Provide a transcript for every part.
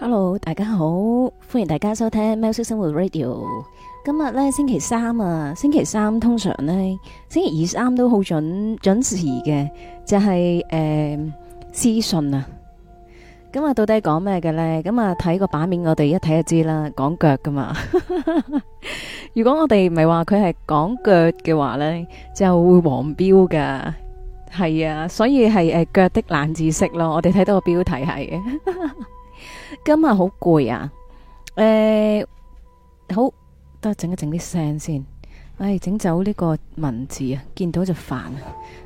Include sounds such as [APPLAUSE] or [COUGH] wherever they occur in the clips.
Hello，大家好，歡迎大家收聽喵式生活 Radio。今日咧星期三啊，星期三通常咧星期二三都好準準時嘅，就係誒屍訊啊。今日到底講咩嘅咧？咁啊睇個版面，我哋一睇就知啦，講腳噶嘛。如果我哋唔係話佢係講腳嘅話咧，就會黃標噶。係啊，所以係誒腳的冷知識咯。我哋睇到個標題係嘅。今日好攰啊！誒，好都整一整啲聲先，唉，整走呢個文字啊，見到就煩啊，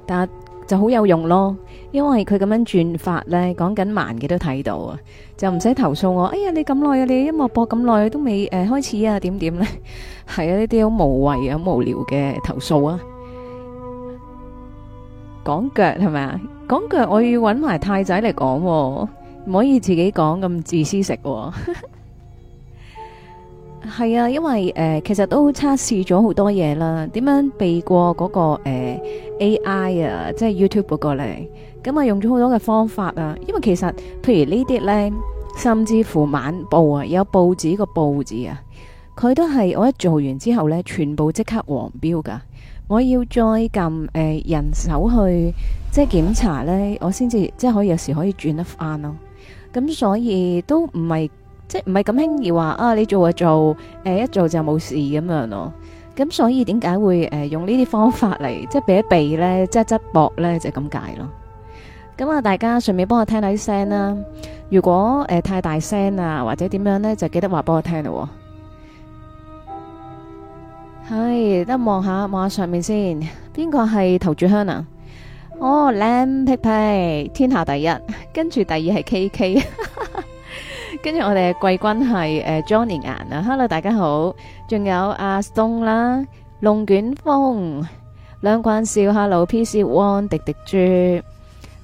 但係就好有用咯，因為佢咁樣轉法呢，講緊慢嘅都睇到啊，就唔使投訴我。哎呀，你咁耐啊，你音樂播咁耐都未誒開始啊，點點呢？係啊，呢啲好無謂啊，無聊嘅投訴啊。講腳係咪啊？講腳我要揾埋太仔嚟講。唔可以自己講咁自私食喎，哦，係 [LAUGHS] 啊，因為誒、呃、其實都測試咗好多嘢啦。點樣避過嗰、那個、呃、AI 啊，即係 YouTube 過嚟咁啊，用咗好多嘅方法啊。因為其實譬如呢啲呢，甚至乎晚報啊，有報紙個報紙啊，佢都係我一做完之後呢，全部即刻黃標㗎。我要再撳誒、呃、人手去即係檢查呢，我先至即係可以有時可以轉得翻咯。咁所以都唔係即係唔係咁輕易話啊你做就做，誒一做就冇事咁樣咯。咁所以點解會誒用呢啲方法嚟，即係俾啲鼻咧，即係執薄咧就咁解咯。咁啊，大家順便幫我聽下啲聲啦。如果誒太大聲啊，或者點樣咧，就記得話幫我聽咯。係，得望下望下上面先，邊個係頭炷香啊？哦，Lampi，天下第一，跟住第二係 Kiki，跟住我哋嘅季軍係誒 Johnny Yan 啊，Hello 大家好，仲有阿 Stone 啦，龍捲風，兩關笑 Hello，PC One 滴滴豬，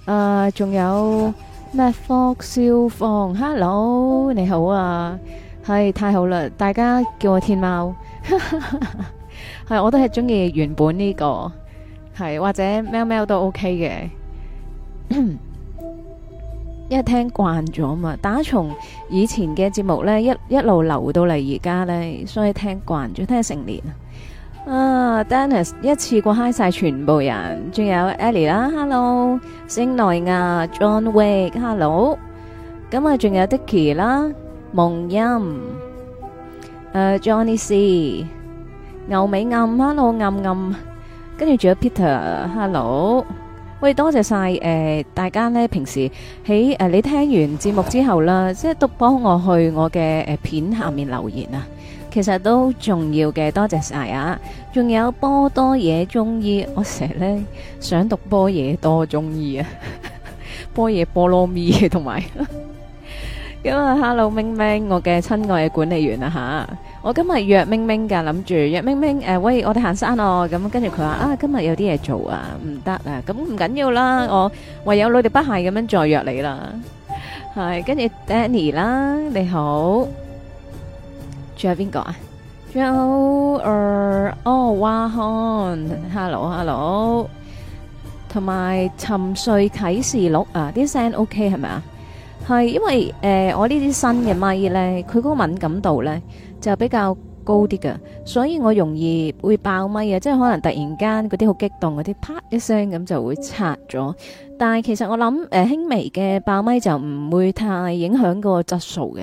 誒仲有 Mac Fox 笑放，Hello 你好啊，係太好啦，大家叫我天喵，係我都係中意原本呢個。係或者喵喵都 OK 嘅，因為聽慣咗嘛。打從以前嘅節目咧一一路流到嚟而家咧，所以聽慣咗，聽成年啊。Dennis 一次過 high 晒全部人，仲有 Ellie 啦，Hello，星內亞，John Wick，Hello，咁啊，仲有 Dicky 啦，夢音，誒，Johnny C，牛尾暗，Hello，暗暗。跟住仲有 Peter，Hello，喂，多謝晒誒、呃，大家呢平時喺誒、呃，你聽完節目之後啦，即係讀幫我去我嘅誒、呃、片下面留言啊，其實都重要嘅，多謝晒啊！仲有波多野中意，我成日呢想讀波野多中意啊，波 [LAUGHS] 野波羅蜜同埋，咁啊、 [LAUGHS] 嗯、，Hello 明明我嘅親愛嘅管理員啊吓。我今日約明明噶，諗住約明明誒，喂，我哋行山哦，咁跟住佢話啊，今日有啲嘢做啊，唔得啊，咁唔緊要啦，我唯有努力不懈咁樣再約你啦，係跟住 Danny 啦，你好，仲有邊個啊？仲有誒，Oh Wah Hong，Hello，Hello，同埋沉睡啟示錄啊，啲聲 OK 係咪啊？係因為誒，我呢啲新嘅咪咧，佢嗰個敏感度咧。就比較高啲嘅，所以我容易會爆咪啊！即係可能突然間嗰啲好激動嗰啲，嗰啲啪一聲咁就會拆咗。但係其實我諗，誒、呃、輕微嘅爆咪就唔會太影響嗰個質素嘅。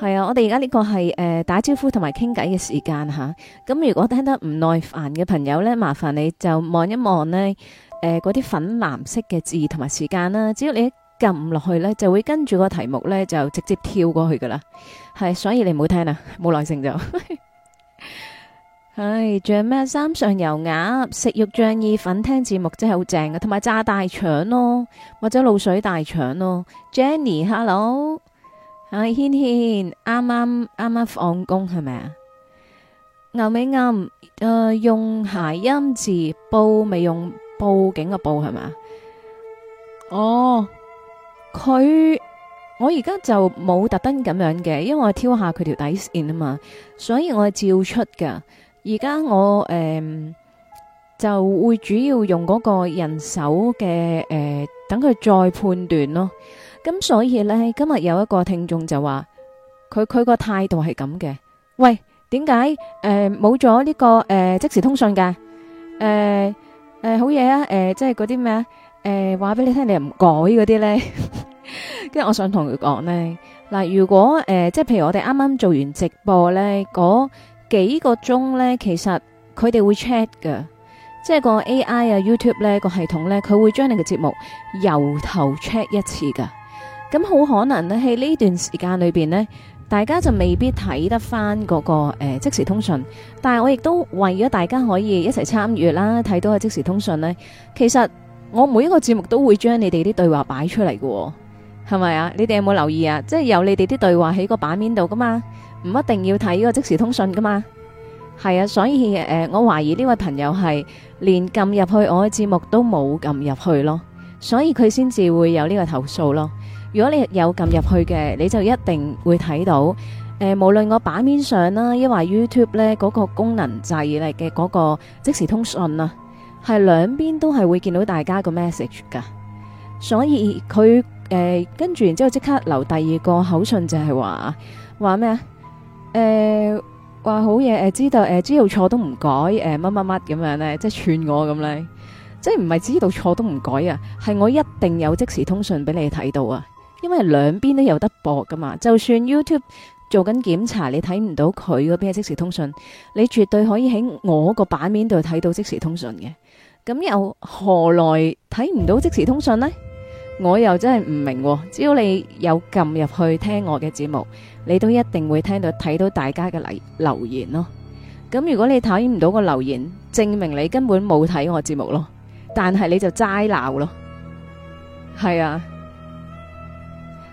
係啊，我哋而家呢個係誒、呃、打招呼同埋傾偈嘅時間吓，咁、啊、如果聽得唔耐煩嘅朋友呢，麻煩你就望一望呢誒嗰啲粉藍色嘅字同埋時間啦。只要你，撳唔落去呢，就會跟住個題目呢，就直接跳過去噶啦，係所以你唔好聽喇，冇耐性就。唉、 [LAUGHS] 哎，着咩衫上油鴨食肉醬意粉，聽字幕真係好正嘅、啊，同埋炸大腸咯，或者滷水大腸咯。Jenny，hello，係軒軒，啱啱啱啱放工係咪啊？牛尾暗，誒、呃、用諧音字報未、就是、用報警嘅報係咪啊？哦。佢我而家就冇特登咁樣嘅，因為我挑下佢條底線啊嘛，所以我係照出噶。而家我誒、呃、就會主要用嗰個人手嘅，誒、等、呃、佢再判斷咯。咁所以咧，今日有一個聽眾就話佢佢個態度係咁嘅。喂，點解誒冇咗呢個誒、呃、即時通訊嘅？誒誒好嘢啊！誒、呃、即係嗰啲咩啊？誒，話俾、呃、你聽，你又唔改嗰啲呢？跟住，我想同佢講呢。嗱，如果誒、呃，即係譬如我哋啱啱做完直播呢，嗰幾個鐘呢，其實佢哋會 check 噶，即係個 AI 啊 YouTube 呢個系統呢，佢會將你嘅節目由頭 check 一次噶。咁好可能呢，喺呢段時間裏邊呢，大家就未必睇得翻嗰、那個誒、呃、即時通訊。但係我亦都為咗大家可以一齊參與啦，睇到個即時通訊呢，其實。我每一個節目都會將你哋啲對話擺出嚟嘅、哦，係咪啊？你哋有冇留意啊？即係有你哋啲對話喺個版面度噶嘛？唔一定要睇個即時通訊噶嘛？係啊，所以誒、呃，我懷疑呢位朋友係連撳入去我嘅節目都冇撳入去咯，所以佢先至會有呢個投訴咯。如果你有撳入去嘅，你就一定會睇到誒、呃，無論我版面上啦，因為 YouTube 咧嗰、那個功能掣嚟嘅嗰個即時通訊啊。係兩邊都係會見到大家個 message 噶，所以佢誒、呃、跟住然之後即刻留第二個口信就係話話咩啊？誒話好嘢誒知道誒知道錯都唔改誒乜乜乜咁樣咧，即係串我咁咧，即係唔係知道錯都唔改啊？係我一定有即時通訊俾你睇到啊！因為兩邊都有得播噶嘛，就算 YouTube 做緊檢查你睇唔到佢嗰邊嘅即時通訊，你絕對可以喺我個版面度睇到即時通訊嘅。咁又何來睇唔到即時通訊呢？我又真係唔明喎。只要你有撳入去聽我嘅節目，你都一定會聽到睇到大家嘅嚟留言咯。咁如果你睇唔到個留言，證明你根本冇睇我節目咯。但係你就齋鬧咯，係啊。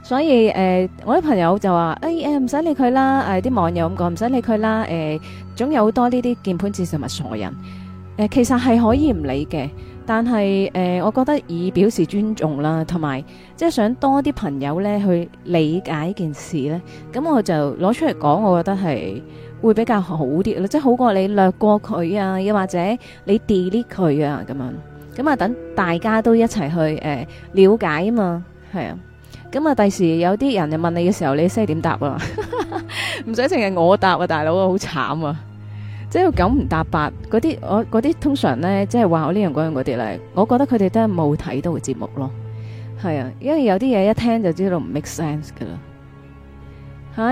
所以誒，我啲朋友就話：誒誒，唔使理佢啦。誒啲網友咁講，唔使理佢啦。誒，總有好多呢啲鍵盤戰士咪傻人。其實係可以唔理嘅，但係誒、呃，我覺得以表示尊重啦，同埋即係想多啲朋友咧去理解件事咧，咁我就攞出嚟講，我覺得係會比較好啲咯，即係好過你掠過佢啊，又或者你 delete 佢啊咁樣，咁啊等大家都一齊去誒、呃、了解啊嘛，係啊，咁啊第時有啲人就問你嘅時候，你識係點答啊？唔使淨係我答啊，大佬啊，好慘啊！即係九唔搭八嗰啲，我嗰啲通常呢，即係話我呢樣嗰樣嗰啲呢，我覺得佢哋都係冇睇到個節目咯。係啊，因為有啲嘢一聽就知道唔 make sense 噶啦。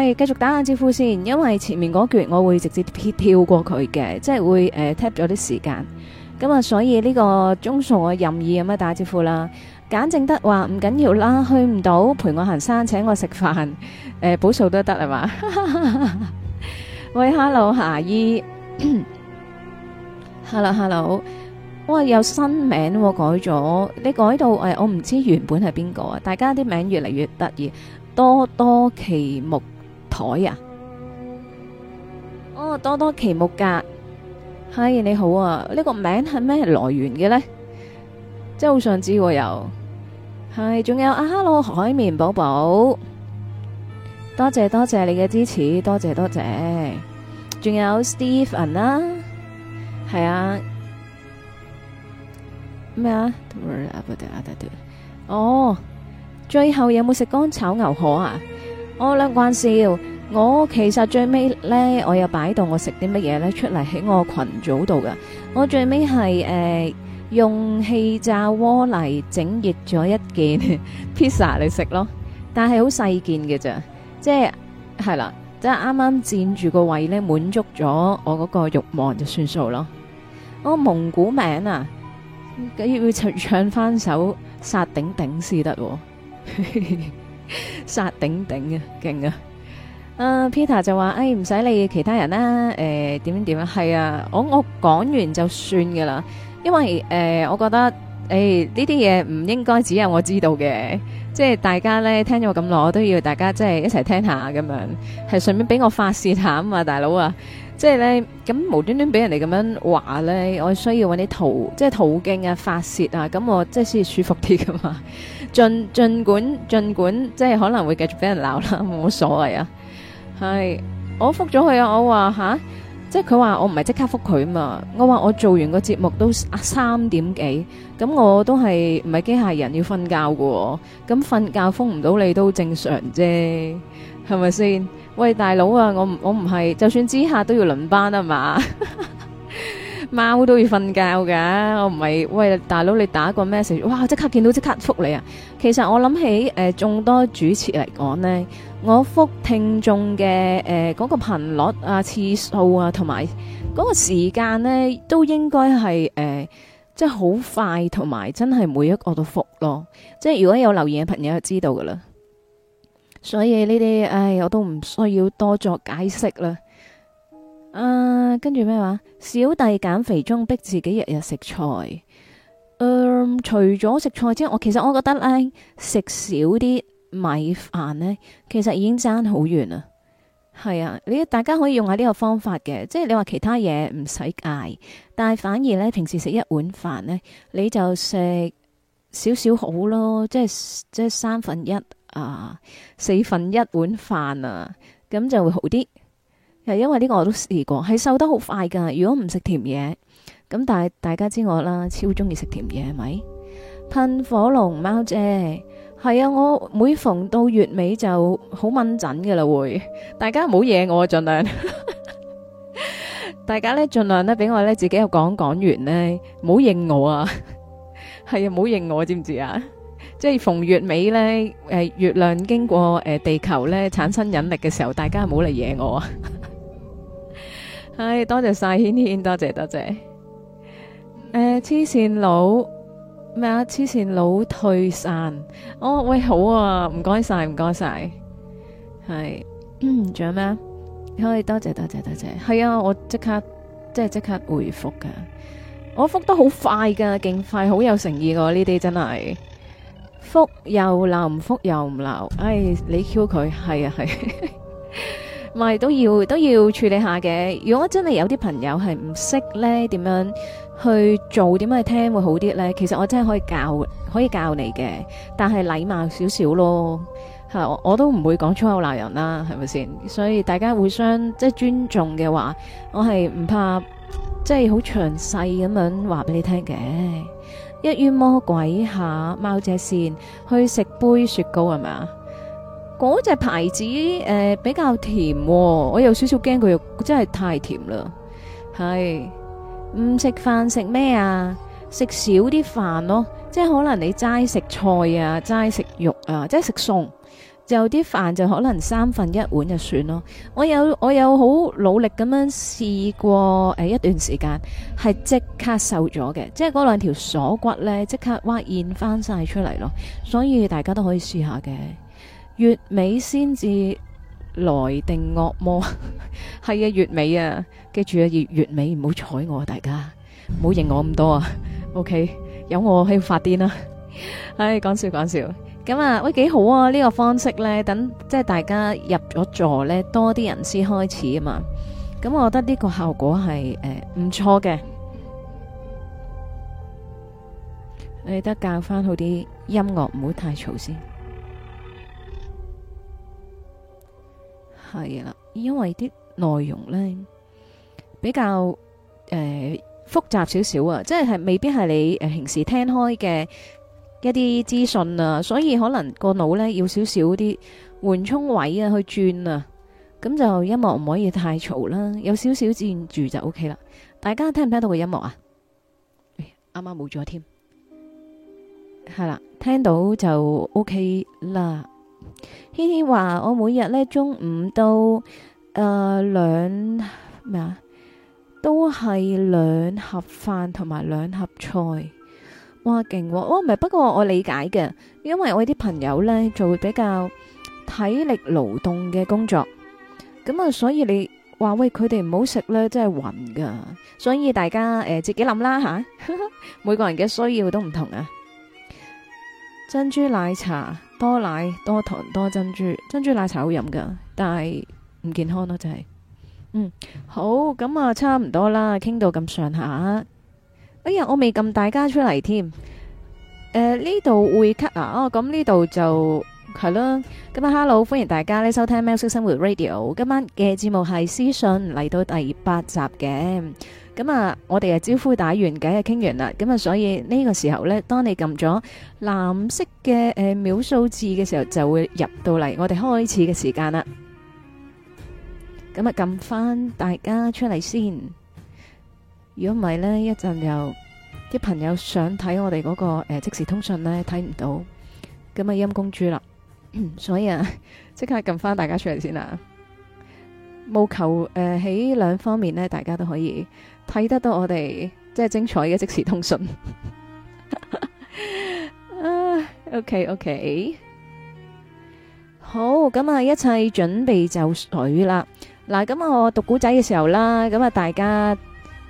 係，繼 [MUSIC] 續打下招呼先，因為前面嗰句我會直接跳過過佢嘅，即係會誒 tap 咗啲時間。咁啊，所以呢個鐘數，我任意咁樣打招呼啦。簡正德話唔緊要啦，去唔到陪我行山，請我食飯，誒補數都得係嘛。 [LAUGHS] 喂，hello 夏姨。 [MUSIC] [COUGHS] hello hello，哇有新名，哦、改咗，你改到誒、哎，我唔知原本係邊個啊，大家啲名越嚟越得意，多多奇木台啊，哦多多奇木格，嗨，你好啊，呢、這個名係咩來源嘅呢？真咧、啊？好想知喎又係，仲有啊，hello 海綿寶寶，多謝多謝你嘅支持，多謝多謝。仲有 Steven 啦、啊，係啊咩啊？哦。最後有冇食乾炒牛河啊？我兩關少。我其實最尾咧，我有擺到我食啲乜嘢咧出嚟喺我群組度噶。我最尾係誒用氣炸鍋嚟整熱咗一件 [LAUGHS] pizza 嚟食咯，但係好細件嘅啫，即係係啦。即係啱啱佔住個位咧，滿足咗我嗰個欲望就算數咯。我、哦、蒙古名啊，要要唱翻首「薩頂頂」先得，薩頂頂嘅勁啊！啊 Peter 就話：，哎，唔使理其他人啦，誒，點點點啊，係、哎、啊，我我講完就算噶啦，因為誒、呃，我覺得誒呢啲嘢唔應該只有我知道嘅。即係大家咧，聽咗我咁耐，我都要大家即係一齊聽下咁樣，係順便俾我發洩下啊嘛，大佬啊！即係咧，咁無端端俾人哋咁樣話咧，我需要揾啲途，即係途徑啊，發洩啊，咁我即係先舒服啲噶嘛。盡盡管盡管即係可能會繼續俾人鬧啦，冇所謂啊。係我復咗佢啊，我話吓。即係佢話我唔係即刻覆佢嘛，我話我做完個節目都三點幾，咁我都係唔係機械人，要瞓覺噶，咁瞓覺覆唔到你都正常啫，係咪先？喂大佬啊，我我唔係，就算之下都要輪班啊嘛，貓都要瞓覺噶，我唔係。喂大佬，你打個 message，哇即刻見到即刻覆你啊！其實我諗起誒，眾多主持嚟講呢。我覆聽眾嘅誒嗰個頻率啊、次數啊，同埋嗰個時間呢，都應該係誒、呃，即係好快，同埋真係每一個都覆咯。即係如果有留言嘅朋友就知道噶啦。所以呢啲唉，我都唔需要多作解釋啦。啊、uh，跟住咩話？小弟減肥中，逼自己日日食菜。嗯、um，除咗食菜之外，我其實我覺得呢、啊，食少啲。米飯呢，其實已經爭好遠啦。係啊，你大家可以用下呢個方法嘅，即係你話其他嘢唔使戒，但係反而呢，平時食一碗飯呢，你就食少少好咯，即係即係三分一啊，四分一碗飯啊，咁就會好啲。因為呢個我都試過，係瘦得好快噶。如果唔食甜嘢，咁但係大家知我啦，超中意食甜嘢係咪？噴火龍貓啫。係啊，我每逢到月尾就好掹陣嘅啦，會大家唔好惹我，盡量， [LAUGHS] 大家咧盡量咧俾我咧自己又講講完咧，唔好應我啊，係 [LAUGHS] 啊，唔好應我，知唔知啊？即係逢月尾咧，誒，月亮經過誒地球咧產生引力嘅時候，大家唔好嚟惹我啊！唉， [LAUGHS] 多謝晒軒軒，多謝多謝，誒、呃，黐線佬。咩啊？黐線佬退散！哦，喂，好啊，唔該晒，唔該晒，係，仲有咩啊？可以多謝多謝多謝，係啊，我即刻即係即刻回覆噶，我覆得好快噶，勁快，好有誠意噶呢啲真係，覆又鬧唔覆又唔鬧，唉、哎，你 Q 佢係啊係，咪、啊啊、都要都要處理下嘅。如果真係有啲朋友係唔識咧，點樣？去做點樣去聽會好啲呢？其實我真係可以教，可以教你嘅，但係禮貌少少咯。係，我都唔會講粗口鬧人啦，係咪先？所以大家互相即係尊重嘅話，我係唔怕即係好詳細咁樣話俾你聽嘅。摸一於魔鬼下貓姐先去食杯雪糕係咪啊？嗰隻、那個、牌子誒、呃、比較甜，我有少少驚佢又真係太甜啦，係。唔食飯食咩啊？食少啲飯咯，即係可能你齋食菜啊，齋食肉啊，即係食餸，就啲飯就可能三分一碗就算咯。我有我有好努力咁樣試過誒、欸、一段時間，係即刻瘦咗嘅，即係嗰兩條鎖骨呢，即刻挖現翻晒出嚟咯。所以大家都可以試下嘅，月尾先至。來定惡魔，係 [LAUGHS] 啊，月尾啊，記住啊，月月尾唔好睬我啊，大家唔好認我咁多啊，OK，有我喺度發癲啦，唉、 [LAUGHS] 哎，講笑講笑，咁啊，喂，幾好啊，呢、呢個方式咧，等即係大家入咗座咧，多啲人先開始啊嘛，咁我覺得呢個效果係誒唔錯嘅，你得教翻好啲音樂，唔好太嘈先。係啦，因為啲內容呢比較誒、呃、複雜少少啊，即係係未必係你誒平時聽開嘅一啲資訊啊，所以可能個腦呢要少少啲緩衝位啊去轉啊，咁就音樂唔可以太嘈啦，有少少佔住就 O K 啦。大家聽唔聽到個音樂啊？唉，啱啱冇咗添，係啦，聽到就 O K 啦。呢啲話我每日咧，中午到誒兩咩啊，都係兩盒飯同埋兩盒菜。哇勁喎，哦唔係，不過我理解嘅，因為我啲朋友咧做比較體力勞動嘅工作，咁啊所以你話喂，佢哋唔好食咧，真係暈噶，所以大家誒自己諗啦吓，每個人嘅需要都唔同啊。珍珠奶茶，多奶多糖多珍珠，珍珠奶茶好飲㗎，但係唔健康咯，就係、嗯，嗯好咁啊，差唔多啦，傾到咁上下，哎呀，我未撳大家出嚟添，誒呢度會 cut 啊，哦咁呢度就係咯，今日啦、啊、hello 歡迎大家咧收聽《喵式生活 Radio》，今晚嘅節目係屍訊嚟到第八集嘅。咁啊，我哋啊招呼打完，偈啊傾完啦。咁啊，所以呢個時候呢，當你撳咗藍色嘅，誒秒數字嘅時候，就會入到嚟，我哋開始嘅時間啦。咁啊，撳翻大家出嚟先。如果唔係呢，一陣又啲朋友想睇我哋嗰，那個誒，呃、即時通訊呢，睇唔到，咁啊陰公豬啦。所以啊，即刻撳翻大家出嚟先啦。務求誒喺兩方面呢，大家都可以，睇得到我哋即係精彩嘅即時通訊。OK OK，好，咁啊一切準備就緒啦。嗱，咁我讀古仔嘅時候啦，咁啊大家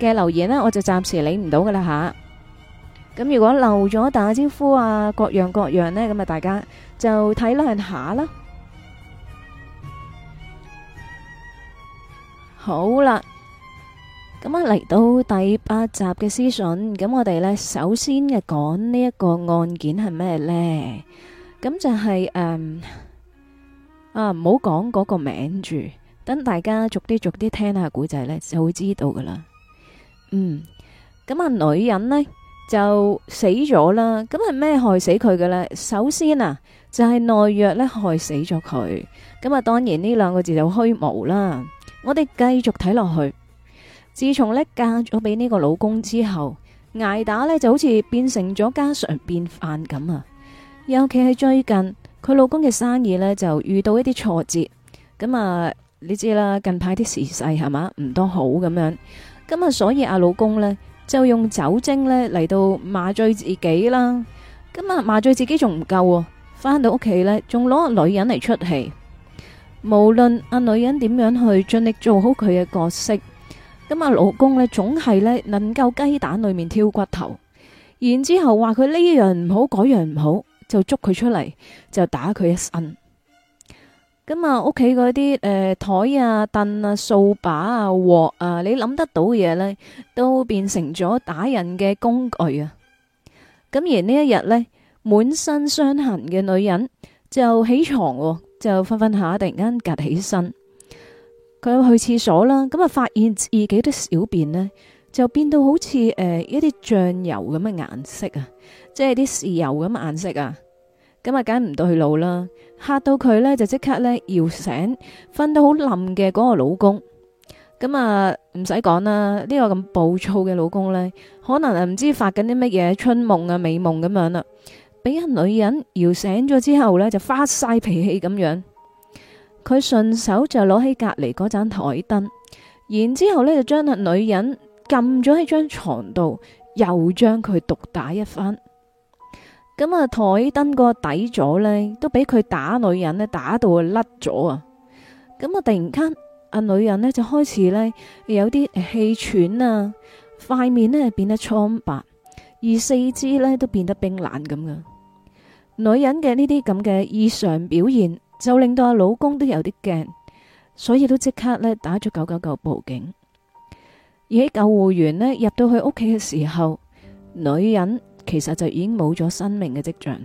嘅留言呢，我就暫時理唔到噶啦吓。咁如果漏咗打招呼啊，各樣各樣呢，咁啊大家就體諒下啦。好啦。咁啊，嚟到第八集嘅屍訊，咁我哋呢首先嘅講呢一個案件係咩呢？咁就係誒啊，唔好講嗰個名住，等大家逐啲逐啲聽下古仔呢，就會知道噶啦。嗯，咁啊，女人呢就死咗啦。咁係咩害死佢嘅呢？首先啊，就係懦弱呢害死咗佢。咁啊，當然呢兩個字就虛無啦。我哋繼續睇落去。自從呢嫁咗俾呢個老公之後，挨打呢就好似變成咗家常便飯咁啊！尤其係最近佢老公嘅生意呢就遇到一啲挫折，咁啊你知啦，近排啲時勢係嘛唔多好咁樣，咁啊所以阿老公呢就用酒精呢嚟到麻醉自己啦。咁啊麻醉自己仲唔夠啊，翻到屋企呢仲攞女人嚟出氣，無論阿女人點樣去盡力做好佢嘅角色。咁啊，老公呢，總係咧能夠雞蛋裏面挑骨頭，然之後話佢呢樣唔好，嗰樣唔好，就捉佢出嚟，就打佢一身。咁、嗯呃、啊，屋企嗰啲誒台啊、凳啊、掃把啊、鍋啊，你諗得到嘅嘢呢，都變成咗打人嘅工具啊！咁而呢一日呢，滿身傷痕嘅女人就起床、哦，就瞓瞓下突然間夾起身。佢去廁所啦，咁啊，發現自己啲小便呢，就變到好似誒、呃、一啲醬油咁嘅顏色啊，即係啲豉油咁嘅顏色啊，咁啊，梗唔對路啦，吓到佢呢，就即刻呢搖醒，瞓到好冧嘅嗰個老公，咁啊唔使講啦，呢、這個咁暴躁嘅老公呢，可能係啊唔知發緊啲乜嘢春夢啊美夢咁樣啦，俾一女人搖醒咗之後呢，就發晒脾氣咁樣。佢順手就攞起隔離嗰盞台燈，然之後呢就將女人撳咗喺張床度，又將佢毒打一番。咁啊，台燈個底座呢，都俾佢打女人呢，打到甩咗啊！咁啊，突然間啊女人呢，就開始呢，有啲氣喘啊，塊面呢，變得蒼白，而四肢呢，都變得冰冷咁噶。女人嘅呢啲咁嘅異常表現，就令到阿老公都有啲驚，所以都即刻呢打咗九九九報警。而喺救護員呢入到去屋企嘅時候，女人其實就已經冇咗生命嘅跡象。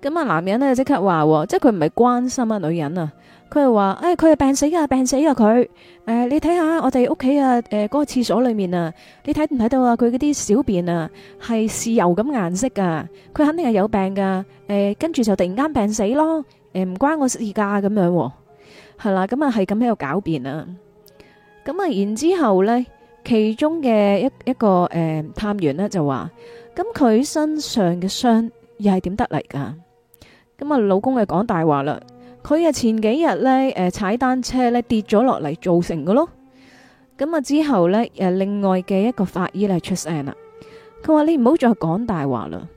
咁啊，男人呢，即刻話、哦，即係佢唔係關心啊，女人啊，佢係話唉，佢、哎、係病死啊，病死啊，佢、呃、誒，你睇下我哋屋企啊，誒、呃，嗰、嗰個廁所裏面啊，你睇唔睇到啊？佢嗰啲小便啊係豉油咁顏色噶，佢肯定係有病噶。誒、呃，跟住就突然間病死咯。誒，唔關我事架咁樣，係啦，咁啊係咁喺度狡辯啊，咁啊，然之後咧，其中嘅一一個誒探員咧就話，咁佢身上嘅傷又係點得嚟噶？咁啊，老公啊講大話啦，佢啊前幾日咧誒踩單車咧跌咗落嚟造成嘅咯。咁啊之後咧誒，另外嘅一個法醫咧出聲啦，佢話，你唔好再講大話啦，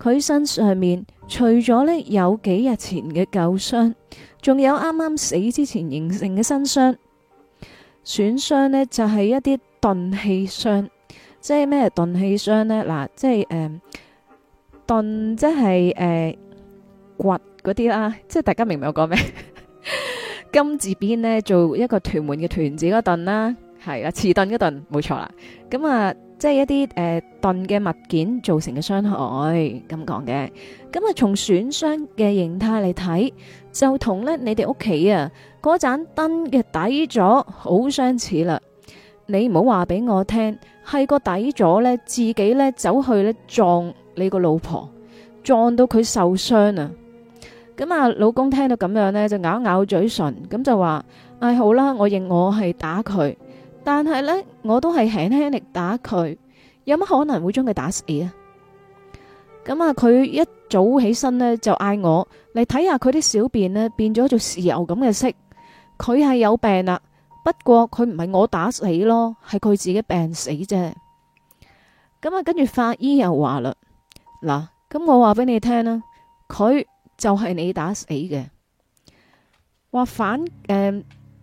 佢身上面。除咗呢有幾日前嘅舊傷，仲有啱啱死之前形成嘅新傷，損傷呢就係一啲鈍器傷，即係咩鈍器傷呢？嗱，即係誒，鈍即係誒，刮嗰啲啦，即係大家明唔明我講咩？金字邊呢做一個屯門嘅屯字嗰頓啦，係啦，遲鈍嗰頓，冇錯啦，咁啊。即係一啲誒鈍嘅物件造成嘅傷害咁講嘅，咁啊從損傷嘅形態嚟睇，就同咧你哋屋企啊嗰盞燈嘅底座好相似啦。你唔好話俾我聽，係個底座呢，自己呢走去呢撞你個老婆，撞到佢受傷啊！咁、嗯、啊，老公聽到咁樣呢，就咬咬嘴唇，咁就話，唉、哎、好啦，我認我係打佢。但係呢，我都係輕輕力打佢，有乜可能會將佢打死啊？咁啊，佢一早起身呢，就嗌我嚟睇下佢啲小便呢，變咗做豉油咁嘅色，佢係有病啦。不過佢唔係我打死咯，係佢自己病死啫。咁啊，跟住法醫又話啦，嗱，咁我話俾你聽啦，佢就係你打死嘅，話反、呃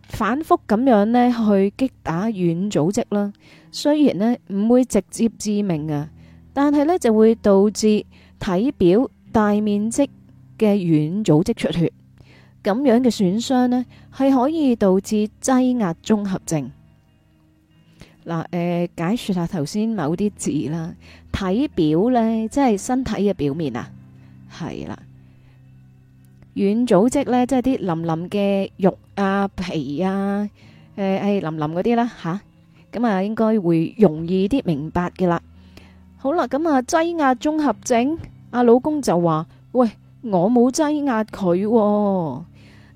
反復咁樣呢去擊打軟組織啦，雖然呢唔會直接致命啊，但係呢就會導致體表大面積嘅軟組織出血，咁樣嘅損傷呢，係可以導致擠壓綜合症。嗱，誒，解說下頭先某啲字啦，體表呢，即係身體嘅表面啊，係啦。軟組織呢即係啲腍腍嘅肉啊、皮啊、誒誒腍腍嗰啲啦，吓咁啊，應該會容易啲明白嘅啦。好啦，咁啊，擠壓綜合症，阿老公就話，喂，我冇擠壓佢，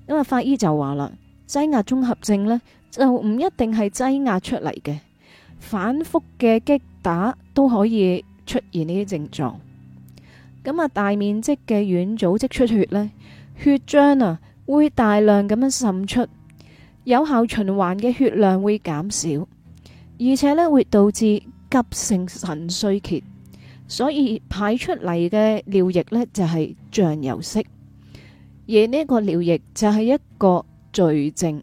咁啊，法醫就話啦，擠壓綜合症呢就唔一定係擠壓出嚟嘅，反覆嘅擊打都可以出現呢啲症狀。咁啊，大面積嘅軟組織出血呢血漿啊，會大量咁樣滲出，有效循環嘅血量會減少，而且呢會導致急性腎衰竭，所以排出嚟嘅尿液呢，就係、是、醬油色。而呢個尿液就係一個罪證。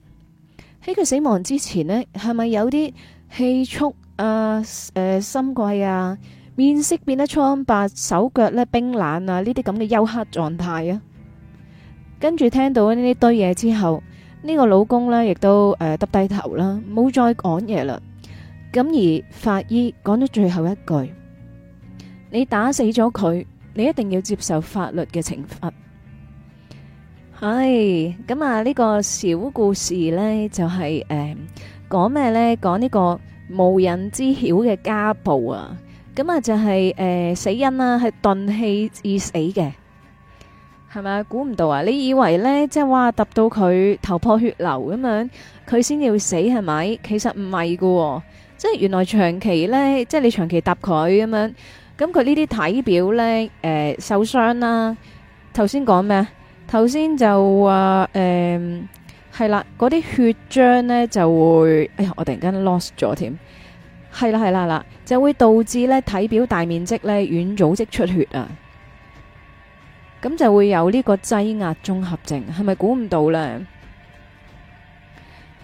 喺佢死亡之前呢，係咪有啲氣促啊？誒、啊，心悸啊，面色變得蒼白，手腳呢冰冷啊，呢啲咁嘅休克狀態啊？跟住聽到呢啲堆嘢之後，呢個老公咧亦都誒耷低頭啦，冇再講嘢啦。咁而法醫講咗最後一句：你打死咗佢，你一定要接受法律嘅懲罰。係咁啊！呢個小故事咧就係誒講咩咧？講呢個無人知曉嘅家暴啊！咁啊就係誒死因啦，係鈍器致死嘅。係咪估唔到啊！你以為呢，即係哇，揼到佢頭破血流咁樣，佢先要死係咪？其實唔係噶，即係原來長期呢，即係你長期揼佢咁樣，咁佢呢啲體表呢，誒、呃、受傷、啊呃、啦。頭先講咩？頭先就話誒，係啦，嗰啲血漿呢就會，哎呀，我突然間 lost 咗添。係啦係啦啦，啦，就會導致呢體表大面積呢軟組織出血啊。咁就會有呢個擠壓綜合症，係咪估唔到呢？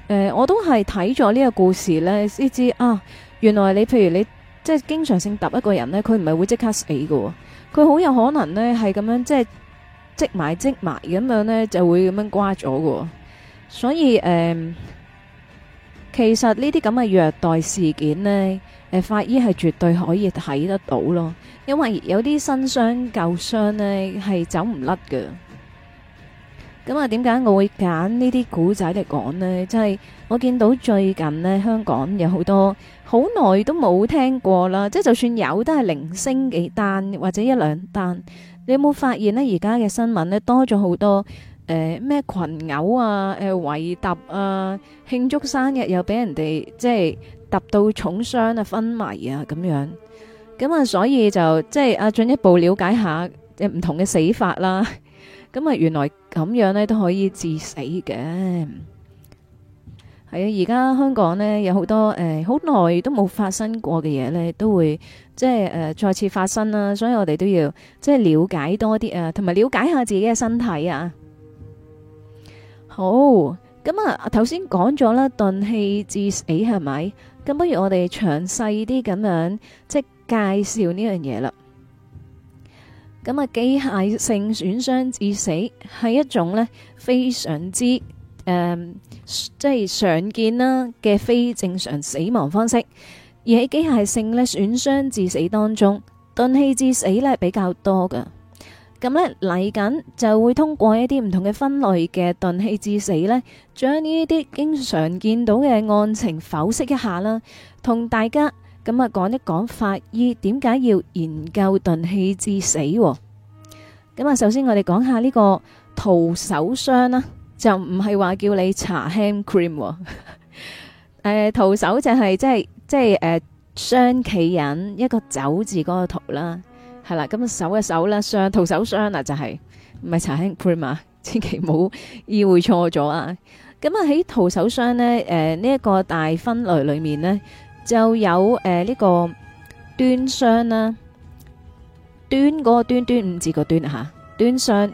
誒，我都係睇咗呢個故事呢，先知啊，原來你譬如你即係經常性揼一個人呢，佢唔係會即刻死喎。佢好有可能呢，係咁樣即係積埋積埋咁樣呢，就會咁樣瓜咗喎。所以誒。其實呢啲咁嘅虐待事件咧，誒，法醫係絕對可以睇得到咯，因為有啲新傷舊傷咧係走唔甩㗎。咁啊，點解我會揀呢啲古仔嚟講咧？即係我見到最近咧，香港有好多好耐都冇聽過啦，即係就算有都係零星幾單或者一兩單。你有冇發現咧？而家嘅新聞咧，多咗好多。誒，咩、呃、群毆啊？誒、呃，圍揼啊！慶祝生日又俾人哋即係揼到重傷啊，昏迷啊，咁樣咁啊，所以就即係啊，進一步了解下唔同嘅死法啦。咁啊，原來咁樣呢都可以致死嘅。係啊，而家香港呢，有好多誒，好、呃、耐都冇發生過嘅嘢呢，都會即係誒、呃、再次發生啦。所以我哋都要即係了解多啲啊，同埋了解下自己嘅身體啊。好，咁啊，頭先講咗啦，鈍器致死係咪？咁不如我哋詳細啲咁樣，即係介紹呢樣嘢啦。咁啊，機械性損傷致死係一種呢非常之誒、呃，即係常見啦嘅非正常死亡方式。而喺機械性呢損傷致死當中，鈍器致死呢比較多嘅。咁咧嚟緊就會通過一啲唔同嘅分類嘅鈍器致死咧，將呢啲經常見到嘅案情剖析一下啦，同大家咁啊講一講法醫點解要研究鈍器致死。咁、嗯、啊，首先我哋講下呢個徒手傷啦，就唔係話叫你搽 hand cream，誒、哦 [LAUGHS] 呃，徒手就係即係即係誒，雙、就、企、是就是呃、人一個走字嗰個徒啦。係啦，咁啊手嘅手啦，雙徒手傷啦就係唔係查兄配嘛，千祈冇意會錯咗啊！咁啊喺徒手傷咧，誒呢一個大分類裏面咧，就有誒呢個端傷啦，端嗰個端端五字個端啊吓，端傷、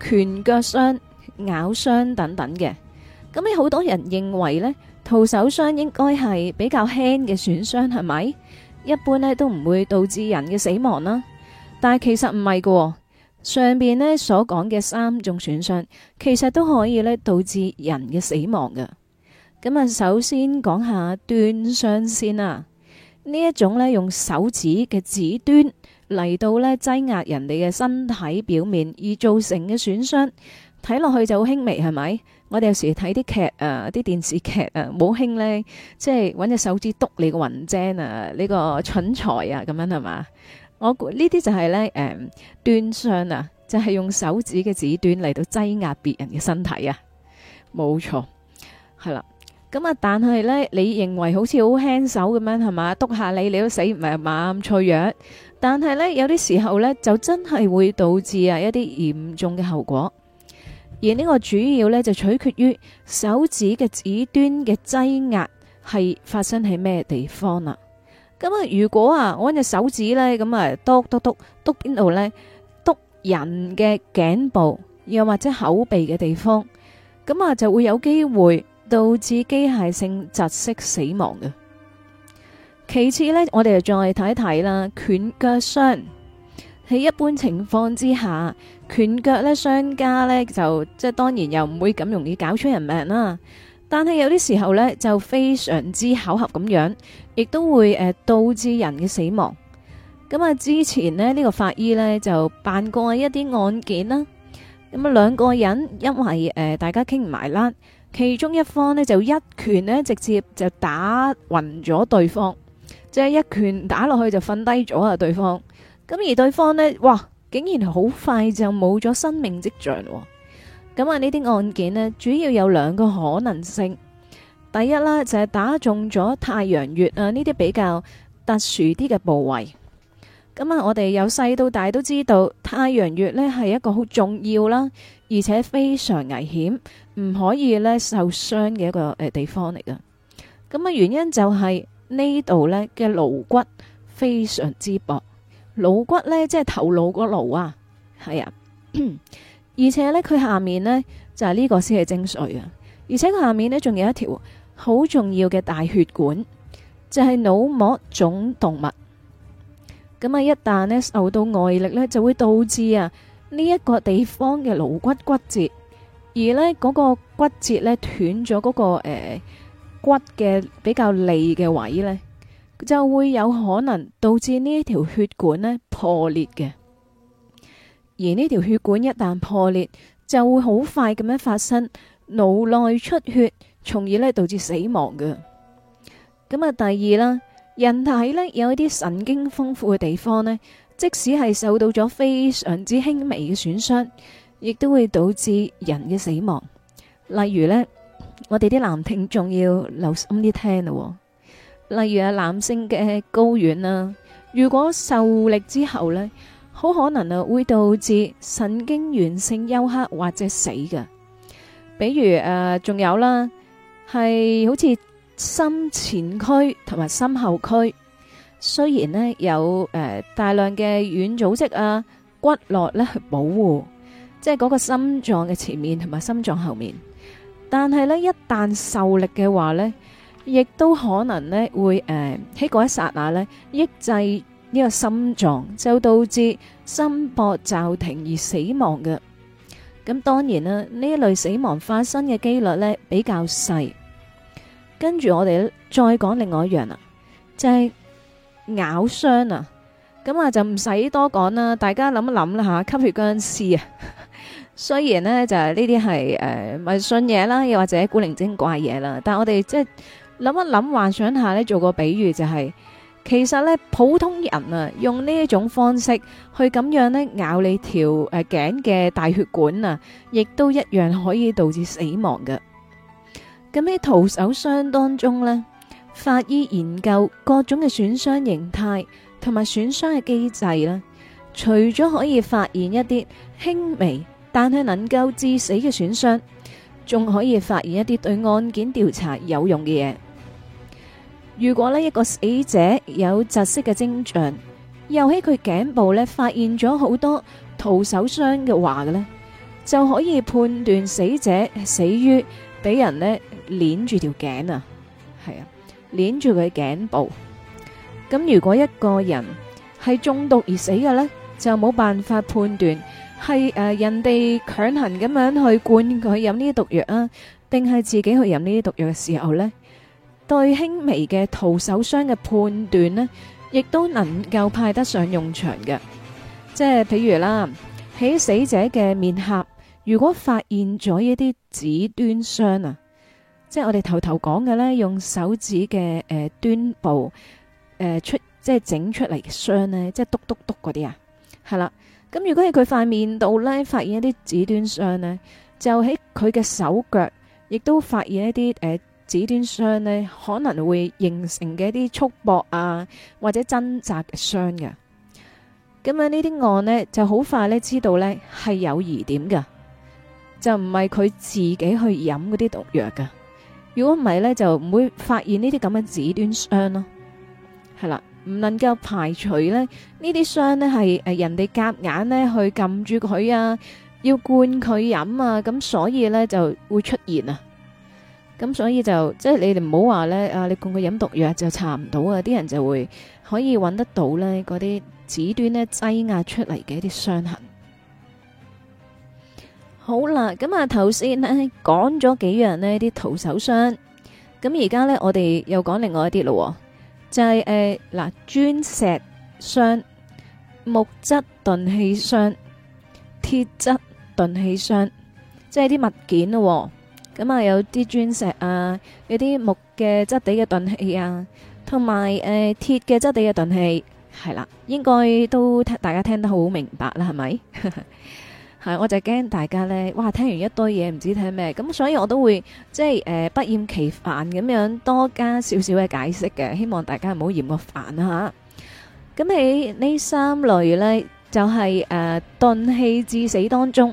拳腳傷、咬傷等等嘅。咁咧好多人認為咧，徒手傷應該係比較輕嘅損傷，係咪？一般呢都唔會導致人嘅死亡啦，但係其實唔係嘅。上邊呢所講嘅三種損傷，其實都可以呢導致人嘅死亡嘅。咁啊，首先講下斷傷先啦，呢一種呢，用手指嘅指端嚟到呢擠壓人哋嘅身體表面而造成嘅損傷，睇落去就好輕微，係咪？我哋有時睇啲劇啊，啲電視劇啊，冇興咧，即係揾隻手指篤你個雲精啊，呢個蠢材啊，咁樣係嘛？我估呢啲就係咧，誒斷傷啊，就係用手指嘅指端嚟到擠壓別人嘅身體啊，冇錯，係啦。咁啊，但係咧，你認為好似好輕手咁樣係嘛？篤下你，你都死唔埋，麻麻咁脆弱。但係咧，有啲時候咧，就真係會導致啊一啲嚴重嘅後果。而呢個主要咧就取決於手指嘅指端嘅擠壓係發生喺咩地方啦。咁啊，如果啊，我揾隻手指咧，咁啊，篤篤篤篤邊度咧，篤人嘅頸部又或者口鼻嘅地方，咁啊，就會有機會導致機械性窒息死亡嘅。其次咧，我哋就再睇一睇啦，拳腳傷喺一般情況之下。拳腳咧，商家咧就即係當然又唔會咁容易搞出人命啦。但係有啲時候咧就非常之巧合咁樣，亦都會誒導致人嘅死亡。咁啊，之前呢呢個法醫咧就辦過一啲案件啦。咁啊，兩個人因為誒大家傾唔埋啦，其中一方呢，就一拳呢直接就打暈咗對方，即係一拳打落去就瞓低咗啊對方。咁而對方呢，哇！竟然好快就冇咗生命跡象，咁啊呢啲案件呢，主要有兩個可能性。第一啦，就係打中咗太陽穴啊呢啲比較特殊啲嘅部位。咁啊，我哋由細到大都知道太陽穴呢係一個好重要啦，而且非常危險，唔可以呢受傷嘅一個誒地方嚟噶。咁啊，原因就係呢度呢嘅顱骨非常之薄。腦骨呢，即係頭腦個顱啊，係啊， [COUGHS] 而且呢，佢下面呢，就係、是、呢個先係精髓啊，而且佢下面呢，仲有一條好重要嘅大血管，就係、是、腦膜總動脈。咁啊，一旦呢，受到外力呢，就會導致啊呢一、這個地方嘅顱骨骨折，而呢，嗰、那個骨折呢，斷咗嗰、那個誒、呃、骨嘅比較利嘅位呢。就會有可能導致呢條血管呢破裂嘅，而呢條血管一旦破裂，就會好快咁樣發生腦內出血，從而呢導致死亡嘅。咁啊，第二啦，人體呢有一啲神經豐富嘅地方呢，即使係受到咗非常之輕微嘅損傷，亦都會導致人嘅死亡。例如呢，我哋啲男聽眾要留心啲聽咯、哦。例如啊，男性嘅睾丸啊，如果受力之後咧，好可能啊會導致神經源性休克或者死嘅。比如誒，仲有啦，係好似心前區同埋心後區，雖然咧有誒大量嘅軟組織啊、骨骼咧去保護，即係嗰個心臟嘅前面同埋心臟後面，但係咧一旦受力嘅話咧。亦都可能咧會誒喺嗰一剎那咧抑制呢個心臟，就導致心搏驟停而死亡嘅。咁當然啦，呢一類死亡發生嘅幾率咧比較細。跟住我哋再講另外一樣啦，就係咬傷啊。咁啊就唔使多講啦，大家諗一諗啦吓，吸血僵屍啊。雖然咧就係呢啲係誒迷信嘢啦，又或者古靈精怪嘢啦，但係我哋即係。諗一諗，幻想下咧，做個比喻就係，其實咧普通人啊，用呢一種方式去咁樣咧咬你條誒頸嘅大血管啊，亦都一樣可以導致死亡嘅。咁喺徒手傷當中咧，法醫研究各種嘅損傷形態同埋損傷嘅機制咧，除咗可以發現一啲輕微但係能夠致死嘅損傷，仲可以發現一啲對案件調查有用嘅嘢。如果呢一個死者有窒息嘅徵象，又喺佢頸部咧發現咗好多徒手傷嘅話嘅咧，就可以判斷死者死於俾人咧鏈住條頸啊，係啊，鏈住佢頸部。咁、啊、如果一個人係中毒而死嘅咧，就冇辦法判斷係誒人哋強行咁樣去灌佢飲呢啲毒藥啊，定係自己去飲呢啲毒藥嘅時候咧？對輕微嘅徒手傷嘅判斷呢，亦都能夠派得上用場嘅。即係譬如啦，喺死者嘅面頰，如果發現咗一啲指端傷啊，即係我哋頭頭講嘅呢，用手指嘅誒、呃、端部誒、呃、出，即係整出嚟嘅傷呢，即係篤篤篤嗰啲啊，係啦。咁如果喺佢塊面度呢，發現一啲指端傷呢，就喺佢嘅手腳，亦都發現一啲誒。呃指端傷咧，可能會形成嘅一啲束縛啊，或者掙扎傷嘅。咁啊，呢啲案呢，就好快咧知道呢係有疑點噶，就唔係佢自己去飲嗰啲毒藥噶。如果唔係呢，就唔會發現呢啲咁嘅指端傷咯。係啦，唔能夠排除咧呢啲傷咧係誒人哋夾硬咧去撳住佢啊，要灌佢飲啊，咁所以呢，就會出現啊。咁所以就即係、就是、你哋唔好話咧，啊你共佢飲毒藥就查唔到啊！啲人就會可以揾得到咧，嗰啲指端咧擠壓出嚟嘅一啲傷痕。好啦，咁啊頭先咧講咗幾樣呢啲徒手傷，咁而家咧我哋又講另外一啲咯，就係誒嗱，磚、呃、石傷、木質鈍器傷、鐵質鈍器傷，即係啲物件咯。咁啊，有啲磚石啊，有啲木嘅質地嘅鈍器啊，同埋誒鐵嘅質地嘅鈍器，係啦，應該都聽大家聽得好明白啦，係咪？係，我就驚大家呢，哇，聽完一堆嘢唔知聽咩，咁所以我都會即係誒不厭其煩咁樣多加少少嘅解釋嘅，希望大家唔好嫌我煩啦吓。咁喺呢三類呢，就係誒鈍器致死當中。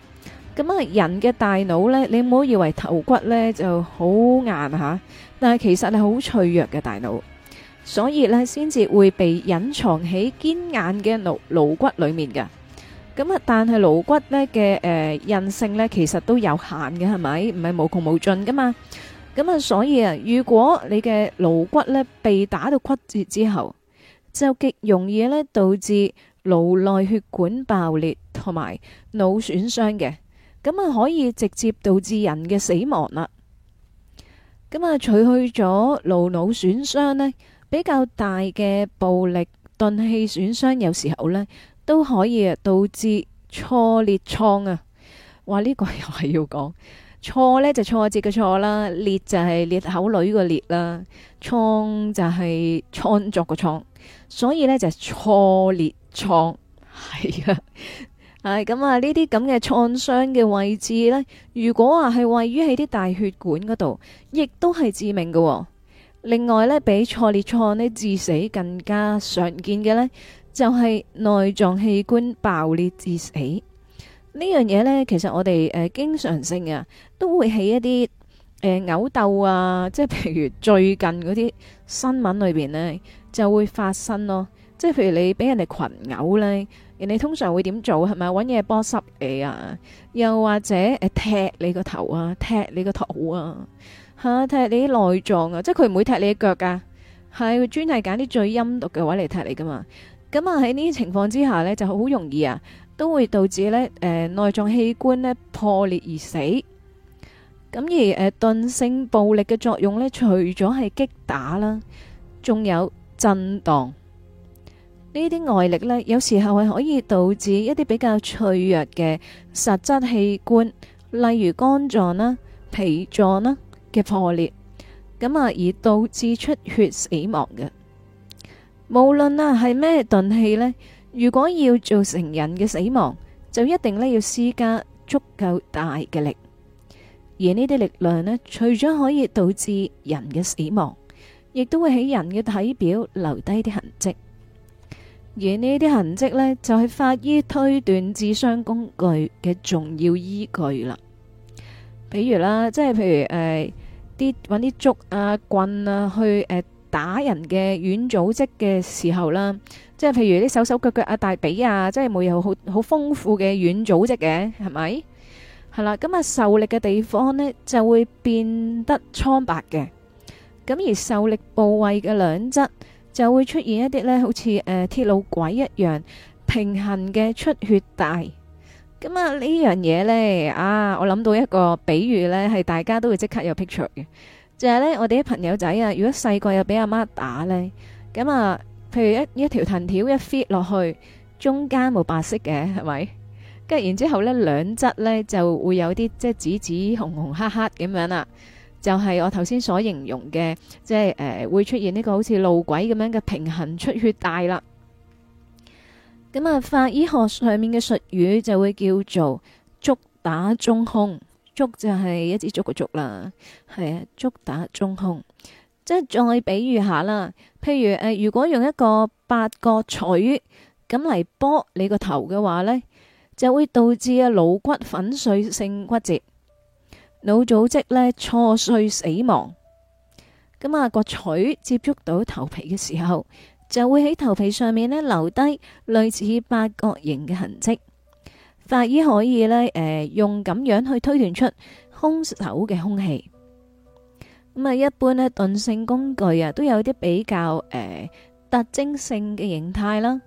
咁啊，人嘅大腦咧，你唔好以為頭骨咧就好硬吓，但係其實係好脆弱嘅大腦，所以咧先至會被隱藏喺堅硬嘅顱顱骨裏面嘅。咁啊，但係顱骨咧嘅誒韌性咧，其實都有限嘅，係咪？唔係無窮無盡噶嘛。咁啊，所以啊，如果你嘅顱骨咧被打到骨折之後，就極容易咧導致顱內血管爆裂同埋腦損傷嘅。咁啊，可以直接導致人嘅死亡啦。咁啊，除去咗顱腦損傷呢，比較大嘅暴力鈍器損傷，有時候呢都可以導致挫裂創啊。話呢、呢個又係要講錯呢，就是、節挫折嘅挫啦；裂就係裂口女嘅裂啦；創就係創作嘅創。所以呢，就挫裂創，係啊。係咁啊！呢啲咁嘅創傷嘅位置呢，如果話係位於喺啲大血管嗰度，亦都係致命嘅，哦。另外呢，比挫裂創呢致死更加常見嘅呢，就係內臟器官爆裂致死。呢樣嘢呢，其實我哋誒經常性啊，都會喺一啲誒毆鬥啊，即係譬如最近嗰啲新聞裏邊呢就是，會發生咯。即係譬如你俾人哋群毆呢。人哋通常會點做係咪？搵嘢幫濕你啊，又或者誒踢你個頭啊，踢你個頭啊，踢你個肚啊，吓踢你啲內臟啊，即係佢唔會踢你嘅腳噶，係專係揀啲最陰毒嘅位嚟踢你噶嘛。咁啊喺呢啲情況之下呢，就好容易啊，都會導致呢誒、呃、內臟器官呢破裂而死。咁而誒、呃、鈍性暴力嘅作用呢，除咗係擊打啦，仲有震盪。呢啲外力呢，有時候係可以導致一啲比較脆弱嘅實質器官，例如肝臟啦、脾臟啦嘅破裂，咁啊，而導致出血死亡嘅。無論啊係咩鈍器呢，如果要造成人嘅死亡，就一定呢要施加足夠大嘅力。而呢啲力量呢，除咗可以導致人嘅死亡，亦都會喺人嘅體表留低啲痕跡。而呢啲痕跡呢，就係法醫推斷致傷工具嘅重要依據啦。比如啦，即係譬如誒，啲搵啲竹啊、棍啊去誒、呃、打人嘅軟組織嘅時候啦，即係譬如啲手手腳腳啊、大髀啊，即係冇有好好豐富嘅軟組織嘅，係咪？係啦，咁啊受力嘅地方呢，就會變得蒼白嘅，咁而受力部位嘅兩側。就會出現一啲咧，好似誒鐵路軌一樣平行嘅出血帶。咁啊呢樣嘢呢，啊我諗到一個比喻呢，係大家都會即刻有 picture 嘅。就係呢。我哋啲朋友仔啊，如果細個又俾阿媽打呢，咁啊，譬如一一條藤條一 fit 落去，中間冇白色嘅係咪？跟住然之後呢，兩側呢，就會有啲即係紫紫紅紅黑黑咁樣啦。就係我頭先所形容嘅，即係誒會出現呢個好似路軌咁樣嘅平行出血帶啦。咁啊，法醫學上面嘅術語就會叫做竹打中空，竹就係一支竹嘅竹啦，係啊，竹打中空。即係再比喻下啦，譬如誒、呃，如果用一個八角錘咁嚟剝你個頭嘅話咧，就會導致啊腦骨粉碎性骨折。腦組織咧錯碎死亡。咁啊，個錘接觸到頭皮嘅時候，就會喺頭皮上面咧留低類似八角形嘅痕跡。法醫可以咧誒、呃、用咁樣去推斷出凶手嘅凶器。咁啊，一般咧鈍性工具啊都有啲比較誒、呃、特徵性嘅形態啦。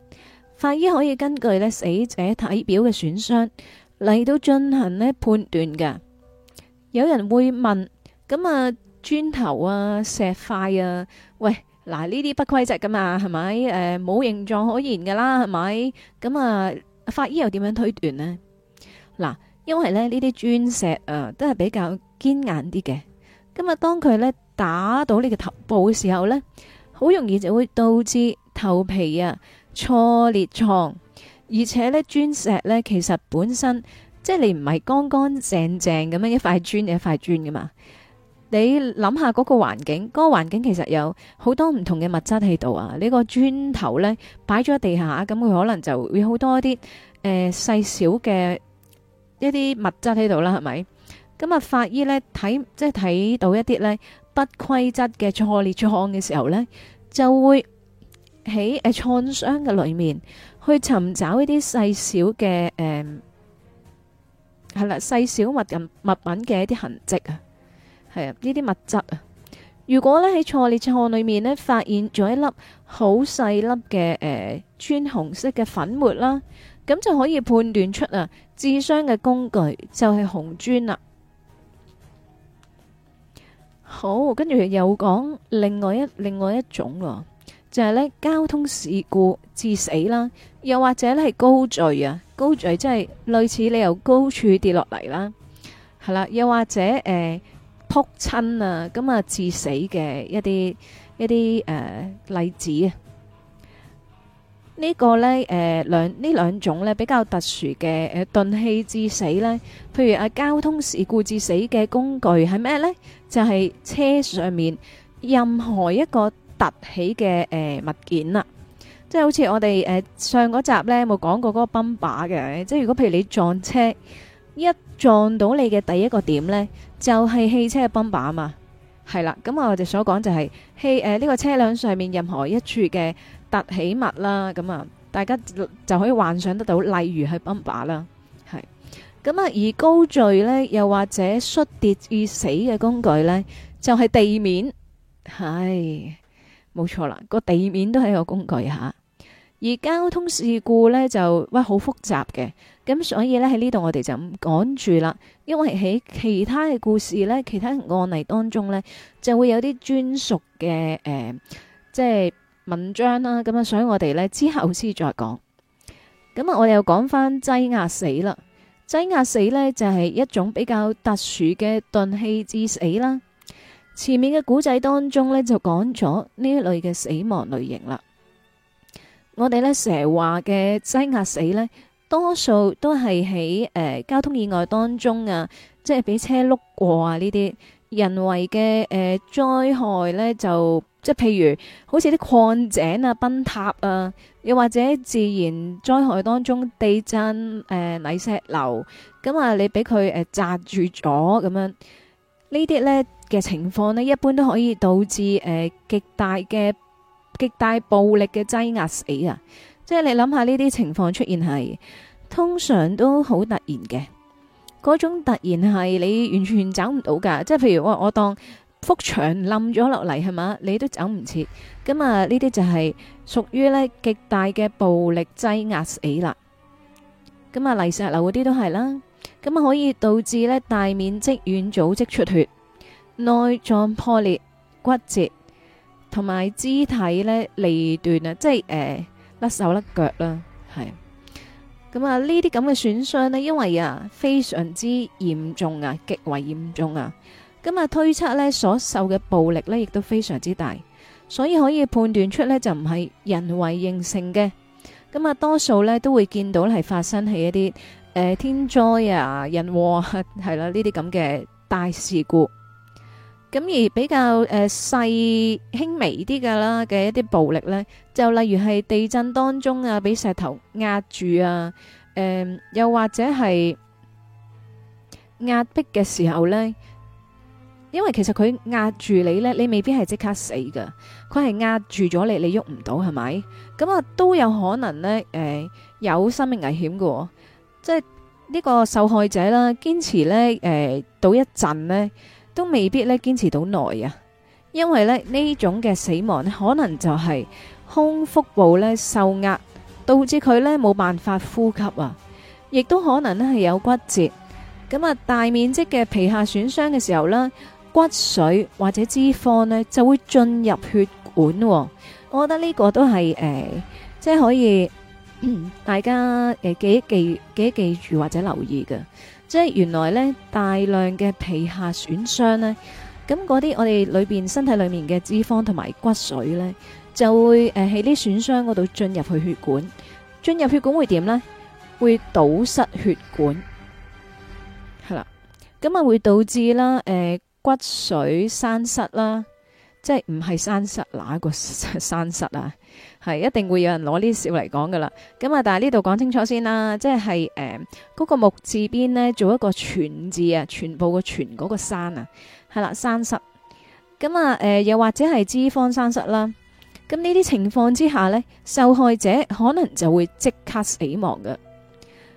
法醫可以根據咧死者體表嘅損傷嚟到進行咧判斷噶。有人會問，咁啊磚頭啊石塊啊，喂，嗱呢啲不規則噶嘛，係咪？誒、呃、冇形狀可言噶啦，係咪？咁啊法醫又點樣推斷呢？嗱，因為咧呢啲磚石啊都係比較堅硬啲嘅，咁啊當佢咧打到你嘅頭部嘅時候咧，好容易就會導致頭皮啊挫裂創，而且咧磚石咧其實本身。即係你唔係乾乾淨淨咁樣一塊磚嘅一塊磚噶嘛？你諗下嗰個環境，嗰、那個環境其實有好多唔同嘅物質喺度啊。呢個磚頭呢，擺咗喺地下，咁佢可能就會好多啲誒、呃、細小嘅一啲物質喺度啦，係咪？咁啊，法醫呢睇即係睇到一啲呢不規則嘅錯裂創嘅時候呢，就會喺誒創傷嘅裏面去尋找一啲細小嘅誒。呃係啦，細小物品的的物品嘅一啲痕跡啊，係啊，呢啲物質啊，如果呢喺挫裂創裏面呢，發現咗一粒好細粒嘅誒磚紅色嘅粉末啦，咁就可以判斷出啊，致傷嘅工具就係紅磚啦。好，跟住又講另外一另外一種就係、是、呢交通事故致死啦，又或者呢係高墜啊。高墜即係類似你由高處跌落嚟啦，係啦，又或者誒撲親啊，咁、呃、啊致死嘅一啲一啲誒、呃、例子啊，呢、這個呢誒兩呢兩種呢比較特殊嘅誒鈍器致死呢，譬如啊交通事故致死嘅工具係咩呢？就係、是、車上面任何一個凸起嘅誒、呃、物件啦、啊。即係好似我哋誒、呃、上嗰集咧冇講過嗰個泵把嘅，即係如果譬如你撞車，一撞到你嘅第一個點呢，就係、是、汽車嘅泵把嘛，係啦。咁我哋所講就係汽誒呢個車輛上面任何一處嘅凸起物啦，咁啊大家就可以幻想得到，例如係泵把啦，係。咁啊，而高墜呢，又或者摔跌而死嘅工具呢，就係、是、地面，係冇錯啦，個地面都係個工具吓。而交通事故呢，就喂好複雜嘅，咁所以呢，喺呢度我哋就唔講住啦，因為喺其他嘅故事呢，其他案例當中呢，就會有啲專屬嘅誒，即係文章啦，咁啊，所以我哋呢，之後先再講。咁啊，我哋又講翻擠壓死啦，擠壓死，擠壓死呢，就係、是、一種比較特殊嘅鈍器致死啦。前面嘅古仔當中呢，就講咗呢一類嘅死亡類型啦。我哋咧成日話嘅擠壓死咧，多數都係喺誒交通意外當中啊，即係俾車碌過啊，呢啲人為嘅誒、呃、災害咧，就即係譬如好似啲礦井啊崩塌啊，又或者自然災害當中地震誒、呃、泥石流，咁啊你俾佢誒砸住咗咁樣，呢啲咧嘅情況咧，一般都可以導致誒、呃、極大嘅。極大暴力嘅擠壓死啊！即係你諗下呢啲情況出現係，通常都好突然嘅。嗰種突然係你完全走唔到噶。即係譬如我我當幅牆冧咗落嚟係嘛，你都走唔切。咁啊，屬於呢啲就係屬於呢極大嘅暴力擠壓死啦。咁啊，泥石流嗰啲都係啦。咁啊，可以導致呢大面積軟組織出血、內臟破裂、骨折。同埋肢體呢離斷啊，即係、呃、甩手甩腳啦，係。咁啊，呢啲咁嘅損傷呢，因為啊，非常之嚴重啊，極為嚴重啊。咁啊，推測呢所受嘅暴力呢，亦都非常之大，所以可以判斷出呢就唔係人為應性嘅。咁啊，多數呢都會見到係發生喺一啲誒、呃、天災啊、人禍係啦，呢啲咁嘅大事故。咁而比較誒細輕微啲嘅啦嘅一啲暴力咧，就例如係地震當中啊，俾石頭壓住啊，誒又或者係壓迫嘅時候咧，因為其實佢壓住你咧，你未必係即刻死㗎，佢係壓住咗你，你喐唔到，係咪？咁啊都有可能咧，誒有生命危險㗎喎，即係呢個受害者啦，堅持咧，誒到一陣咧。都未必咧，堅持到耐啊，因為咧，呢種嘅死亡可能就係胸腹部咧受壓，導致佢咧冇辦法呼吸啊，亦都可能咧係有骨折，咁啊大面積嘅皮下損傷嘅時候呢，骨髓或者脂肪呢就會進入血管啊，我覺得呢個都係、呃、即係可以大家誒記一記記一記住或者留意嘅。即係原來咧大量嘅皮下損傷咧，咁嗰啲我哋裏邊身體裏面嘅脂肪同埋骨髓咧，就會誒喺啲損傷嗰度進入去血管，進入血管會點咧？會堵塞血管係啦，咁啊會導致啦誒、呃、骨髓生塞啦，即係唔係生塞哪一個生塞啊？係一定會有人攞呢啲笑嚟講噶啦。咁啊，但係呢度講清楚先啦，即係誒嗰個木字邊呢，做一個全字啊，全部嘅全嗰個山啊，係啦栓塞」。咁、呃、啊，誒又或者係脂肪栓塞」啦。咁呢啲情況之下呢，受害者可能就會即刻死亡噶。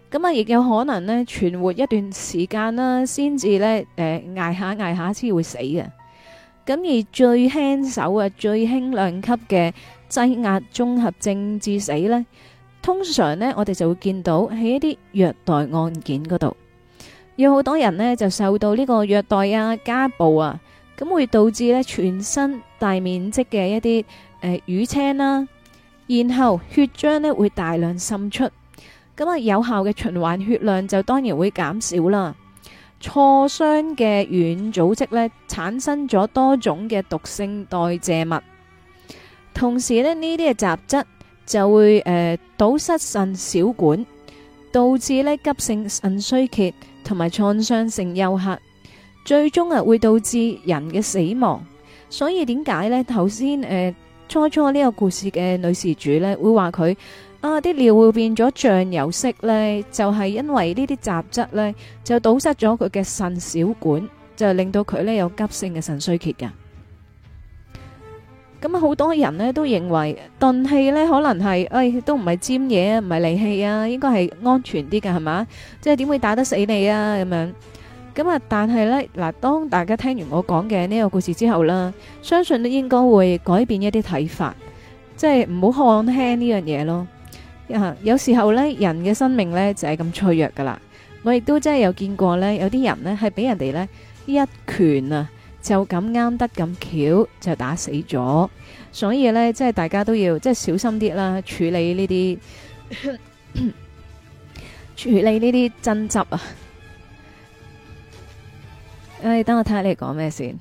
咁啊，亦有可能呢，存活一段時間啦，先至呢，誒、呃、捱下捱下先會死嘅。咁而最輕手啊，最輕兩級嘅。擠壓綜合症致死呢，通常呢，我哋就會見到喺一啲虐待案件嗰度，有好多人呢，就受到呢個虐待啊、家暴啊，咁會導致呢全身大面積嘅一啲誒、呃、瘀青啦，然後血漿呢會大量滲出，咁啊有效嘅循環血量就當然會減少啦。挫傷嘅軟組織呢，產生咗多種嘅毒性代謝物。同時咧，呢啲嘅雜質就會誒、呃、堵塞腎小管，導致呢急性腎衰竭同埋創傷性休克，最終啊會導致人嘅死亡。所以點解呢？頭先誒初初呢個故事嘅女事主呢會話佢啊啲尿會變咗醬油色呢就係、是、因為呢啲雜質呢就堵塞咗佢嘅腎小管，就令到佢呢有急性嘅腎衰竭噶。咁，嗯，好多人呢，都認為鈍器呢，可能係，誒、哎，都唔係尖嘢，唔係利器啊，應該係安全啲嘅，係嘛？即係點會打得死你啊？咁樣，咁啊，但係呢，嗱，當大家聽完我講嘅呢個故事之後啦，相信都應該會改變一啲睇法，即係唔好看輕呢樣嘢咯。有時候呢，人嘅生命呢，就係、是、咁脆弱噶啦。我亦都真係有見過呢，有啲人呢，係俾人哋呢，一拳啊！就咁啱得咁巧就打死咗，所以咧即係大家都要即係小心啲啦，處理呢啲處理呢啲爭執啊！哎，等我睇下你哋講咩先，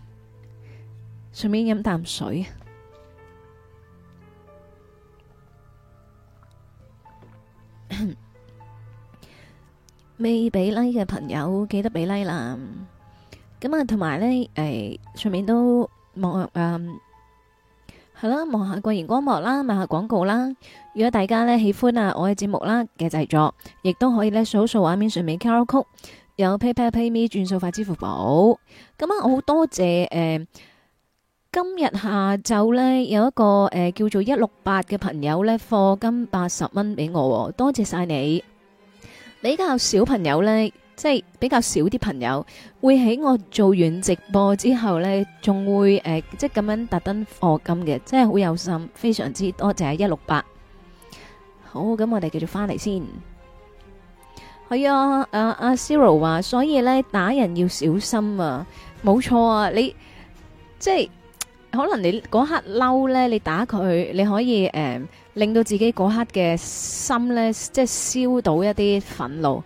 順便飲啖水。未俾 like 嘅朋友記得俾 like 啦。咁啊，同埋呢，誒、呃，上面都望下，係、嗯、啦，望下個螢光幕啦，望下廣告啦。如果大家呢，喜歡啊，我嘅節目啦嘅製作，亦都可以呢數數畫面上面卡拉曲，有 PayPal、PayMe 轉數快支付寶。咁啊，好多謝誒、呃，今日下晝呢，有一個誒、呃、叫做一六八嘅朋友呢，課金八十蚊俾我，多謝晒你。比較小朋友呢。即係比較少啲朋友會喺我做完直播之後呢，仲會誒、呃、即係咁樣特登課金嘅，真係好有心，非常之多謝，就係一六八。好，咁我哋繼續翻嚟先。係啊，阿阿 Siru 話，所以呢打人要小心啊，冇錯啊，你即係可能你嗰刻嬲呢，你打佢，你可以誒、呃、令到自己嗰刻嘅心呢，即係消到一啲憤怒。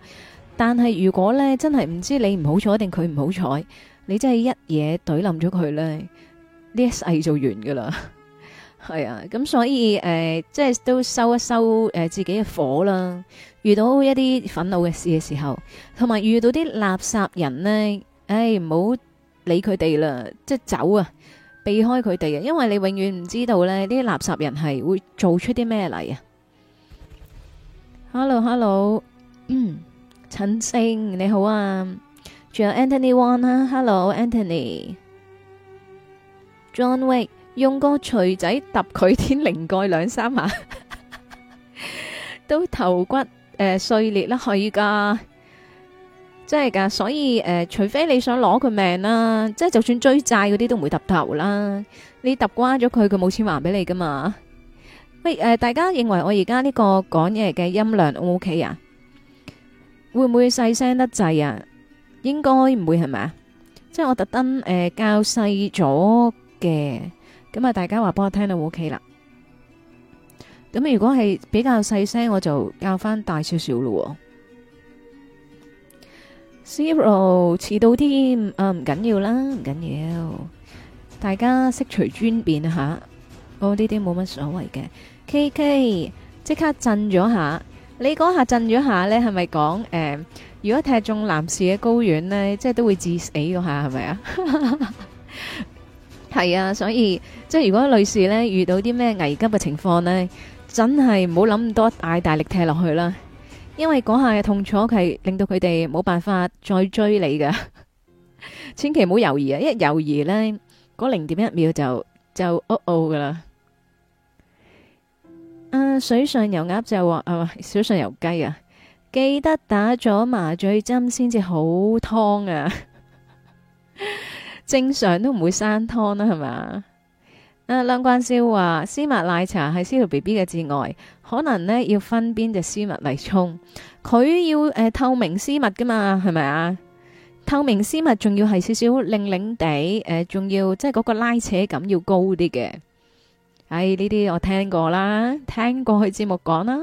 但係如果咧，真係唔知你唔好彩定佢唔好彩，你真係一嘢懟冧咗佢咧，呢一世就完噶啦。係 [LAUGHS] 啊，咁所以誒、呃，即係都收一收誒、呃、自己嘅火啦。遇到一啲憤怒嘅事嘅時候，同埋遇到啲垃圾人呢，誒唔好理佢哋啦，即係走啊，避開佢哋啊，因為你永遠唔知道咧，啲垃圾人係會做出啲咩嚟啊。Hello，Hello，hello, 嗯。陳星你好啊，仲有 Anthony、啊、Hello, Anthony One 啦。Hello Anthony，John Wick，用個錘仔揼佢天靈蓋兩三下， [LAUGHS] 都頭骨誒、呃、碎裂啦可以噶，真係噶，所以誒、呃、除非你想攞佢命啦，即係就算追債嗰啲都唔會揼頭啦，你揼瓜咗佢，佢冇錢還俾你噶嘛，喂誒、呃、大家認為我而家呢個講嘢嘅音量 O 唔 O K 啊？會唔會細聲得滯啊？應該唔會係咪啊？即係我特登誒較細咗嘅，咁、呃、啊大家話幫我聽到 O K 啦。咁如果係比較細聲，我就較翻大少少咯。Zero 遲到添啊，唔緊要啦，唔緊要。大家悉隨尊便下。我呢啲冇乜所謂嘅。K K 即刻震咗下。你嗰下震咗下咧，係咪講誒？如果踢中男士嘅睾丸咧，即係都會致死嗰下，係咪啊？係啊，所以即係如果女士咧遇到啲咩危急嘅情況咧，真係唔好諗咁多，大大力踢落去啦，因為嗰下嘅痛楚係令到佢哋冇辦法再追你噶，千祈唔好猶豫啊！一猶豫咧，嗰零點一秒就就屋奧噶啦。啊！水上油鴨就話啊，水上油雞啊，記得打咗麻醉針先至好湯啊！ [LAUGHS] 正常都唔會生湯啦、啊，係咪？」啊，梁冠少話絲襪奶茶係司徒 B B 嘅至愛，可能呢要分邊隻絲襪嚟沖，佢要誒透明絲襪噶嘛，係咪啊？透明絲襪仲要係少少令令地，誒、呃、仲要即係嗰個拉扯感要高啲嘅。哎，呢啲我聽過啦，聽過去節目講啦，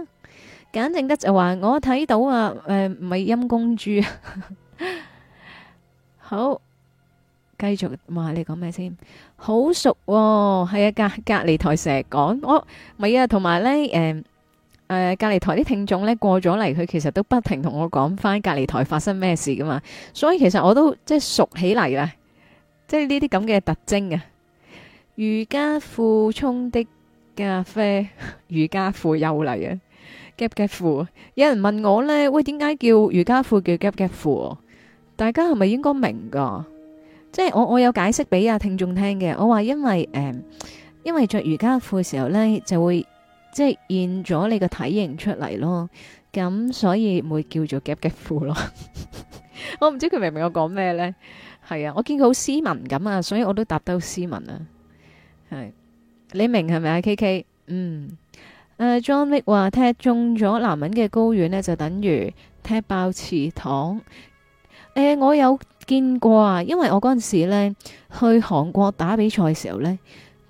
簡正德就話我睇到啊，誒，咪陰公豬，好，繼續哇，你講咩先？好熟喎，係啊，隔隔籬台成日講我，咪啊，同埋咧，誒，誒，隔籬台啲聽眾咧過咗嚟，佢其實都不停同我講翻隔籬台發生咩事噶嘛，所以其實我都即係熟起嚟啦，即係呢啲咁嘅特徵啊。瑜伽褲沖的咖啡，瑜伽褲又嚟啊！夾夾褲，有人問我咧，喂，點解叫瑜伽褲叫夾夾褲？大家係咪應該明噶？即係我我有解釋俾阿聽眾聽嘅，我話因為誒、嗯，因為着瑜伽褲嘅時候咧，就會即係現咗你個體型出嚟咯，咁所以會叫做夾夾褲咯。 [LAUGHS] 我唔知佢明唔明我講咩咧？係啊，我見佢好斯文咁啊，所以我都答得好斯文啊。係，你明係咪啊？K K，嗯，誒、uh,，John Wick 話踢中咗男人嘅睾丸呢，就等於踢爆祠堂。誒、呃，我有見過啊，因為我嗰陣時咧去韓國打比賽嘅時候呢，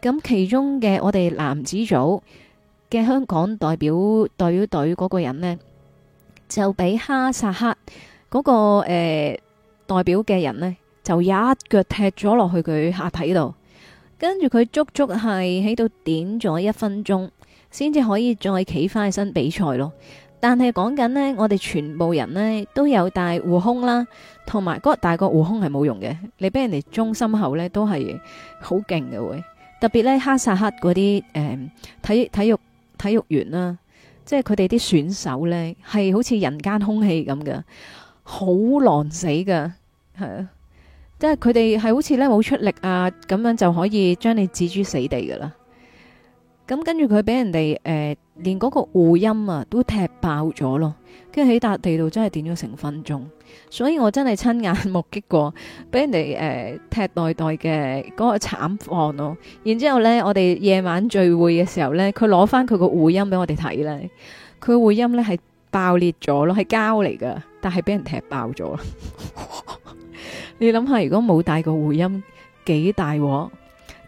咁其中嘅我哋男子組嘅香港代表代表隊嗰個人呢，就俾哈薩克嗰、那個誒、呃、代表嘅人呢，就一腳踢咗落去佢下體度。跟住佢足足係喺度點咗一分鐘，先至可以再企翻起身比賽咯。但係講緊呢，我哋全部人呢都有帶護胸啦，同埋嗰個大個護胸係冇用嘅。你俾人哋中心口呢都係好勁嘅喎。特別呢，哈薩克嗰啲誒體體育體育員啦，即係佢哋啲選手呢，係好似人間空氣咁嘅，好難死㗎。係啊！即係佢哋係好似咧冇出力啊，咁樣就可以將你置諸死地噶啦。咁跟住佢俾人哋誒、呃，連嗰個護音啊都踢爆咗咯。跟住喺笪地度真係點咗成分鐘，所以我真係親眼目擊過俾人哋誒、呃、踢袋袋嘅嗰個慘況咯。然之後咧，我哋夜晚聚會嘅時候呢，佢攞翻佢個護音俾我哋睇呢。佢護音呢係爆裂咗咯，係膠嚟噶，但係俾人踢爆咗。 [LAUGHS] 你諗下，如果冇帶個回音，幾大鑊？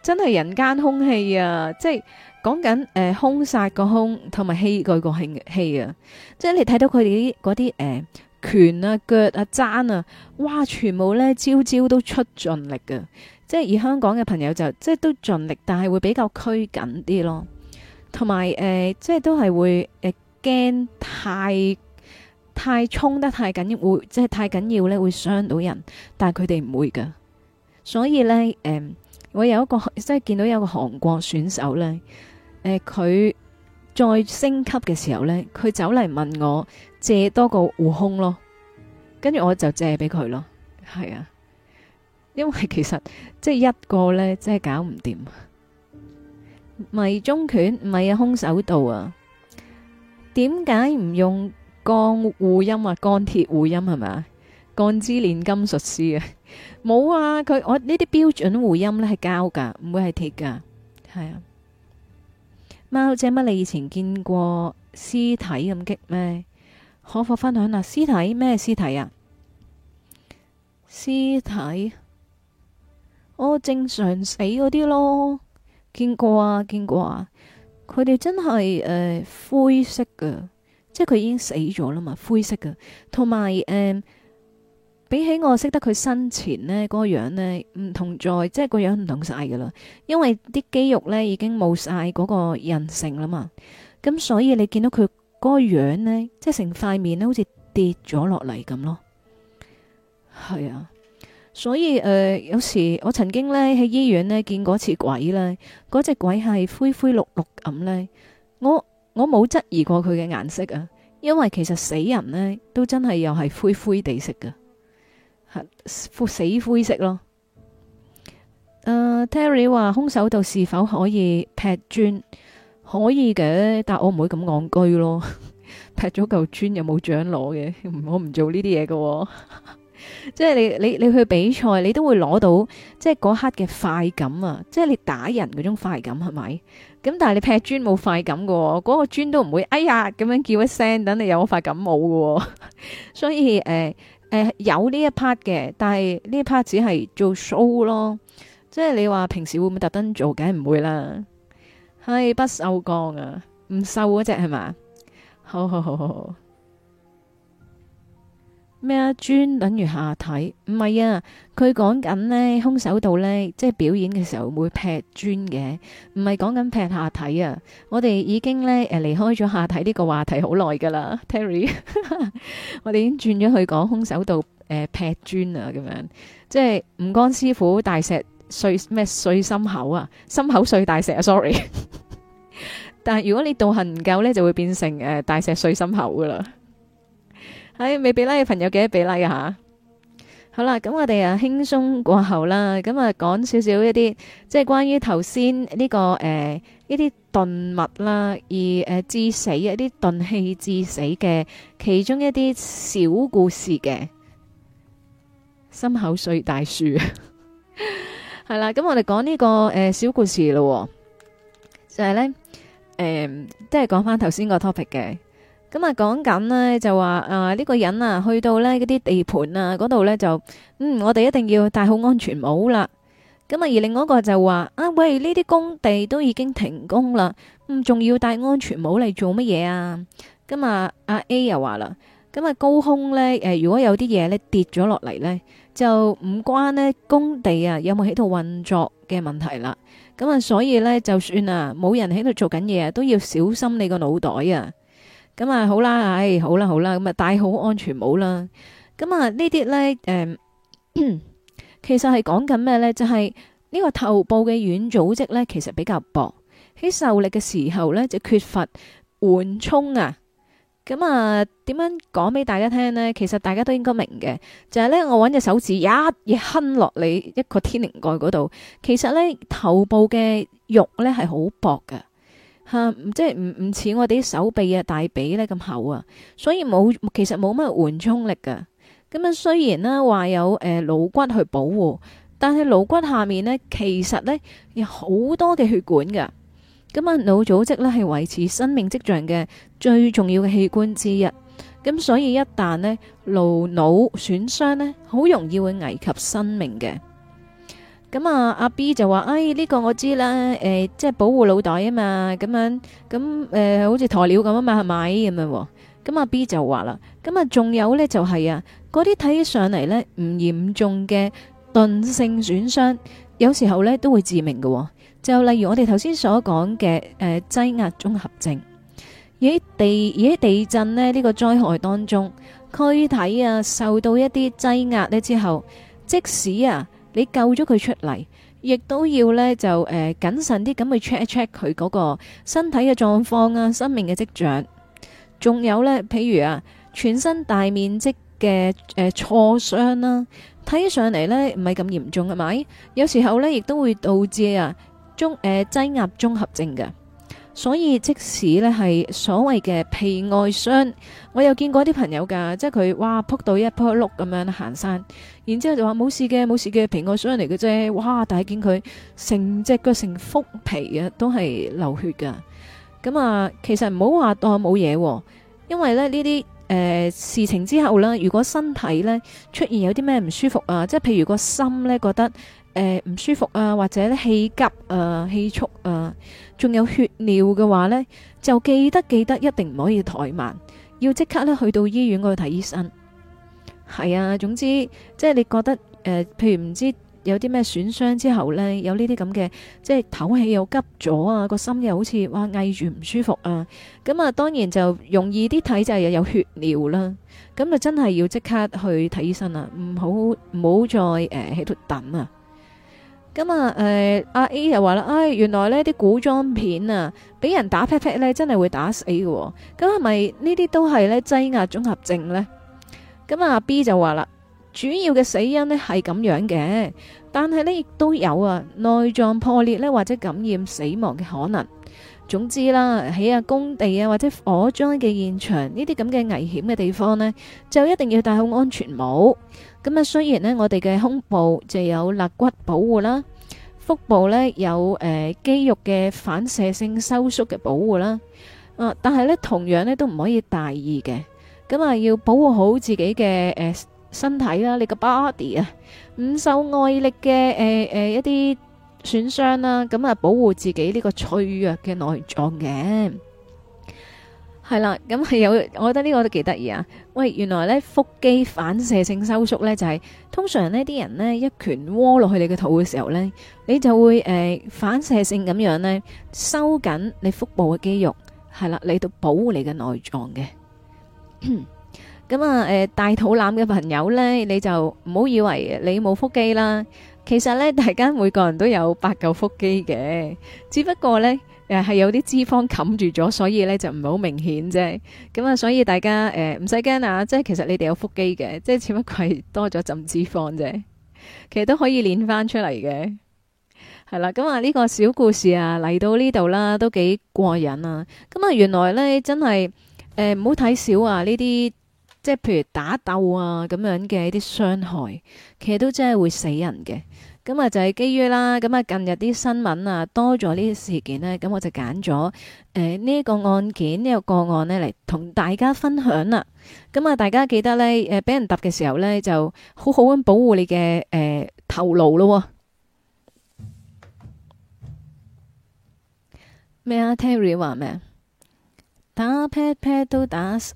真係人間凶器啊！即係講緊誒，凶殺個凶，同埋器具個器器啊！即係、就是、你睇到佢哋啲嗰啲誒，拳啊、腳啊、踭啊，哇！全部咧招招都出盡力嘅，即、就、係、是、而香港嘅朋友就即係、就是、都盡力，但係會比較拘謹啲咯，同埋誒，即、呃、係、就是、都係會誒驚、啊、太。太衝得太緊要，會即係太緊要呢，會傷到人，但係佢哋唔會噶。所以呢，誒、呃，我有一個即係見到有個韓國選手呢，佢、呃、再升級嘅時候呢，佢走嚟問我借多個護胸咯，跟住我就借俾佢咯，係啊，因為其實即係一個呢，即係搞唔掂，迷蹤拳，迷空手道啊，點解唔用？鋼護音，鐵護音 [LAUGHS] 啊，鋼鐵護音係咪啊？鋼之煉金術師啊，冇啊！佢我呢啲標準護音呢係膠噶，唔會係鐵噶，係啊。貓姐乜你以前見過屍體咁激咩？可否分享啊？屍體？咩屍體啊？屍體，我、哦、正常死嗰啲咯，見過啊，見過啊。佢哋真係誒、呃、灰色噶。即係佢已經死咗啦嘛，灰色嘅，同埋誒，比起我識得佢生前呢嗰、嗰個樣咧，唔同在，即係個樣唔同晒噶啦，因為啲肌肉呢已經冇晒嗰個韌性啦嘛，咁所以你見到佢嗰個樣咧，即係成塊面呢好似跌咗落嚟咁咯，係啊，所以誒、呃，有時我曾經呢喺醫院咧見過一次鬼呢，嗰隻鬼係灰灰綠綠咁呢。我。我冇質疑過佢嘅顏色啊，因為其實死人呢都真係又係灰灰地色嘅，係死灰色咯。Uh, Terry 話，空手道是否可以劈磚？可以嘅，但我唔會咁戇居咯。劈咗嚿磚又冇獎攞嘅，我唔做呢啲嘢嘅。即係你你你去比賽，你都會攞到即係嗰刻嘅快感啊！即係你打人嗰種快感係咪？咁但係你劈磚冇快感噶，嗰、嗰個磚都唔會哎呀咁樣叫一聲，等你有快感冇噶。 [LAUGHS] 所以誒誒、呃呃、有呢一 part 嘅，但係呢一 part 只係做 show 咯。即係你話平時會唔會特登做？梗係唔會啦。係不鏽鋼啊，唔鏽嗰隻係嘛？好好好好好。咩啊？磚等於下體？唔係啊，佢講緊呢空手道呢，即係表演嘅時候會劈磚嘅，唔係講緊劈下體啊。我哋已經呢誒離開咗下體呢個話題好耐噶啦，Terry。 [LAUGHS] 我哋已經轉咗去講空手道誒、呃、劈磚啊，咁樣即係吳剛師傅大石碎咩碎心口啊，心口碎大石啊。Sorry， [LAUGHS] 但係如果你道行唔夠咧，就會變成誒、呃、大石碎心口噶啦。喺未俾拉嘅朋友，記得俾拉啊，下好啦，咁我哋啊輕鬆過後啦，咁啊講少少一啲，即係關於頭先呢個誒一啲鈍物啦，而誒、呃、致死一啲鈍器致死嘅其中一啲小故事嘅，心口碎大樹，係啦，咁我哋講呢個誒、呃、小故事咯，就係咧誒，即係講翻頭先個 topic 嘅。咁啊，講緊呢就話啊，呢個人啊去到呢啲地盤啊嗰度呢，就嗯，我哋一定要戴好安全帽啦。咁啊，而另外一個就話啊，喂，呢啲工地都已經停工啦，嗯，仲要戴安全帽嚟做乜嘢啊？咁啊，阿 A 又話啦，咁啊，高空呢，誒，如果有啲嘢呢跌咗落嚟呢，就唔關呢工地啊有冇喺度運作嘅問題啦。咁啊，所以呢，就算啊冇人喺度做緊嘢，都要小心你個腦袋啊。咁啊好啦，唉好啦好啦，咁啊戴好安全帽啦。咁啊呢啲咧，誒、嗯，其實係講緊咩咧？就係、是、呢個頭部嘅軟組織咧，其實比較薄，喺受力嘅時候咧就缺乏緩衝啊。咁啊，點樣講俾大家聽咧？其實大家都應該明嘅，就係、是、咧我揾隻手指一嘢哼落你一個天靈蓋嗰度，其實咧頭部嘅肉咧係好薄嘅。吓，即係唔唔似我哋啲手臂啊、大髀呢咁厚啊，所以冇其實冇乜緩衝力噶。咁啊，雖然啦話有誒、呃、腦骨去保護，但係腦骨下面呢，其實呢有好多嘅血管噶。咁啊，腦組織呢係維持生命跡象嘅最重要嘅器官之一。咁所以一旦呢，顱腦、腦損傷呢，好容易會危及生命嘅。咁啊，阿 B 就話：哎，呢個我知啦，誒，即係保護腦袋啊嘛，咁樣，咁誒，好似鴕鳥咁啊嘛，係咪咁樣？咁阿 B 就話啦，咁啊，仲有呢，就係啊，嗰啲睇起上嚟呢唔嚴重嘅鈍性損傷，有時候呢都會致命嘅。就例如我哋頭先所講嘅，誒，擠壓綜合症，而地而喺地震呢呢個災害當中，軀體啊受到一啲擠壓呢之後，即使啊。你救咗佢出嚟，亦都要咧就誒謹、呃、慎啲咁去 check 一 check 佢嗰個身體嘅狀況啊，生命嘅跡象。仲有咧，譬如啊，全身大面積嘅誒挫傷啦、啊，睇起上嚟咧唔係咁嚴重係咪？有時候咧亦都會導致啊中誒擠壓綜合症嘅。所以即使呢係所謂嘅皮外傷，我有見過啲朋友㗎，即係佢哇撲到一撲一碌咁樣行山，然之後就話冇事嘅冇事嘅皮外傷嚟嘅啫，哇！但係見佢成隻腳成幅皮啊都係流血㗎，咁、嗯、啊其實唔好話當冇嘢，因為咧呢啲誒、呃、事情之後呢，如果身體呢出現有啲咩唔舒服啊，即係譬如個心呢覺得，誒，唔、呃、舒服啊，或者咧氣急啊、氣促啊，仲有血尿嘅話呢，就記得記得一定唔可以怠慢，要即刻咧去到醫院嗰度睇醫生。係啊，總之即係你覺得誒、呃，譬如唔知有啲咩損傷之後呢，有呢啲咁嘅，即係唞氣又急咗啊，個心又好似哇翳住唔舒服啊，咁啊，當然就容易啲睇就係有血尿啦。咁啊，真係要即刻去睇醫生啊，唔好唔好再誒喺度等啊。呃咁啊，誒阿、嗯、A 就話啦，唉、哎，原來呢啲古裝片啊，俾人打 pat pat 咧，真係會打死嘅，哦。咁係咪呢啲都係咧擠壓綜合症呢？咁啊，阿 B 就話啦，主要嘅死因呢係咁樣嘅，但係呢亦都有啊內臟破裂呢，或者感染死亡嘅可能。總之啦，喺啊工地啊或者火災嘅現場呢啲咁嘅危險嘅地方呢，就一定要戴好安全帽。咁啊，雖然呢，我哋嘅胸部就有肋骨保護啦，腹部呢有誒肌肉嘅反射性收縮嘅保護啦。啊，但係呢同樣呢都唔可以大意嘅。咁啊，要保護好自己嘅誒身體啦，你個 body 啊，唔受外力嘅誒誒一啲損傷啦。咁啊，保護自己呢個脆弱嘅內臟嘅。係啦，咁係有，我覺得呢個都幾得意啊！喂，原來呢腹肌反射性收縮呢，就係通常呢啲人呢一拳窩落去你嘅肚嘅時候呢，你就會誒反射性咁樣呢收緊你腹部嘅肌肉，係啦，嚟到保護你嘅內臟嘅。咁啊，誒大肚腩嘅朋友呢，你就唔好以為你冇腹肌啦。其實呢，大家每個人都有八嚿腹肌嘅，只不過呢。誒，係、啊、有啲脂肪冚住咗，所以咧就唔係好明顯啫。咁啊，所以大家誒唔使驚啊，即係其實你哋有腹肌嘅，即係只不過係多咗浸脂肪啫。其實都可以練翻出嚟嘅。係、啊、啦，咁、嗯、啊呢、這個小故事啊嚟到呢度啦，都幾過癮啊！咁、嗯、啊，原來咧真係誒唔好睇小啊呢啲，即係譬如打鬥啊咁樣嘅一啲傷害，其實都真係會死人嘅。咁、嗯就是嗯、啊，就係基於啦，咁啊近日啲新聞啊多咗呢啲事件呢，咁、嗯、我就揀咗誒呢個案件呢、這個個案呢，嚟同大家分享啦。咁、嗯、啊，大家記得呢，誒、呃、俾人揼嘅時候呢，就好好咁保護你嘅誒、呃、頭顱咯。咩啊？Terry 話咩？打 pat pat 都打死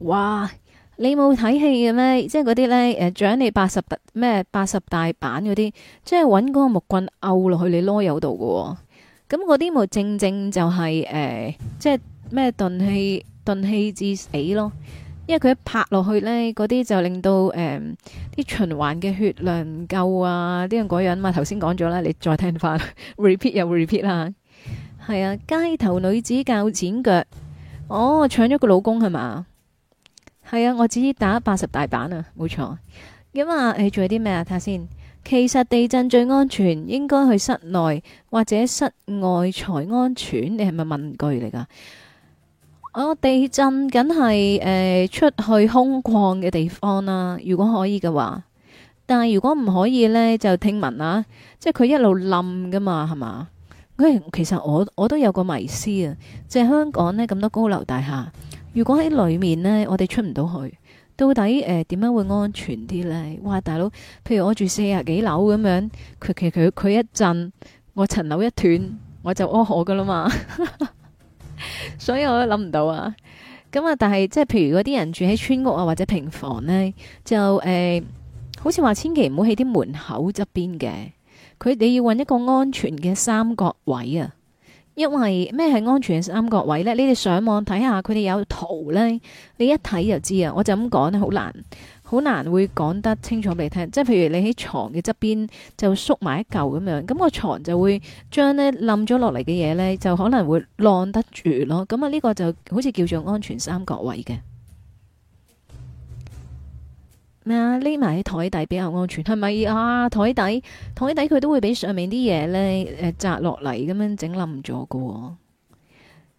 哇！你冇睇戲嘅咩？即係嗰啲咧，誒，掌你八十咩？八十大板嗰啲，即係揾嗰個木棍毆落去你囉柚度嘅。咁嗰啲咪正正就係、是、誒、呃，即係咩鈍器？鈍器致死咯。因為佢一拍落去咧，嗰啲就令到誒啲、呃、循環嘅血量唔夠啊，啲樣嗰樣啊嘛。頭先講咗啦，你再聽翻 [LAUGHS] ，repeat 又 repeat 啦。係啊，街頭女子較剪腳，哦，搶咗個老公係嘛？係啊，我只打八十大板沒錯啊，冇錯。咁啊，誒，仲有啲咩啊？睇下先。其實地震最安全，應該去室內或者室外才安全。你係咪問句嚟噶？我、啊、地震梗係誒，出去空曠嘅地方啦。如果可以嘅話，但係如果唔可以呢，就聽聞啊，即係佢一路冧噶嘛，係嘛？其實我我都有個迷思啊，即、就、係、是、香港呢，咁多高樓大廈。如果喺裏面呢，我哋出唔到去，到底誒點樣會安全啲呢？哇，大佬，譬如我住四十幾樓咁樣，佢其實佢佢一震，我層樓一斷，我就屙好噶啦嘛。 [LAUGHS] 所以我都諗唔到啊。咁啊，但係即係譬如嗰啲人住喺村屋啊，或者平房呢，就誒、呃，好似話千祈唔好喺啲門口側邊嘅，佢哋要揾一個安全嘅三角位啊。因為咩係安全三角位呢？你哋上網睇下，佢哋有圖呢，你一睇就知啊！我就咁講呢，好難，好難會講得清楚俾你聽。即係譬如你喺床嘅側邊就縮埋一嚿咁樣，咁個床就會將呢冧咗落嚟嘅嘢呢，就可能會晾得住咯。咁啊，呢個就好似叫做安全三角位嘅。啊？匿埋喺台底比較安全，係咪啊？台底，台底佢都會俾上面啲嘢呢誒砸落嚟，咁樣整冧咗喎。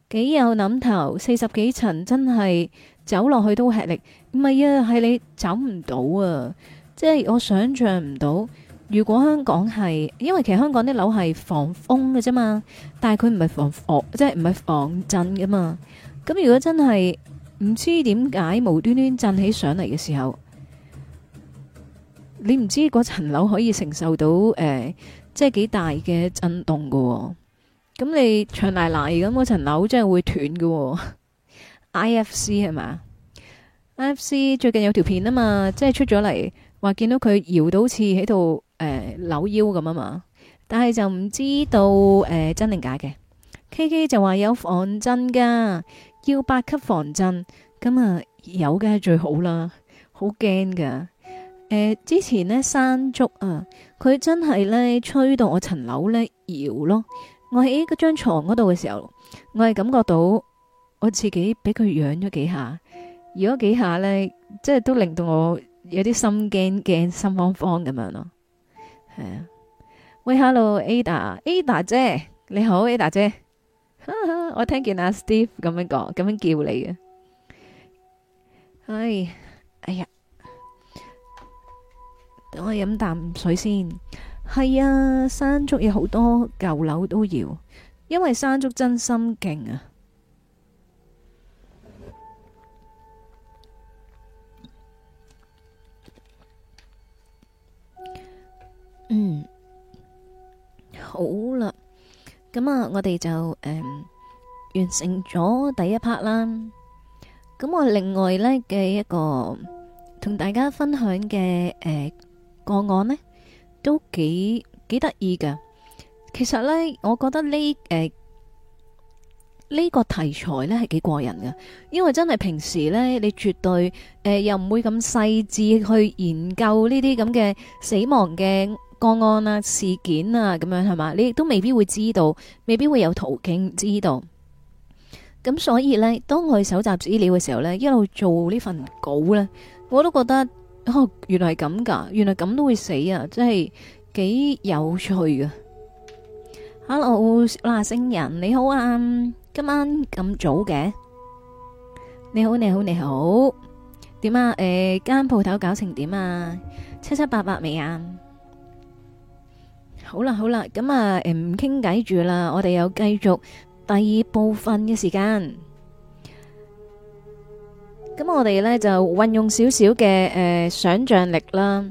幾有諗頭，四十幾層真係走落去都吃力，唔係啊，係你走唔到啊，即係我想象唔到。如果香港係，因為其實香港啲樓係防風嘅啫嘛，但係佢唔係防防，即係唔係防震㗎嘛。咁如果真係唔知點解無端端震起上嚟嘅時候。你唔知嗰層樓可以承受到誒，即係幾大嘅震動㗎喎、哦。咁你長賴賴咁嗰層樓真係會斷㗎喎。I F C 係咪？I F C 最近有條片啊嘛，即係出咗嚟話見到佢搖到好似喺度誒扭腰咁啊嘛。但係就唔知道誒、呃、真定假嘅。K K 就話有防震噶，要八級防震。咁啊、呃、有嘅係最好啦，好驚㗎。之前呢，山竹啊，佢真係呢，吹到我層樓呢搖咯。我喺嗰張床嗰度嘅時候，我係感覺到我自己俾佢揚咗幾下，搖咗幾下呢，即係都令到我有啲心驚驚、心慌慌咁樣咯。係啊，喂，Hello Ada，Ada Ada 姐，你好，Ada 姐， [LAUGHS] 我聽見阿 Steve 咁樣講，咁樣叫你嘅。唉，哎呀。我飲啖水先，係啊，山竹有好多舊樓都要，因為山竹真心勁啊。嗯，好啦，咁啊，我哋就誒完成咗第一 part 啦。咁我另外呢嘅一個同大家分享嘅誒。個案呢都幾幾得意㗎。其實呢，我覺得呢誒呢個題材呢係幾過癮㗎，因為真係平時呢，你絕對誒、呃、又唔會咁細致去研究呢啲咁嘅死亡嘅個案啊、事件啊咁樣係嘛，你亦都未必會知道，未必會有途徑知道。咁所以呢，當我去搜集資料嘅時候呢，一路做呢份稿呢，我都覺得。哦，原來係咁噶，原來咁都會死啊，真係幾有趣啊！Hello，嗱，星人你好啊，今晚咁早嘅？你好，你好，你好，點啊？誒、呃，間鋪頭搞成點啊？七七八八未啊？好啦、啊，好啦，咁啊，誒，唔傾偈住啦，我哋又繼續第二部分嘅時間。咁我哋咧就運用少少嘅誒想象力啦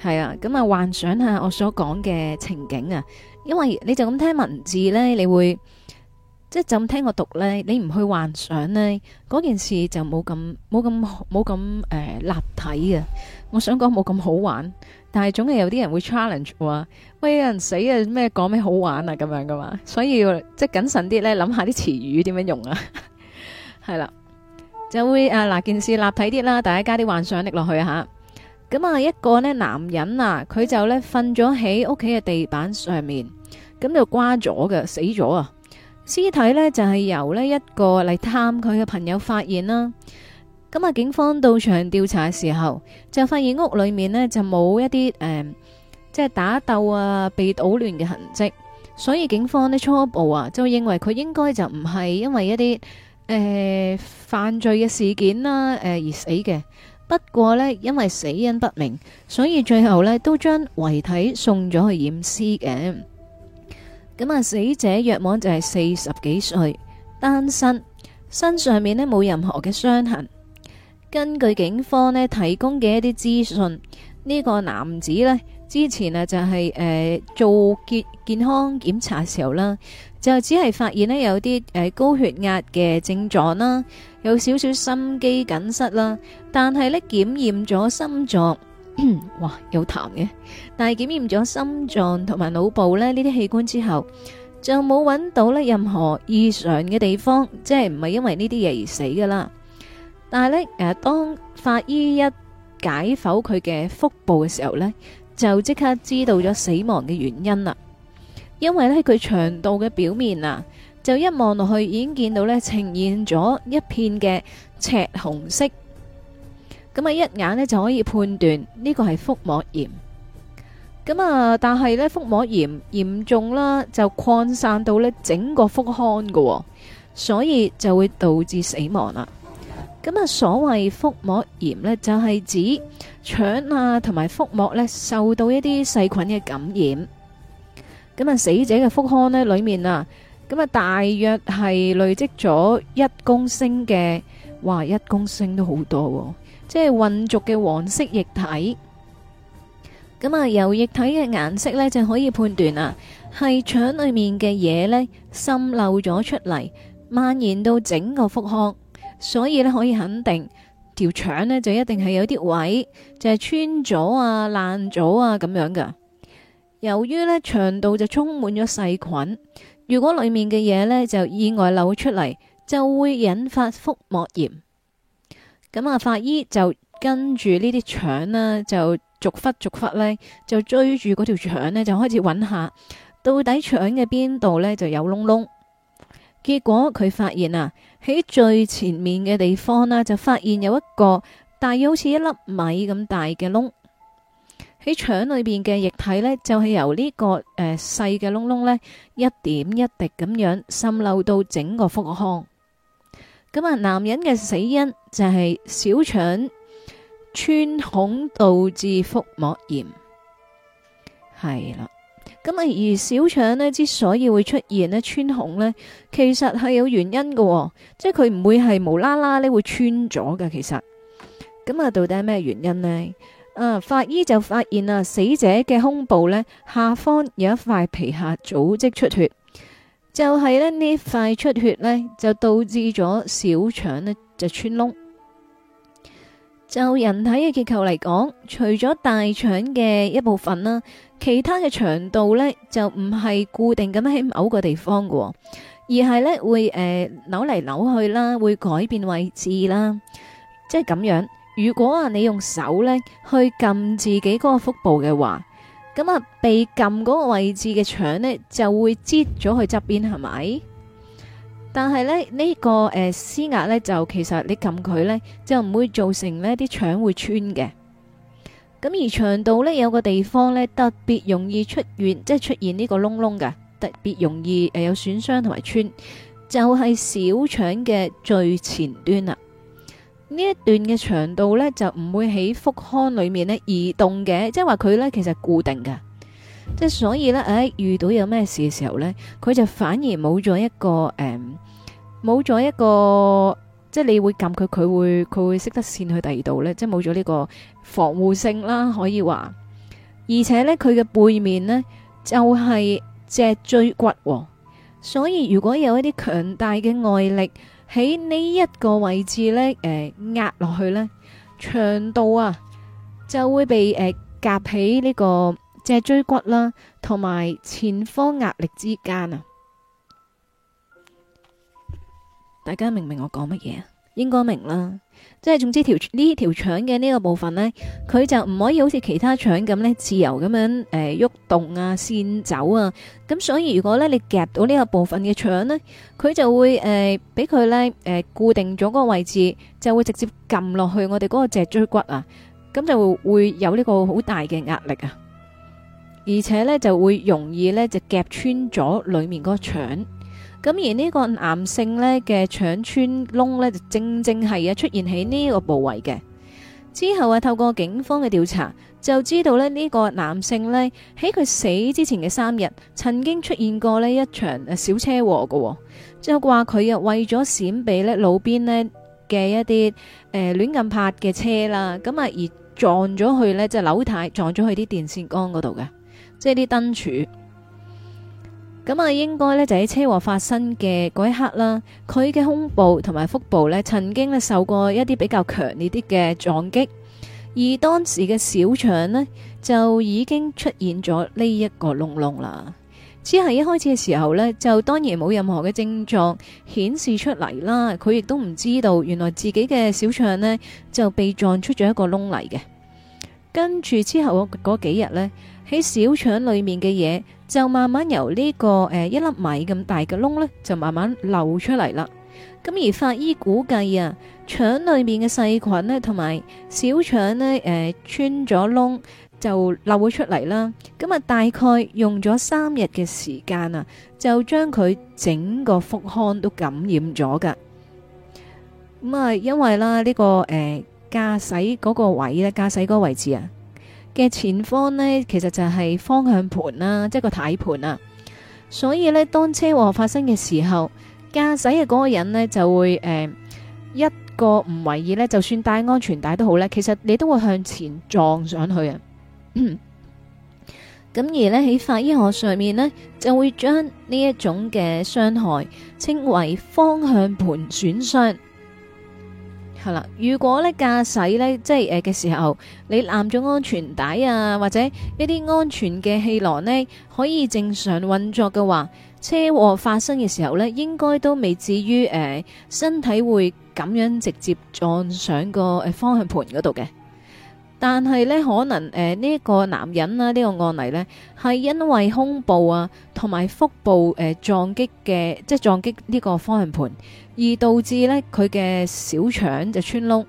係啊，咁、嗯、啊幻想下我所講嘅情景啊，因為你就咁聽文字咧，你會即係就咁、是、聽我讀咧，你唔去幻想咧，嗰件事就冇咁冇咁冇咁誒立體啊，我想講冇咁好玩，但係總係有啲人會 challenge 話，喂有人死啊，咩講咩好玩啊咁樣噶嘛，所以要即係謹慎啲咧，諗下啲詞語點樣用啊，係 [LAUGHS] 啦、啊。就會誒嗱、啊、件事立體啲啦，大家加啲幻想力落去下吓。咁啊一個呢男人啊，佢就呢瞓咗喺屋企嘅地板上面，咁就瓜咗㗎，死咗啊。屍體呢，就係、是、由呢一個嚟探佢嘅朋友發現啦。咁啊，警方到場調查嘅時候，就發現屋裏面呢、呃，就冇一啲誒，即係打鬥啊、被搗亂嘅痕跡，所以警方呢，初步啊就認為佢應該就唔係因為一啲。誒，犯罪嘅事件啦，誒而死嘅。不過呢，因為死因不明，所以最後呢都將遺體送咗去驗屍嘅。咁啊，死者約莫就係四十幾歲，單身，身上面呢冇任何嘅傷痕。根據警方呢提供嘅一啲資訊，呢、呢個男子呢。之前啊、就係，就係誒做健健康檢查嘅時候啦，就只係發現呢有啲誒高血壓嘅症狀啦，有少少心肌梗塞啦，但係呢，檢驗咗心臟，哇有痰嘅，但係檢驗咗心臟同埋腦部呢呢啲器官之後，就冇揾到呢任何異常嘅地方，即係唔係因為呢啲嘢而死㗎喇。但係呢，誒、呃，當法醫一解剖佢嘅腹部嘅時候呢。就即刻知道咗死亡嘅原因啦，因為咧佢腸道嘅表面啊，就一望落去已經見到咧呈現咗一片嘅赤紅色，咁、嗯、啊一眼咧就可以判斷呢、呢個係腹膜炎，咁、嗯、啊但係呢，腹膜炎嚴重啦，就擴散到咧整個腹腔噶、哦，所以就會導致死亡啦。咁啊，所謂腹膜炎呢，就係指腸啊同埋腹膜呢受到一啲細菌嘅感染。咁啊，死者嘅腹腔呢裏面啊，咁啊，大約係累積咗一公升嘅，哇，一公升都好多，即係混濁嘅黃色液體。咁啊，由液體嘅顏色呢就可以判斷啊，係腸裏面嘅嘢，呢滲漏咗出嚟，蔓延到整個腹腔。所以咧，可以肯定條腸呢就一定係有啲位就係穿咗啊、爛咗啊，咁樣噶。由於呢腸道就充滿咗細菌，如果裏面嘅嘢呢就意外漏出嚟，就會引發腹膜炎。咁啊，法醫就跟住呢啲腸呢，就逐忽逐忽呢，就追住嗰條腸呢，就開始揾下到底腸嘅邊度呢，就有窿窿。結果佢發現啊！喺最前面嘅地方呢，就發現有一個大約好似一粒米咁大嘅窿。喺腸裏邊嘅液體呢，就係由呢個誒細嘅窿窿呢，一點一滴咁樣滲漏到整個腹腔。咁啊，男人嘅死因就係小腸穿孔導致腹膜炎，係啦。咁啊，而小腸呢之所以會出現呢穿孔呢，其實係有原因嘅，哦，即係佢唔會係無啦啦呢會穿咗嘅。其實，咁啊，到底係咩原因呢？啊，法醫就發現啊，死者嘅胸部呢下方有一塊皮下組織出血，就係呢呢塊出血呢就導致咗小腸呢就穿窿。就人體嘅結構嚟講，除咗大腸嘅一部分啦，其他嘅長度咧就唔係固定咁喺某個地方噶、哦，而係咧會誒、呃、扭嚟扭去啦，會改變位置啦，即係咁樣。如果啊你用手咧去撳自己嗰個腹部嘅話，咁啊被撳嗰個位置嘅腸咧就會擠咗去側邊，係咪？但係咧呢、呢個誒、呃、施壓咧就其實你撳佢咧就唔會造成呢啲腸會穿嘅。咁而腸道呢，有個地方呢，特別容易出現，即係出現呢個窿窿嘅，特別容易誒、呃、有損傷同埋穿，就係、是、小腸嘅最前端啦。呢一段嘅腸道呢，就唔會喺腹腔裏面呢移動嘅，即係話佢呢，其實固定嘅，即係所以呢，誒、哎、遇到有咩事嘅時候呢，佢就反而冇咗一個誒冇咗一個。嗯即係你會撳佢，佢會佢會識得閃去第二度咧，即係冇咗呢個防護性啦，可以話。而且呢，佢嘅背面呢就係脊椎骨喎，所以如果有一啲強大嘅外力喺呢一個位置呢誒壓落去呢腸道啊就會被誒夾起呢個脊椎骨啦，同埋前方壓力之間啊。大家明唔明我講乜嘢啊？應該明啦，即係總之條呢條腸嘅呢個部分呢，佢就唔可以好似其他腸咁呢自由咁樣誒喐動啊、善走啊，咁所以如果呢你夾到呢個部分嘅腸呢，佢就會誒俾佢呢誒、呃、固定咗嗰個位置，就會直接撳落去我哋嗰個脊椎骨啊，咁就會有呢個好大嘅壓力啊，而且呢就會容易呢就夾穿咗裏面嗰個腸。咁而呢個男性呢嘅腸穿窿呢，就正正係啊出現喺呢個部位嘅。之後啊，透過警方嘅調查，就知道呢呢個男性呢喺佢死之前嘅三日，曾經出現過呢一場誒小車禍嘅、呃。即係話佢啊為咗閃避呢路邊呢嘅一啲誒亂咁泊嘅車啦，咁啊而撞咗去呢即係樓太，撞咗去啲電線桿嗰度嘅，即係啲燈柱。咁啊，應該咧就喺車禍發生嘅嗰一刻啦，佢嘅胸部同埋腹部呢曾經呢受過一啲比較強烈啲嘅撞擊，而當時嘅小腸呢，就已經出現咗呢一個窿窿啦。只係一開始嘅時候呢，就當然冇任何嘅症狀顯示出嚟啦，佢亦都唔知道原來自己嘅小腸呢，就被撞出咗一個窿嚟嘅。跟住之後嗰幾日呢。喺小腸裏面嘅嘢就慢慢由呢、這個誒、呃、一粒米咁大嘅窿呢就慢慢流出嚟啦。咁而法醫估計啊，腸裏面嘅細菌呢，同埋小腸呢，誒、呃、穿咗窿就漏咗出嚟啦。咁、嗯、啊，大概用咗三日嘅時間啊，就將佢整個腹腔都感染咗噶。咁、嗯、啊，因為啦呢、這個誒駕駛嗰個位咧，駕駛嗰個位置啊。嘅前方呢，其實就係方向盤啦，啊，即係個軚盤啊，所以呢，當車禍發生嘅時候，駕駛嘅嗰個人呢，就會誒、呃、一個唔為意呢，就算戴安全帶都好呢，其實你都會向前撞上去啊。咁 [COUGHS] 而呢，喺法醫學上面呢，就會將呢一種嘅傷害稱為方向盤損傷。係啦，如果咧駕駛咧，即係誒嘅時候，你攬咗安全帶啊，或者一啲安全嘅氣囊咧，可以正常運作嘅話，車禍發生嘅時候咧，應該都未至於誒、呃、身體會咁樣直接撞上個誒、呃、方向盤嗰度嘅。但係咧，可能呢、呃這個男人啦、啊，呢、這個案例呢，係因為胸部啊同埋腹部、啊呃、撞擊嘅，即係撞擊呢個方向盤，而導致呢，佢嘅小腸就穿窿。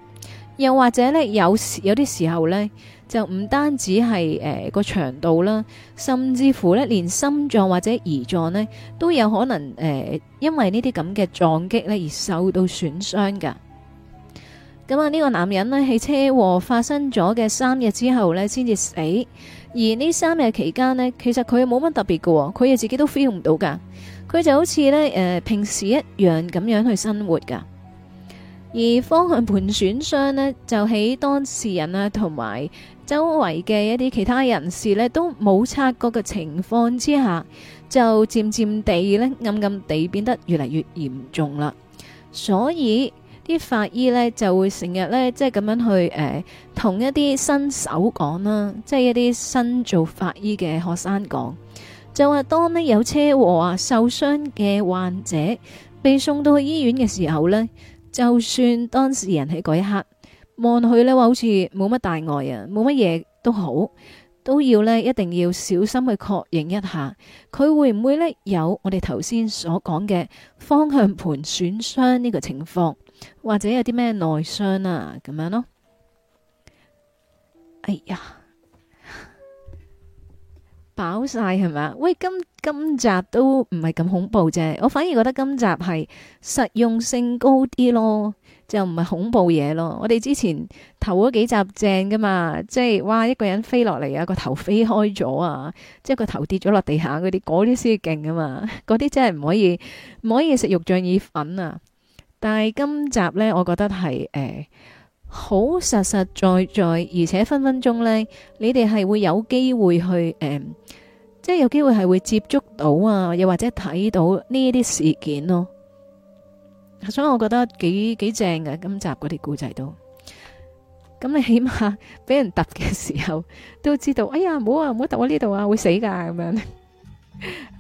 又或者呢，有時有啲時候呢，就唔單止係誒、呃嗰個腸道啦，甚至乎呢，連心臟或者胰臟呢，都有可能、呃、因為呢啲咁嘅撞擊呢，而受到損傷㗎。咁啊！呢個男人呢，喺車禍發生咗嘅三日之後呢，先至死。而呢三日期間呢，其實佢冇乜特別嘅、哦，佢自己都 feel 唔到噶。佢就好似呢誒、呃、平時一樣咁樣去生活噶。而方向盤損傷呢，就喺當事人啊同埋周圍嘅一啲其他人士呢，都冇察覺嘅情況之下，就漸漸地呢，暗暗地變得越嚟越嚴重啦。所以。啲法醫呢就會成日呢，即係咁樣去、呃、同一啲新手講啦，即係一啲新做法醫嘅學生講，就話當呢有車禍啊、受傷嘅患者被送到去醫院嘅時候呢，就算當事人喺嗰一刻望佢呢話好似冇乜大礙啊，冇乜嘢都好，都要呢一定要小心去確認一下，佢會唔會呢有我哋頭先所講嘅方向盤損傷呢個情況？或者有啲咩內傷啊咁樣咯，哎呀，飽晒係咪？喂，今今集都唔係咁恐怖啫，我反而覺得今集係實用性高啲咯，就唔係恐怖嘢咯。我哋之前投咗幾集正噶嘛，即係哇一個人飛落嚟，啊個頭飛開咗啊，即係個頭跌咗落地下嗰啲，嗰啲先勁啊嘛，嗰啲真係唔可以唔可以食肉醬意粉啊！但係今集呢，我覺得係誒好實實在在，而且分分鐘呢，你哋係會有機會去誒、呃，即係有機會係會接觸到啊，又或者睇到呢啲事件咯。所以我覺得幾幾正嘅今集嗰啲故仔都，咁你起碼俾人揼嘅時候，都知道，哎呀，唔好啊，唔好揼我呢度啊，會死噶咁、啊、樣，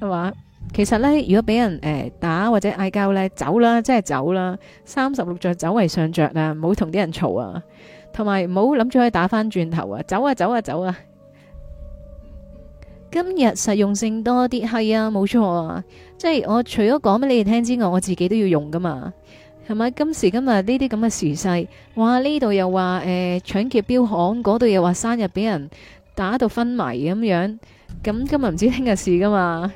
係 [LAUGHS] 嘛？其實呢，如果俾人誒、呃、打或者嗌交呢，走啦，即係走啦。三十六着走為上着啊，唔好同啲人嘈啊，同埋唔好諗住可以打翻轉頭啊，走啊，走啊，走啊。今日實用性多啲，係啊，冇錯啊，即係我除咗講俾你哋聽之外，我自己都要用噶嘛，係咪？今時今日呢啲咁嘅時勢，哇，呢度又話誒、呃、搶劫錶行，嗰度又話生日俾人打到昏迷咁樣，咁今日唔知聽日事噶嘛？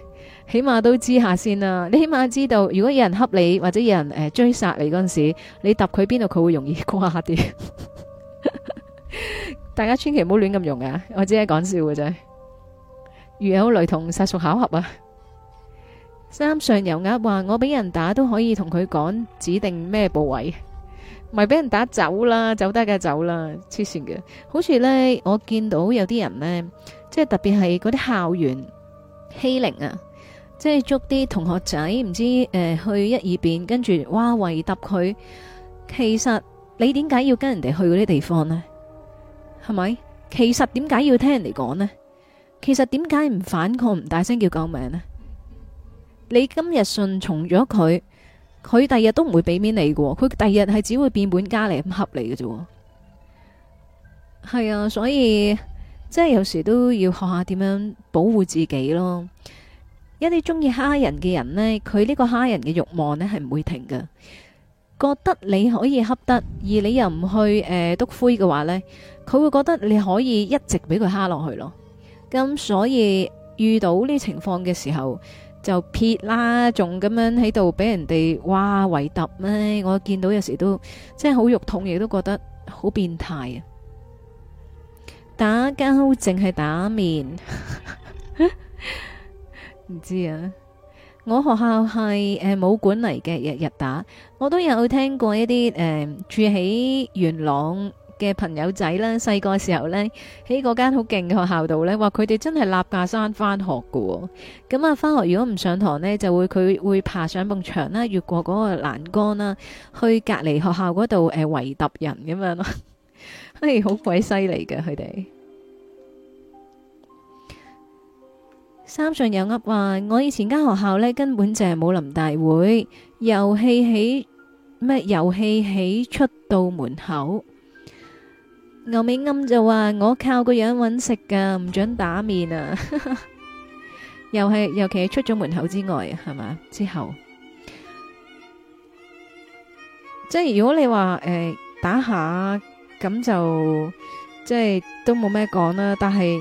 起碼都知下先啦、啊。你起碼知道，如果有人恰你或者有人誒、呃、追殺你嗰陣時，你揼佢邊度，佢會容易瓜啲。大家千祈唔好亂咁用啊！我只係講笑嘅啫。如有雷同殺屬巧合啊！三上游鴨話我俾人打都可以同佢講指定咩部位，咪俾人打走啦，走得嘅走啦，黐線嘅。好似呢，我見到有啲人呢，即係特別係嗰啲校園欺凌啊。即係捉啲同學仔，唔知誒、呃、去一二邊，跟住哇圍揼佢。其實你點解要跟人哋去嗰啲地方呢？係咪？其實點解要聽人哋講呢？其實點解唔反抗、唔大聲叫救命呢？你今日順從咗佢，佢第日都唔會俾面你喎。佢第日係只會變本加厲咁恰你嘅啫。係啊，所以即係有時都要學下點樣保護自己咯。一啲中意蝦人嘅人呢，佢呢個蝦人嘅欲望呢係唔會停嘅，覺得你可以恰得，而你又唔去誒、呃、督灰嘅話呢，佢會覺得你可以一直俾佢蝦落去咯。咁所以遇到呢情況嘅時候，就撇啦，仲咁樣喺度俾人哋哇圍搭咩？我見到有時都即係好肉痛，亦都覺得好變態啊！打交淨係打面。 [LAUGHS] 唔知道啊，我學校係誒武館嚟嘅，日、呃、日打。我都有聽過一啲誒、呃、住喺元朗嘅朋友仔啦，細個時候呢，喺嗰間好勁嘅學校度呢，話佢哋真係立架山翻學噶。咁、嗯、啊，翻學如果唔上堂呢，就會佢會爬上埲牆啦，越過嗰個欄杆啦，去隔籬學校嗰度誒圍揼人咁樣咯，係好鬼犀利嘅佢哋。三上又噏話，我以前間學校咧根本就係武林大會，遊戲起咩遊戲起出到門口，牛尾暗就話我靠個樣搵食噶，唔準打面啊！又係尤其出咗門口之外，係嘛之後，即係如果你話誒打下咁就即係都冇咩講啦，但係。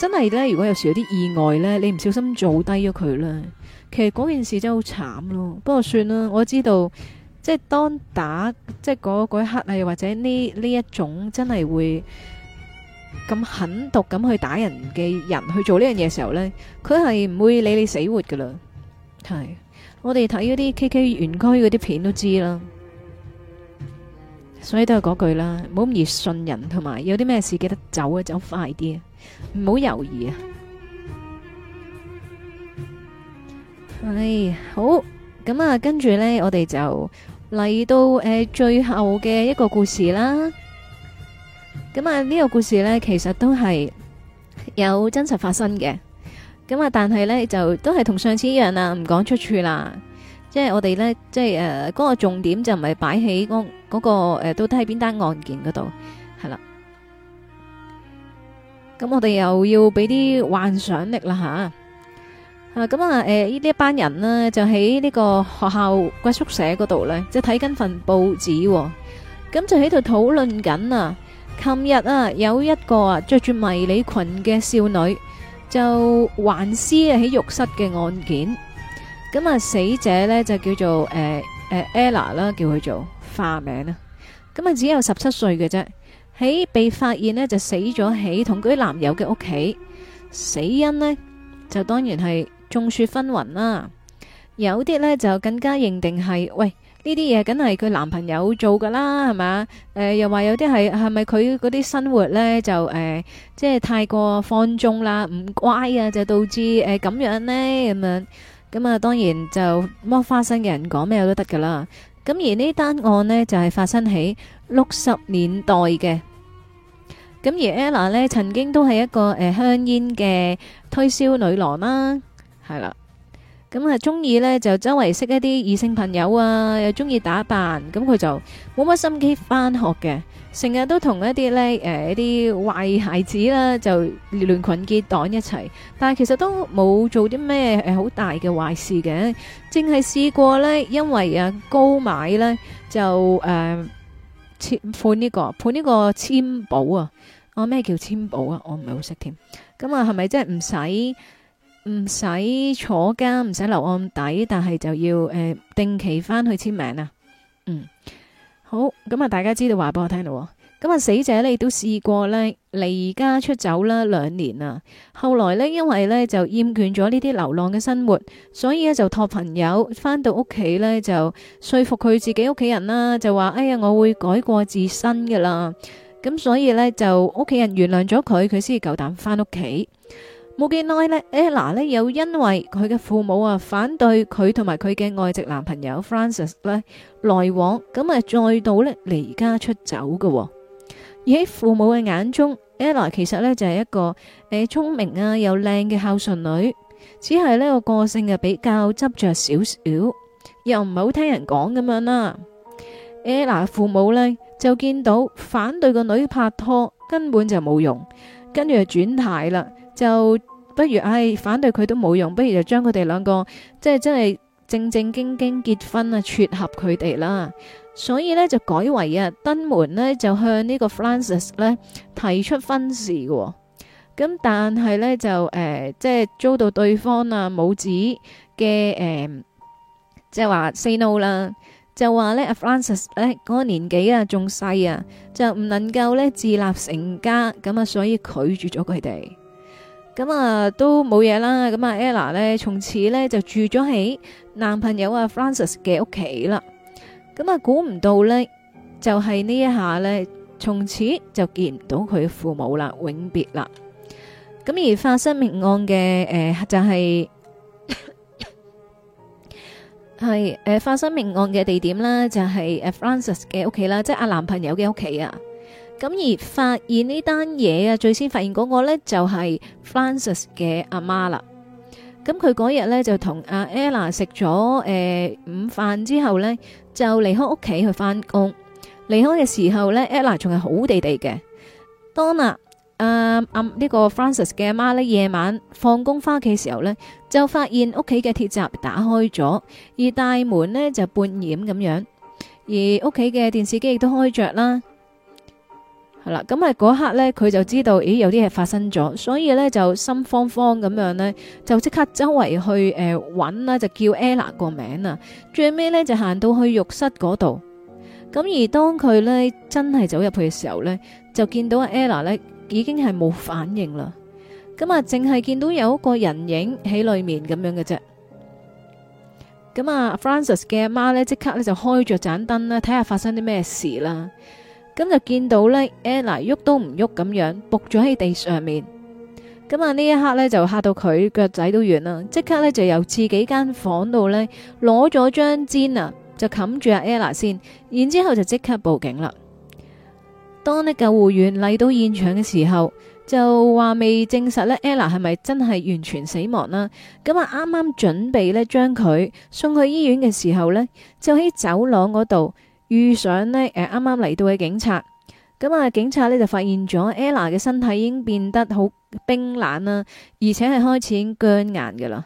真係咧，如果有時候有啲意外呢，你唔小心做低咗佢啦，其實嗰件事真係好慘咯。不過算啦，我知道即係當打即係嗰一刻，又或者呢呢一,一種真係會咁狠毒咁去打人嘅人去做呢樣嘢時候呢，佢係唔會理你死活噶啦。係我哋睇嗰啲 KK 園區嗰啲片都知啦，所以都係嗰句啦，唔好咁易信人，同埋有啲咩事記得走啊，走快啲。唔好猶豫啊！係好咁啊，跟住呢，我哋就嚟到誒、呃、最後嘅一個故事啦。咁啊，呢、呢個故事呢，其實都係有真實發生嘅。咁啊，但係呢，就都係同上次一樣啦，唔講出處啦。即係我哋呢，即係誒，嗰、呃嗰個重點就唔係擺喺嗰嗰個誒，到底係邊單案件嗰度。咁我哋又要俾啲幻想力啦吓，啊咁啊誒呢啲一班人咧，就喺呢個學校嘅宿舍嗰度咧，就睇緊份報紙，咁就喺度討論緊啊。琴日啊，有一個啊着住迷你裙嘅少女就橫屍喺浴室嘅案件，咁啊死者咧，就叫做誒誒 Ella 啦，叫佢做化名啦，咁啊只有十七歲嘅啫。喺被發現呢，就死咗喺同居男友嘅屋企，死因呢，就當然係眾說紛紜啦。有啲呢，就更加認定係，喂，呢啲嘢梗係佢男朋友做噶啦，係咪？呃，誒又話有啲係係咪佢嗰啲生活呢，就誒、呃、即係太過放縱啦，唔乖啊，就導致誒咁、呃、樣咧咁樣咁啊，當然就剝花生嘅人講咩都得噶啦。咁而呢單案呢，就係、係、發生喺六十年代嘅。咁而 Ella 呢，曾經都係一個誒香煙嘅推銷女郎啦，係啦。咁啊，中意呢就周圍識一啲異性朋友啊，又中意打扮，咁佢就冇乜心機翻學嘅，成日都同一啲呢誒一啲壞孩子啦，就亂群結黨一齊。但係其實都冇做啲咩誒好大嘅壞事嘅，淨係試過呢，因為啊高買呢就誒。簽判呢個判呢個簽簿啊，哦、啊，咩叫簽簿啊？我唔係好識添。咁啊，係咪真係唔使唔使坐監，唔使留案底，但係就要誒、呃、定期翻去簽名啊？嗯，好，咁啊，大家知道話俾我聽咯。咁啊！死者咧都試過呢離家出走啦，兩年啦。後來呢因為呢就厭倦咗呢啲流浪嘅生活，所以呢就託朋友翻到屋企呢就說服佢自己屋企人啦，就話：哎呀，我會改過自新噶啦。咁所以呢，就屋企人原諒咗佢，佢先夠膽翻屋企。冇幾耐呢，埃、e、a 呢又因為佢嘅父母啊反對佢同埋佢嘅外籍男朋友 Francis 呢來往，咁啊再度呢離家出走噶、哦。而喺父母嘅眼中，Ella 其實呢就係一個誒聰明啊又靚嘅孝順女，只係呢個個性啊比較執着少少，又唔係好聽人講咁樣啦。Ella 父母呢就見到反對個女拍拖根本就冇用，跟住就轉態啦，就不如唉反對佢都冇用，不如就將佢哋兩個即係真係正正經經結婚啊撮合佢哋啦。所以咧，就改為啊登門咧就向呢個 Francis 咧提出婚事嘅，咁但係咧就誒即係遭到對方啊母子嘅誒即係話 say no 啦，就話咧 Francis 咧嗰個年紀啊仲細啊，就唔能夠咧自立成家，咁啊所以拒絕咗佢哋，咁啊都冇嘢啦，咁啊 Ella 咧從此咧就住咗喺男朋友啊 Francis 嘅屋企啦。咁啊，估唔到咧，就係呢一下咧，從此就見唔到佢父母啦，永別啦。咁而發生命案嘅誒，就係係誒發生命案嘅地點啦，就係 Francis 嘅屋企啦，即係阿男朋友嘅屋企啊。咁而發現呢單嘢啊，最先發現嗰個咧，就係 Francis 嘅阿媽啦。咁佢嗰日咧就同阿 Ella 食咗誒午飯之後咧就離開屋企去翻工。離開嘅時候咧，Ella 仲係好地地嘅。Donna 阿阿呢個 Francis 嘅阿媽咧，夜晚放工翻屋企嘅時候咧，就發現屋企嘅鐵閘打開咗，而大門咧就半掩咁樣，而屋企嘅電視機亦都開着啦。嗱，咁啊，嗰刻咧，佢就知道，咦，有啲嘢發生咗，所以咧就心慌慌咁樣、呃 e、呢，就即刻周圍去誒揾啦，就叫 Ella 個名啦，最尾呢就行到去浴室嗰度，咁而當佢呢真係走入去嘅時候呢，就見到 Ella 呢已經係冇反應啦，咁啊，淨係見到有一個人影喺裏面咁樣嘅啫，咁啊，Francis 嘅阿媽呢，即刻呢就開着盞燈啦，睇下發生啲咩事啦。咁就見到咧，Ella 喐都唔喐咁樣仆咗喺地上面。咁啊呢一刻呢，就嚇到佢腳仔都軟啦，即刻呢，就由自己間房度呢，攞咗張氈啊，就冚住阿 Ella 先。然之後就即刻報警啦。當呢，救護員嚟到現場嘅時候，就話未證實咧，Ella 係咪真係完全死亡啦？咁啊啱啱準備呢，將佢送去醫院嘅時候呢，就喺走廊嗰度。遇上呢誒，啱啱嚟到嘅警察，咁、嗯、啊，警察呢就發現咗 Ella 嘅身體已經變得好冰冷啦，而且係開始已經僵硬噶啦，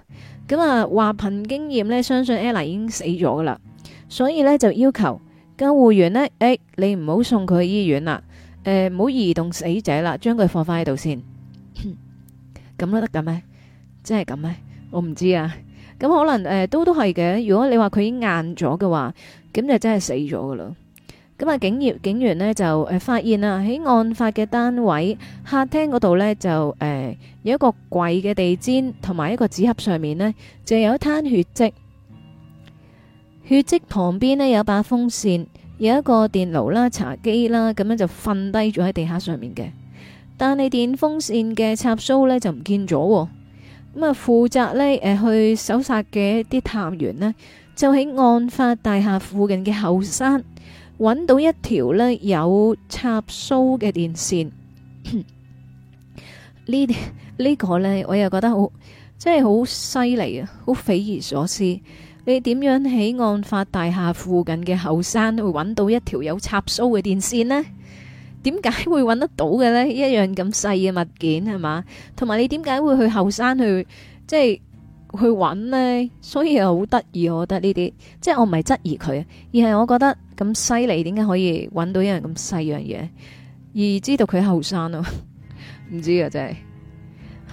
咁、嗯、啊，話憑經驗呢，相信 Ella 已經死咗噶啦，所以呢，就要求救護員呢：哎「誒，你唔好送佢去醫院啦，誒、呃，唔好移動死者啦，將佢放翻喺度先，咁都得噶咩？真係咁咩？我唔知啊，咁、嗯、可能誒、呃，都都係嘅，如果你話佢已經硬咗嘅話。咁就真係死咗㗎喇！咁啊，警員警員呢就誒、呃、發現啊，喺案發嘅單位客廳嗰度呢就誒、呃、有一個櫃嘅地氈同埋一個紙盒上面呢就有一灘血跡。血跡旁邊呢有一把風扇，有一個電爐啦、茶几啦，咁樣就瞓低咗喺地下上面嘅。但係電風扇嘅插蘇呢就唔見咗、喎。咁啊，負責呢誒去搜殺嘅啲探員呢。就喺案發大廈附近嘅後山揾到一條呢有插蘇嘅電線， [COUGHS] 呢個、呢呢個呢我又覺得好，真係好犀利啊，好匪夷所思。你點樣喺案發大廈附近嘅後山會揾到一條有插蘇嘅電線呢？點解會揾得到嘅呢？一樣咁細嘅物件係嘛？同埋你點解會去後山去即係？去揾呢，所以又好得意。我覺得呢啲，即係我唔係質疑佢，而係我覺得咁犀利，點解可以揾到一樣咁細樣嘢？而知道佢後生咯，唔知啊，真係。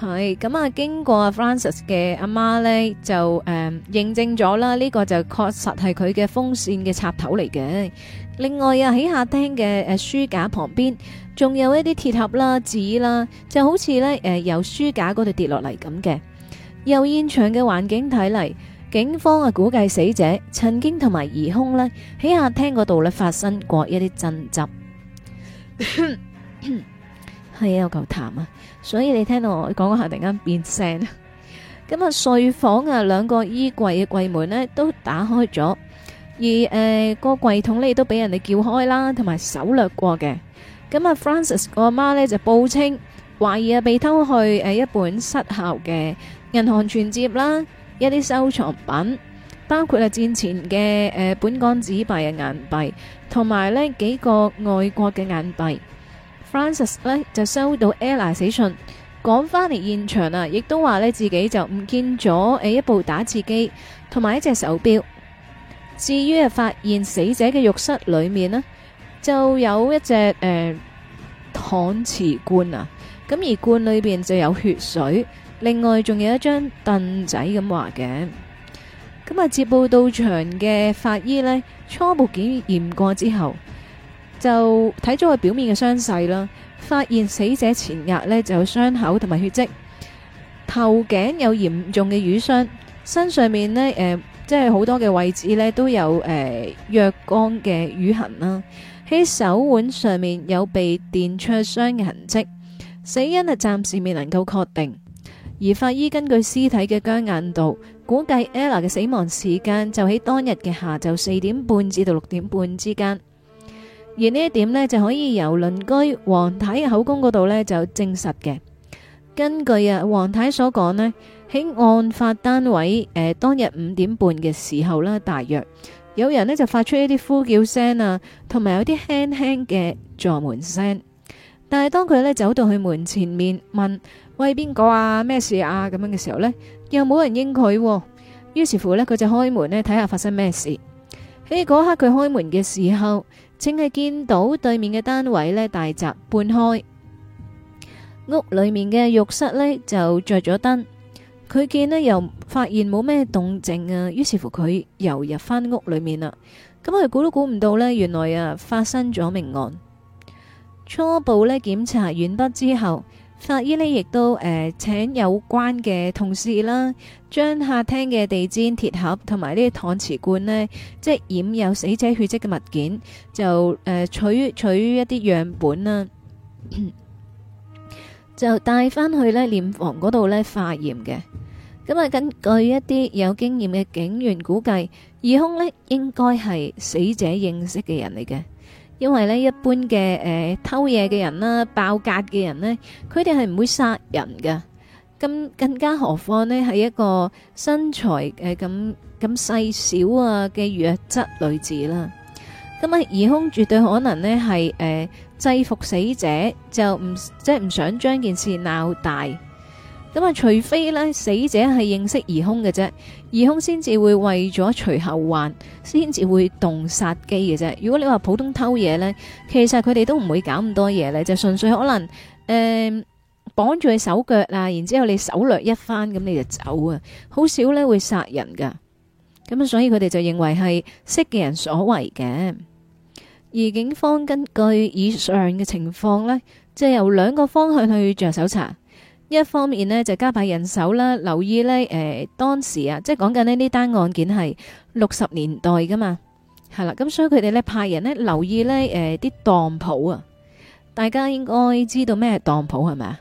係咁啊，經過阿 Francis 嘅阿媽呢，就誒、呃、認證咗啦。呢個就確實係佢嘅風扇嘅插頭嚟嘅。另外啊，喺客廳嘅誒書架旁邊，仲有一啲鐵盒啦、紙啦，就好似呢誒由書架嗰度跌落嚟咁嘅。由現場嘅環境睇嚟，警方啊估計死者曾經同埋疑凶呢喺客廳嗰度呢發生過一啲爭執，係 [LAUGHS] 啊、哎，有嚿痰啊！所以你聽到我講嗰下突然間變聲咁啊， [LAUGHS] 睡房啊，兩個衣櫃嘅櫃門呢都打開咗，而誒、呃那個櫃桶呢也都俾人哋撬開啦，同埋搜掠過嘅。咁啊，Francis 個阿媽呢就報稱。懷疑啊被偷去誒一本失效嘅銀行存折啦，一啲收藏品，包括啊戰前嘅誒本港紙幣嘅硬幣，同埋咧幾個外國嘅硬幣。Francis 咧就收到 Ella 死訊，趕返嚟現場啊，亦都話咧自己就唔見咗誒一部打字機同埋一隻手表。至於啊發現死者嘅浴室裏面咧就有一隻誒搪瓷罐啊。呃咁而罐裏邊就有血水，另外仲有一張凳仔咁話嘅。咁啊，接報到場嘅法醫呢，初步檢驗過之後就睇咗佢表面嘅傷勢啦。發現死者前額呢就有傷口同埋血跡，頭頸有嚴重嘅瘀傷，身上面呢，誒、呃，即係好多嘅位置呢都有誒弱光嘅瘀痕啦。喺手腕上面有被電灼傷嘅痕跡。死因係暫時未能夠確定，而法醫根據屍體嘅僵硬度，估計 Ella 嘅死亡時間就喺當日嘅下晝四點半至到六點半之間。而呢一點呢，就可以由鄰居黃太嘅口供嗰度呢就證實嘅。根據啊黃太所講呢，喺案發單位誒、呃、當日五點半嘅時候啦，大約有人呢就發出一啲呼叫聲啊，同埋有啲輕輕嘅撞門聲。但係當佢咧走到去門前面問，喂，邊個啊？咩事啊？咁樣嘅時候呢，又冇人應佢、哦。於是乎呢，佢就開門呢睇下發生咩事。喺嗰刻佢開門嘅時候，淨係見到對面嘅單位呢大閘半開，屋裏面嘅浴室呢就着咗燈。佢見呢又發現冇咩動靜啊，於是乎佢又入翻屋裏面啦。咁佢估都估唔到呢，原來啊發生咗命案。初步咧檢查完畢之後，法醫咧亦都誒、呃、請有關嘅同事啦，將客廳嘅地氈、鐵盒同埋呢啲搪瓷罐咧，即係染有死者血迹嘅物件，就誒、呃、取取一啲樣本啦， [COUGHS] 就帶翻去呢殮房嗰度呢化驗嘅。咁啊，根據一啲有經驗嘅警員估計，疑凶咧應該係死者認識嘅人嚟嘅。因為咧，一般嘅誒、呃、偷嘢嘅人啦，爆格嘅人呢，佢哋係唔會殺人㗎，咁更加何況呢？係一個身材誒咁咁細小啊嘅弱質女子啦，咁啊疑凶絕對可能呢係誒制服死者，就唔即係唔想將件事鬧大。咁啊，除非咧，死者係認識疑凶嘅啫，疑凶先至會為咗除後患，先至會動殺機嘅啫。如果你話普通偷嘢咧，其實佢哋都唔會搞咁多嘢咧，就純粹可能誒綁住你手腳啦，然之後你手掠一番，咁你就走啊，好少咧會殺人噶。咁啊，所以佢哋就認為係識嘅人所為嘅。而警方根據以上嘅情況咧，即係由兩個方向去着手查。一方面呢，就加派人手啦，留意呢。誒、呃、當時啊，即係講緊呢呢單案件係六十年代噶嘛，係啦，咁所以佢哋呢派人呢留意呢啲、呃、當鋪啊，大家應該知道咩係當鋪係咪啊？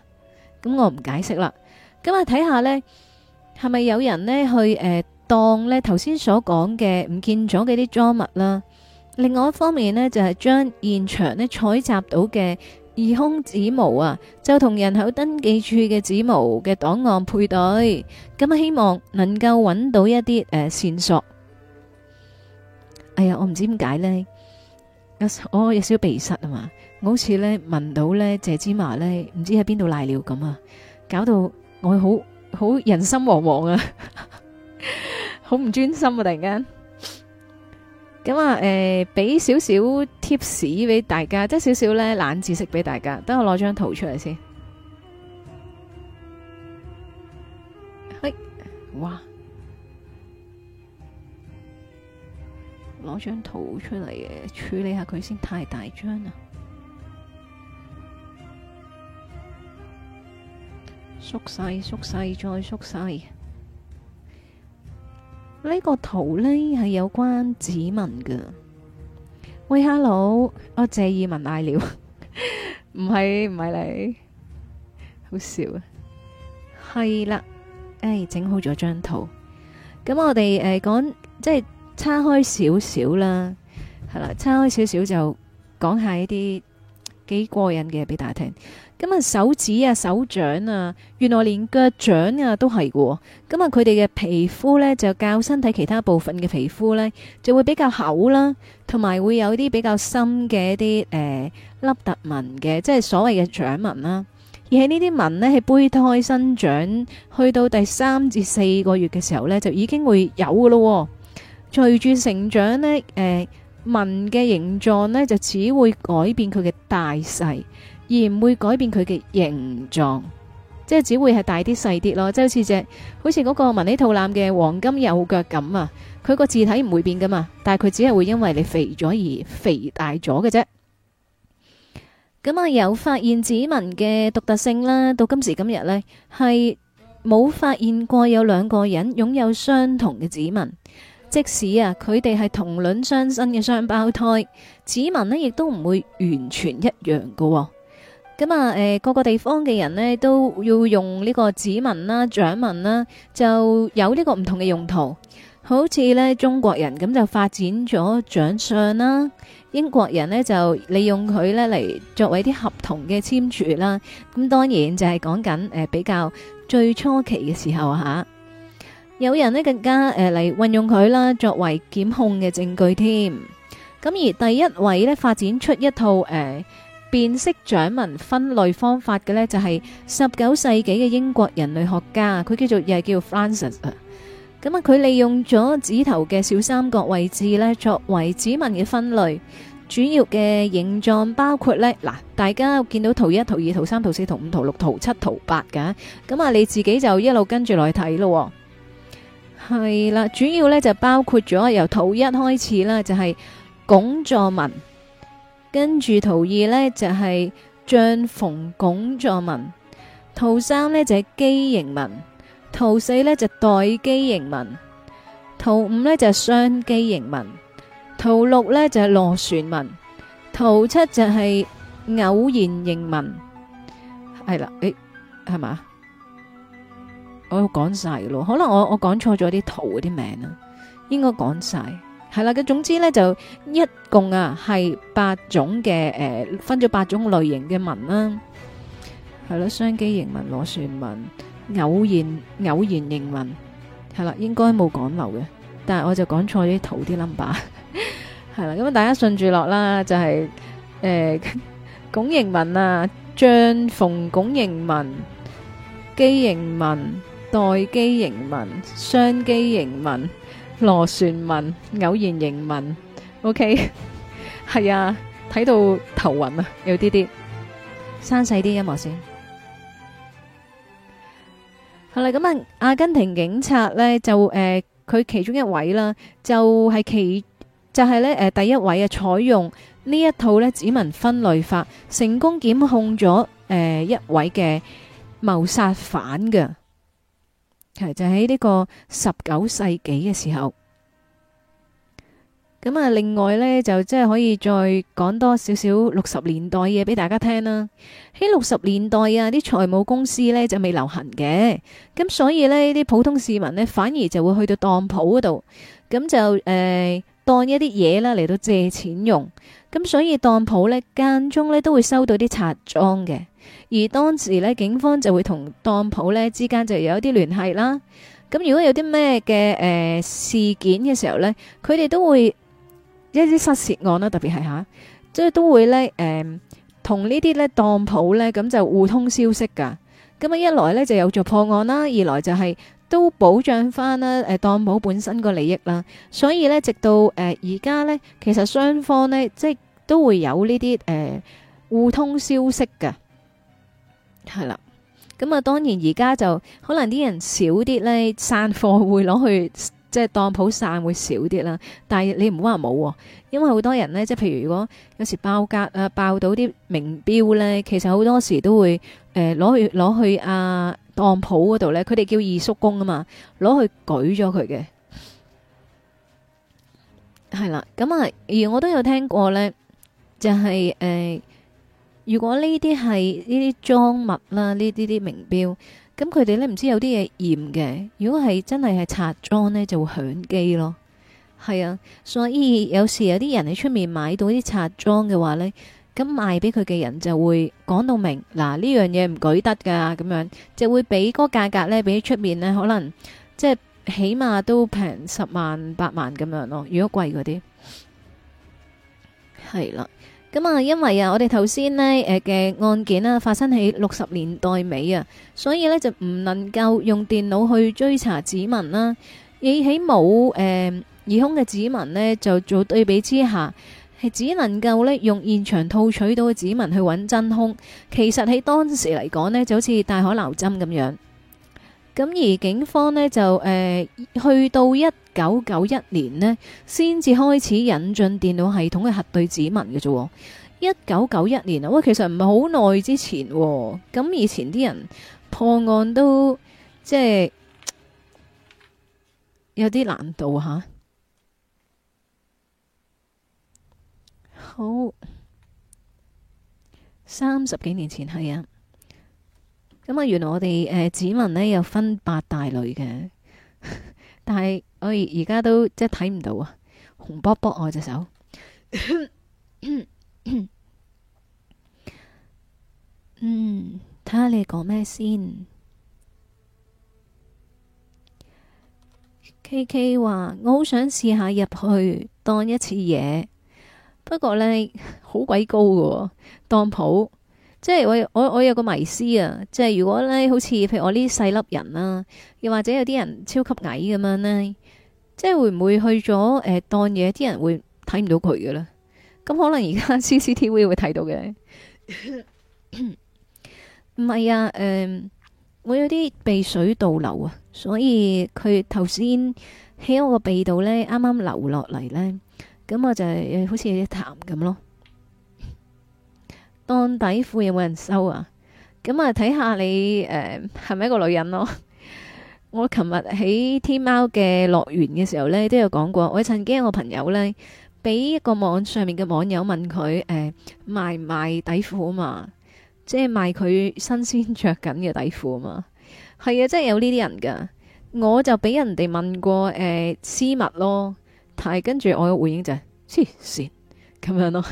咁我唔解釋啦，咁啊睇下呢，係咪有人呢去誒、呃、當呢頭先所講嘅唔見咗嘅啲贓物啦。另外一方面呢，就係、是、將現場呢採集到嘅。而空指模啊，就同人口登記處嘅指模嘅檔案配對，咁啊希望能夠揾到一啲誒線索。哎呀，我唔知點解咧，我有少少鼻塞啊嘛，我好似咧聞到咧謝芝麻咧唔知喺邊度瀨尿咁啊，搞到我好好人心惶惶啊，好唔專心啊突然間。咁啊，誒，俾少少貼士俾大家，即係少少咧冷知識俾大家。等我攞張圖出嚟先。嘿，哇！攞張圖出嚟處理下佢先，太大張啦，縮細、縮細再縮細。呢個圖咧係有關指紋嘅。喂，Hello，我謝爾文嗌了，唔係唔係你，好笑啊，係啦，誒、哎，整好咗張圖，咁我哋誒、呃、講，即係叉開少少啦，係啦，叉開少少就講一下呢啲。幾過癮嘅，俾大家聽。咁、嗯、啊，手指啊，手掌啊，原來連腳掌啊都係嘅。咁、嗯、啊，佢哋嘅皮膚呢，就較身體其他部分嘅皮膚呢，就會比較厚啦，同埋會有啲比較深嘅一啲誒、呃、凹凸紋嘅，即係所謂嘅掌紋啦。而喺呢啲紋呢，係胚胎生長去到第三至四個月嘅時候呢，就已經會有嘅咯。隨住成長呢。誒、呃。紋嘅形狀呢，就只會改變佢嘅大細，而唔會改變佢嘅形狀，即係只會係大啲細啲咯。即係好似只好似嗰個紋理肚腩嘅黃金右腳咁啊，佢個字體唔會變噶嘛，但係佢只係會因為你肥咗而肥大咗嘅啫。咁啊，由發現指紋嘅獨特性啦，到今時今日呢，係冇發現過有兩個人擁有相同嘅指紋。即使啊，佢哋係同卵雙生嘅雙胞胎，指紋呢亦都唔會完全一樣噶、哦。咁啊，誒，各個地方嘅人呢都要用呢個指紋啦、掌紋啦，就有呢個唔同嘅用途。好似呢中國人咁就發展咗掌相啦，英國人呢就利用佢呢嚟，作為啲合同嘅簽署啦。咁、嗯、當然就係講緊誒比較最初期嘅時候吓、啊。有人呢更加誒嚟，呃、運用佢啦，作為檢控嘅證據添。咁而第一位呢發展出一套誒，呃、辨識掌紋分類方法嘅呢，就係十九世紀嘅英國人類學家，佢叫做又係叫 Francis 啊。咁啊，佢利用咗指頭嘅小三角位置呢作為指紋嘅分類。主要嘅形狀包括呢：嗱，大家見到圖一、圖二、圖三、圖四、圖五、圖六、圖七、圖八噶。咁啊，你自己就一路跟住嚟睇咯。係啦，主要呢就包括咗由圖一開始啦，就係拱座紋；跟住圖二呢，就係帳篷拱座紋；圖三呢，就係箕形紋；圖四呢，就係、代箕形紋；圖五呢，就係雙箕形紋；圖六呢，就係、螺旋紋，圖七就係偶然形紋。係啦，誒，係嘛？我要講晒嘅咯，可能我我講錯咗啲圖嗰啲名啦，應該講晒係啦。咁總之咧就一共啊係八種嘅，誒，分咗八種類型嘅文啦，係咯雙箕型文、螺旋文、偶然偶然型文，係啦，應該冇講漏嘅，但係我就講錯咗啲圖啲 number，係啦。咁啊大家順住落啦，就係誒拱型文啊、帳篷拱型文、箕型文。待機型紋，雙箕型紋，螺旋紋，偶然型紋。O K，係啊，睇到頭暈啊，有啲啲刪細啲音樂先。好啦，咁啊，阿根廷警察咧就誒，佢其中一位啦，就係其就係咧誒，第一位啊，採用呢一套咧指紋分類法，成功檢控咗誒一位嘅謀殺犯噶。就喺、是、呢個十九世紀嘅時候，咁啊，另外呢，就即係可以再講多少少六十年代嘢，俾大家聽啦。喺六十年代啊，啲財務公司呢就未流行嘅，咁所以呢啲普通市民呢，反而就會去到當鋪嗰度，咁就誒、呃、當一啲嘢啦，嚟到借錢用，咁所以當鋪呢，間中呢都會收到啲賊贓嘅。而當時咧，警方就會同當鋪咧之間就有啲聯繫啦。咁如果有啲咩嘅誒事件嘅時候咧，佢哋都會一啲失竊案啦、啊，特別係吓，即、啊、係都會咧誒同呢啲咧、呃、當鋪咧咁就互通消息噶。咁一來咧就有助破案啦，二來就係都保障翻啦誒當鋪本身個利益啦。所以咧，直到誒而家咧，其實雙方咧即係都會有呢啲誒互通消息噶。係啦，咁、呃、啊，當然而家就可能啲人少啲咧，散貨會攞去即係當鋪散會少啲啦。但係你唔好話冇，因為好多人咧，即係譬如如果有時爆格啊，爆到啲名錶咧，其實好多時都會誒攞去攞去啊當鋪嗰度咧，佢哋叫二叔公啊嘛，攞去舉咗佢嘅。係啦，咁啊，而我都有聽過咧，就係、是、誒。呃如果呢啲係呢啲贓物啦，呢啲啲名錶，咁佢哋咧唔知有啲嘢驗嘅。如果係真係係拆贓咧，就會響機咯。係啊，所以有時有啲人喺出面買到啲拆贓嘅話咧，咁賣俾佢嘅人就會講到明，嗱、啊、呢樣嘢唔舉得㗎咁樣，就會俾嗰個價格咧，俾出面咧，可能即係起碼都平十萬八萬咁樣咯。如果貴嗰啲，係啦、啊。咁啊，因為啊，我哋頭先咧，誒嘅案件啊，發生喺六十年代尾啊，所以咧就唔能夠用電腦去追查指紋啦，而喺冇誒疑兇嘅指紋咧，就做對比之下，係只能夠咧用現場套取到嘅指紋去揾真兇。其實喺當時嚟講咧，就好似大海撈針咁樣。咁而警方咧就誒去到一九九一年呢，先至開始引進電腦系統嘅核對指紋嘅啫。一九九一年啊，喂，其實唔係好耐之前。咁以前啲人破案都即係有啲難度吓。好，三十幾年前係啊。咁啊，原來我哋誒、呃、指紋呢，有分八大類嘅，但係。我而家都即係睇唔到啊！紅卜卜我隻手。 [LAUGHS] 嗯，睇下你講咩先？K K 話我好想試下入去當一次嘢，不過呢，好鬼高噶，當鋪即係我我我有個迷思啊！即係如果呢，好似譬如我呢細粒人啦，啊，又或者有啲人超級矮咁樣呢。即係會唔會去咗誒、呃、當夜？啲人會睇唔到佢嘅啦。咁可能而家 CCTV 會睇到嘅。唔係啊，誒、呃，我有啲鼻水倒流啊，所以佢頭先喺我個鼻度咧，啱啱流落嚟咧，咁我就係好似有啲痰咁咯。當底褲有冇人收啊？咁啊，睇下你誒係咪一個女人咯。我琴日喺天喵嘅樂園嘅時候咧，都有講過。我曾經有個朋友咧，畀一個網上面嘅網友問佢，誒、呃、賣唔賣底褲啊嘛，即係賣佢新鮮着緊嘅底褲啊嘛，係啊，即係有呢啲人噶。我就畀人哋問過，誒私密咯，但係跟住我嘅回應就係黐線咁樣咯。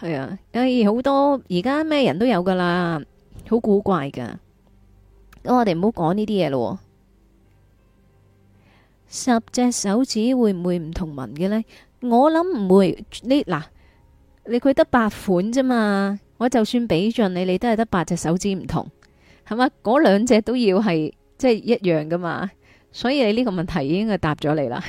係啊，唉、哎、好多而家咩人都有噶啦，好古怪噶。咁、哦、我哋唔好講呢啲嘢咯。十隻手指會唔會唔同紋嘅呢？我諗唔會。你嗱，你佢得八款啫嘛。我就算畀盡你，你都係得八隻手指唔同，係嘛？嗰兩隻都要係即係一樣噶嘛。所以你呢個問題已經係答咗你啦，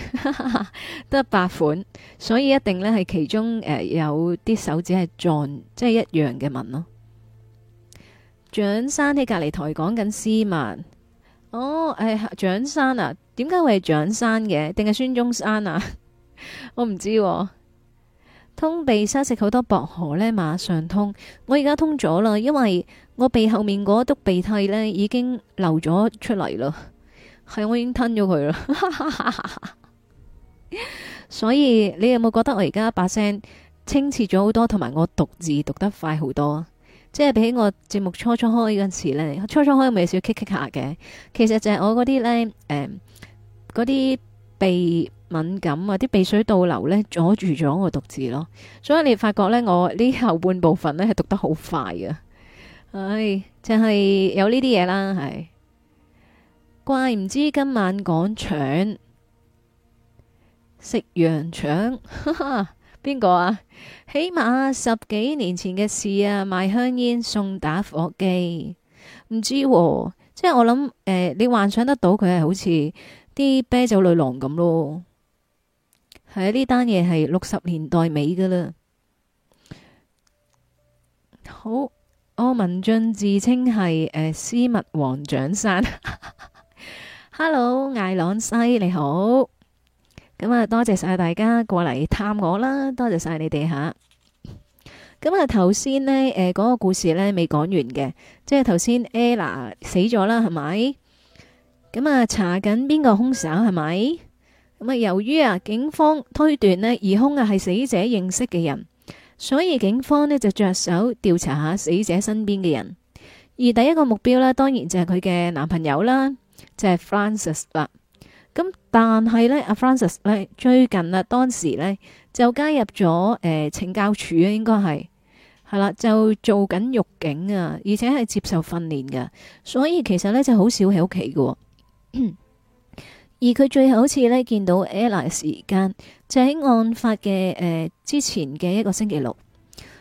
得 [LAUGHS] 八款，所以一定呢係其中誒、呃、有啲手指係撞即係、就是、一樣嘅紋咯。蔣生喺隔籬台講緊詩文，哦，誒、哎，蔣生啊，點解會係蔣生嘅？定係孫中山啊？我唔知道、啊。通鼻沙食好多薄荷呢，馬上通。我而家通咗啦，因為我鼻後面嗰篤鼻涕呢已經流咗出嚟啦，係我已經吞咗佢啦。 [LAUGHS] [LAUGHS] 所以你有冇覺得我而家把聲清澈咗好多，同埋我讀字讀得快好多？即係比起我節目初初開嗰陣時咧，初初開未少棘棘下嘅，其實就係我嗰啲呢，嗰、呃、啲鼻敏感啊，啲鼻水倒流呢，阻住咗我讀字咯，所以你發覺呢，我呢後半部分呢係讀得好快啊，唉、哎，就係、是、有呢啲嘢啦，係，怪唔知今晚講腸食羊腸。哈哈邊個啊？起碼十幾年前嘅事啊，賣香煙送打火機，唔知喎、啊、即係我諗誒、呃，你幻想得到佢係好似啲啤酒女郎咁咯？係啊，呢單嘢係六十年代尾噶啦。好，柯文俊自稱係誒絲襪王長山。 [LAUGHS] Hello，艾朗西你好。咁啊，多謝晒大家過嚟探我啦，多謝晒你哋吓。咁啊，頭先呢誒，嗰個故事呢未講完嘅，即係頭先 Ella 死咗啦，係咪？咁啊，查緊邊個兇手係咪？咁啊，由於啊警方推斷呢疑凶啊係死者認識嘅人，所以警方呢就着手調查下死者身邊嘅人，而第一個目標呢，當然就係佢嘅男朋友啦，就係 Francis 啦。咁但係咧，阿 Francis 咧最近啊，當時咧就加入咗誒懲教處啊，應該係係啦，就做緊獄警啊，而且係接受訓練嘅，所以其實咧就好少喺屋企嘅。而佢最後一次咧見到 Alice 時間，就喺、是、案發嘅誒、呃、之前嘅一個星期六，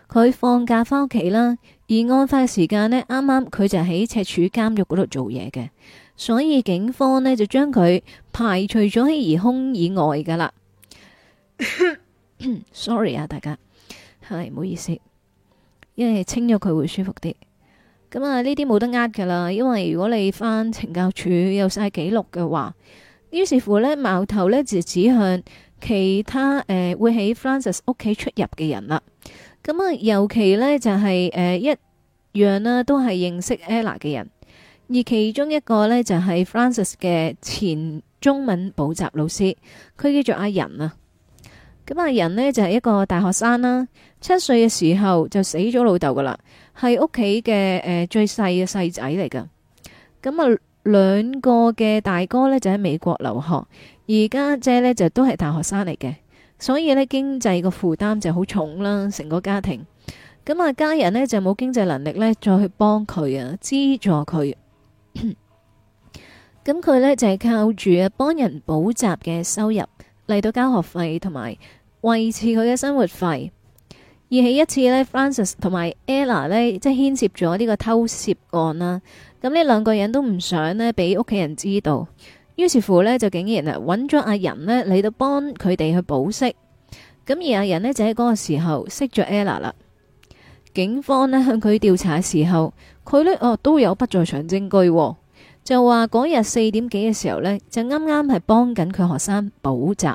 佢放假翻屋企啦。而案發嘅時間呢，啱啱佢就喺赤柱監獄嗰度做嘢嘅。所以警方呢，就將佢排除咗喺疑兇以外噶啦。 [LAUGHS] Sorry 啊，大家係，唔好意思，因為清咗佢會舒服啲。咁啊呢啲冇得呃噶啦，因為如果你翻懲教署有晒記錄嘅話，於是乎呢，矛頭呢就指向其他誒、呃、會喺 Francis 屋企出入嘅人啦。咁啊尤其呢，就係、是、誒、呃、一樣啦、啊，都係認識 Ella 嘅人。而其中一個呢，就係 Francis 嘅前中文補習老師，佢叫做阿仁啊。咁阿仁呢，就係一個大學生啦。七歲嘅時候就死咗老豆噶啦，係屋企嘅誒最細嘅細仔嚟噶。咁啊，兩個嘅大哥呢，就喺美國留學，而家姐呢，就都係大學生嚟嘅，所以呢，經濟個負擔就好重啦，成個家庭。咁啊，家人呢，就冇經濟能力呢，再去幫佢啊，資助佢。咁佢 [COUGHS] 呢，就係、是、靠住啊幫人補習嘅收入嚟到交學費同埋維持佢嘅生活費。而喺一次呢 Francis 同埋 Ella 呢即係牽涉咗呢個偷竊案啦。咁呢兩個人都唔想呢俾屋企人知道，於是乎呢就竟然啊揾咗阿仁呢嚟到幫佢哋去保釋。咁而阿仁呢就喺、是、嗰個時候識咗 Ella 啦。警方呢向佢調查嘅時候，佢咧哦都有不在場證據，哦，就話嗰日四點幾嘅時候呢，就啱啱係幫緊佢學生補習，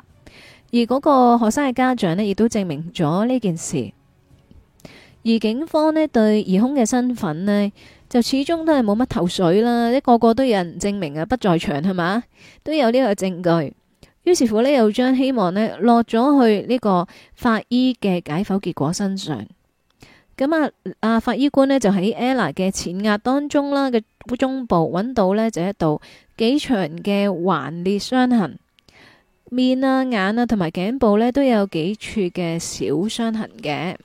而嗰個學生嘅家長呢，亦都證明咗呢件事，而警方呢，對疑凶嘅身份呢，就始終都係冇乜頭緒啦，一個個都有人證明啊不在場係嘛，都有呢個證據，於是乎呢，又將希望呢落咗去呢個法醫嘅解剖結果身上。咁啊！啊法醫官呢就喺 Ella 嘅前額當中啦嘅中部揾到呢就一度幾長嘅橫裂傷痕，面啊眼啊同埋頸部呢都有幾處嘅小傷痕嘅，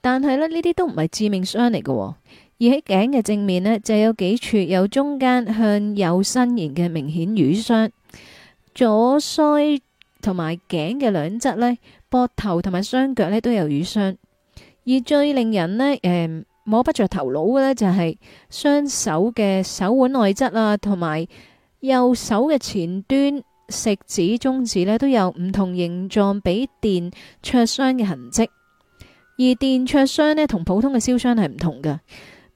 但係呢，呢啲都唔係致命傷嚟嘅，而喺頸嘅正面呢，就有幾處由中間向右伸延嘅明顯瘀傷，左腮同埋頸嘅兩側呢，膊頭同埋雙腳呢都有瘀傷。而最令人咧，誒摸不着頭腦嘅咧就係雙手嘅手腕內側啦，同埋右手嘅前端食指、中指咧都有唔同形狀，俾電灼傷嘅痕跡。而電灼傷咧同普通嘅燒傷係唔同嘅，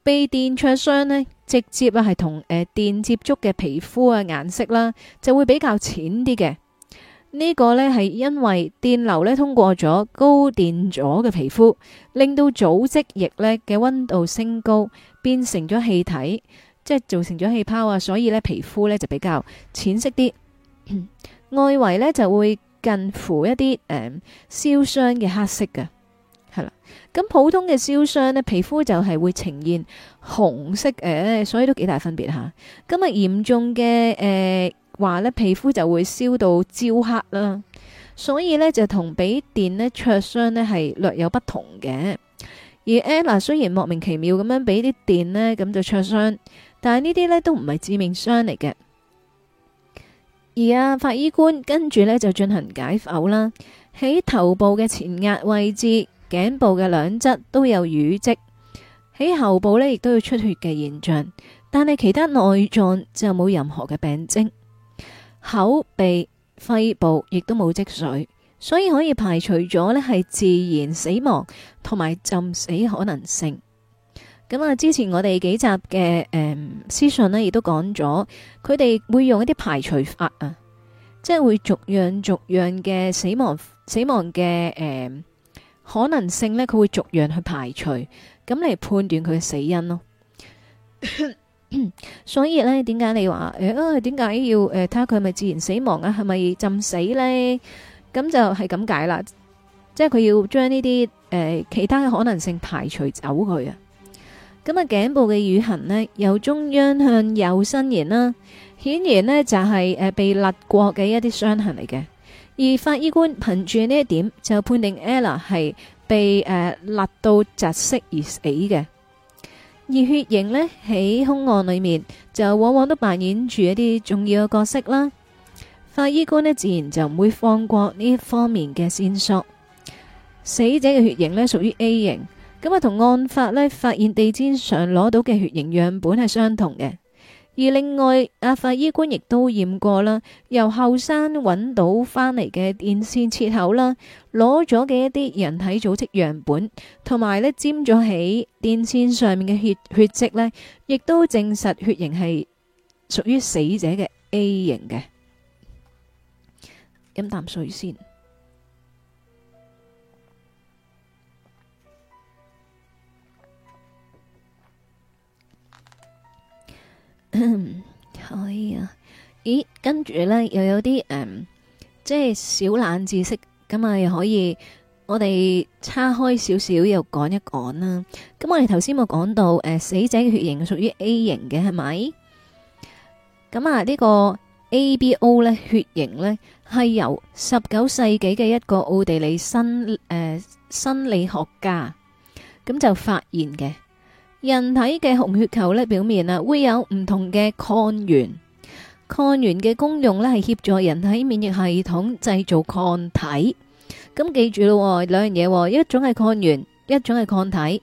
被電灼傷咧直接啊係同誒電接觸嘅皮膚啊顏色啦，就會比較淺啲嘅。呢個呢，係因為電流呢通過咗高電阻嘅皮膚，令到組織液呢嘅温度升高，變成咗氣體，即係造成咗氣泡啊！所以呢，皮膚呢就比較淺色啲， [LAUGHS] 外圍呢就會近乎一啲誒燒傷嘅黑色嘅，係啦。咁普通嘅燒傷呢，皮膚就係會呈現紅色誒、呃，所以都幾大分別吓。咁啊，嚴重嘅誒。呃話咧，皮膚就會燒到焦黑啦，所以呢就同俾電咧灼傷咧係略有不同嘅。而艾 a 雖然莫名其妙咁樣俾啲電咧，咁就灼傷，但係呢啲呢都唔係致命傷嚟嘅。而啊，法醫官跟住呢就進行解剖啦，喺頭部嘅前壓位置、頸部嘅兩側都有淤積，喺後部呢亦都有出血嘅現象，但係其他內臟就冇任何嘅病徵。口、鼻、肺部亦都冇積水，所以可以排除咗咧係自然死亡同埋浸死可能性。咁、嗯、啊，之前我哋幾集嘅誒屍訊咧，亦、呃啊、都講咗，佢哋會用一啲排除法啊，即係會逐樣逐樣嘅死亡死亡嘅誒、呃、可能性咧，佢會逐樣去排除，咁、嗯、嚟判斷佢嘅死因咯。 [COUGHS] [COUGHS] 所以咧，點解你話誒？點、哎、解、啊、要誒？睇下佢係咪自然死亡啊？係咪浸死咧？咁就係咁解啦。即係佢要將呢啲誒其他嘅可能性排除走佢啊。咁、呃、啊，頸部嘅瘀痕呢，由中央向右伸延啦，顯然呢，就係、是、誒被勒過嘅一啲傷痕嚟嘅。而法醫官憑住呢一點，就判定 Ella 係被誒勒、呃、到窒息而死嘅。而血型呢，喺凶案裏面就往往都扮演住一啲重要嘅角色啦。法醫官呢，自然就唔會放過呢一方面嘅線索。死者嘅血型呢，屬於 A 型，咁啊同案發呢，發現地氈上攞到嘅血型樣本係相同嘅。而另外，阿法醫官亦都驗過啦，由後山揾到翻嚟嘅電線切口啦，攞咗嘅一啲人體組織樣本，同埋呢沾咗喺電線上面嘅血血迹呢，亦都證實血型係屬於死者嘅 A 型嘅。飲啖水先。 [COUGHS] 可以啊，咦，跟住呢又有啲、嗯、即係小冷知識，咁啊又可以，我哋叉開少少又講一講啦。咁我哋頭先冇講到誒、呃，死者嘅血型屬於 A 型嘅，係咪？咁啊、這個、呢個 A、B、O 血型呢，係由十九世紀嘅一個奧地利新誒生、呃、理學家咁就發現嘅。人體嘅紅血球呢表面啊，會有唔同嘅抗原。抗原嘅功用呢係協助人體免疫系統製造抗體。咁記住咯，兩樣嘢，一種係抗原，一種係抗體。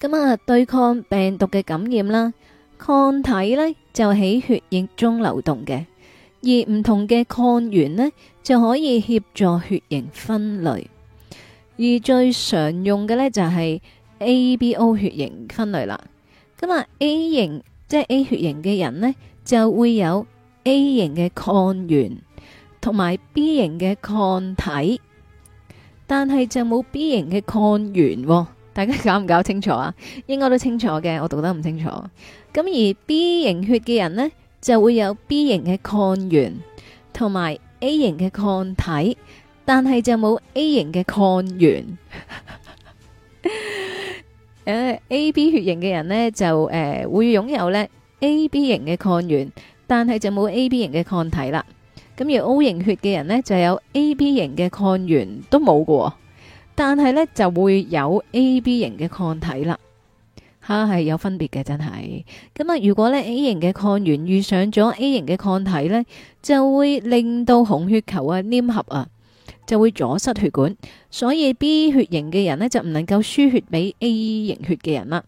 咁啊，對抗病毒嘅感染啦，抗體呢就喺血液中流動嘅，而唔同嘅抗原呢就可以協助血型分類。而最常用嘅呢就係。A、B、O 血型分類啦，咁啊 A 型即係 A 血型嘅人呢，就會有 A 型嘅抗原同埋 B 型嘅抗體，但係就冇 B 型嘅抗原喎，大家搞唔搞清楚啊？應該都清楚嘅，我讀得唔清楚。咁而 B 型血嘅人呢，就會有 B 型嘅抗原同埋 A 型嘅抗體，但係就冇 A 型嘅抗原。 [LAUGHS] 誒、uh，A B 血型嘅人呢，就誒、uh，會擁有呢 A B 型嘅抗原，但係就冇 A B 型嘅抗體啦。咁而 O 型血嘅人呢，就有 A B 型嘅抗原都冇嘅，但係呢，就會有 A B 型嘅抗體啦。吓、啊、係有分別嘅，真係。咁啊，如果呢 A 型嘅抗原遇上咗 A 型嘅抗體呢，就會令到紅血球啊黏合啊。就會阻塞血管，所以 B 血型嘅人呢，就唔能夠輸血俾 A 型血嘅人啦。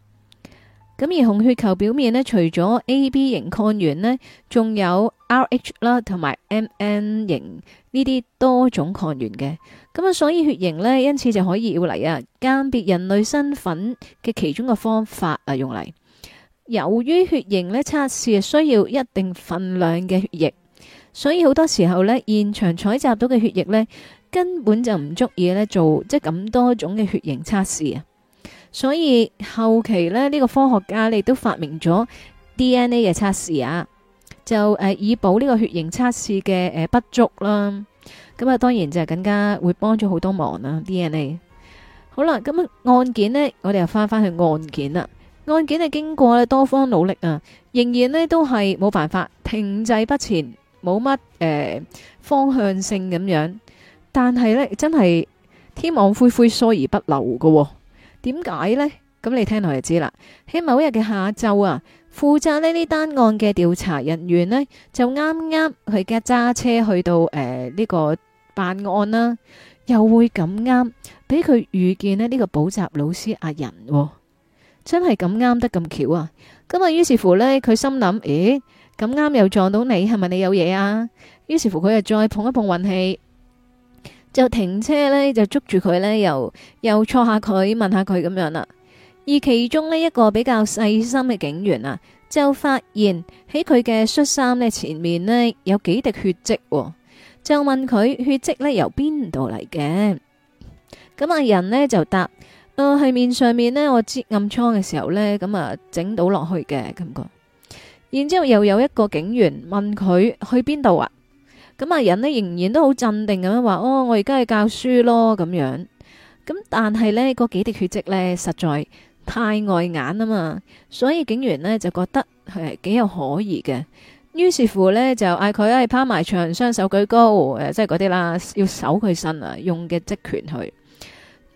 咁而紅血球表面呢，除咗 AB 型抗原呢，仲有 Rh 啦同埋 MN 型呢啲多種抗原嘅。咁啊，所以血型呢，因此就可以用嚟啊，鑑別人類身份嘅其中個方法啊，用嚟。由於血型呢，測試需要一定份量嘅血液，所以好多時候呢，現場採集到嘅血液呢。根本就唔足以咧，做即係咁多種嘅血型測試啊。所以後期咧，呢、這個科學家亦都發明咗 D N A 嘅測試啊，就誒、呃、以補呢個血型測試嘅誒、呃、不足啦。咁、嗯、啊，當然就更加會幫咗好多忙啦、啊。D N A 好啦，咁、嗯、啊案件，呢，我哋又翻翻去案件啦。案件係經過咧，多方努力啊，仍然咧都係冇辦法停滯不前，冇乜誒方向性咁樣。但係呢，真係天網恢恢，疏而不漏噶喎。點解呢？咁你聽落就知啦。喺某日嘅下晝啊，負責呢單案嘅調查人員呢，就啱啱佢嘅揸車去到誒呢、呃呢個辦案啦、啊，又會咁啱俾佢遇見呢呢個補習老師阿仁、哦，真係咁啱得咁巧啊！咁啊，於是乎呢，佢心諗：，咦咁啱又撞到你，係咪你有嘢啊？於是乎，佢又再碰一碰運氣。就停車咧，就捉住佢咧，又又坐下佢，問下佢咁樣啦。而其中呢一個比較細心嘅警員啊，就發現喺佢嘅恤衫呢前面呢有幾滴血迹，就問佢血跡咧由邊度嚟嘅？咁啊人呢就答：，誒、呃、係面上面呢，我接暗瘡嘅時候呢，咁啊整到落去嘅感覺。然之後又有一個警員問佢去邊度啊？咁啊！人呢，仍然都好鎮定咁樣話，哦，我而家係教書咯咁樣。咁但係呢，嗰幾滴血跡呢，實在太礙眼啊嘛！所以警員呢，就覺得係幾、嗯、有可疑嘅。於是乎呢，就嗌佢係趴埋牆，雙手舉高，呃、即係嗰啲啦，要搜佢身啊，用嘅職權去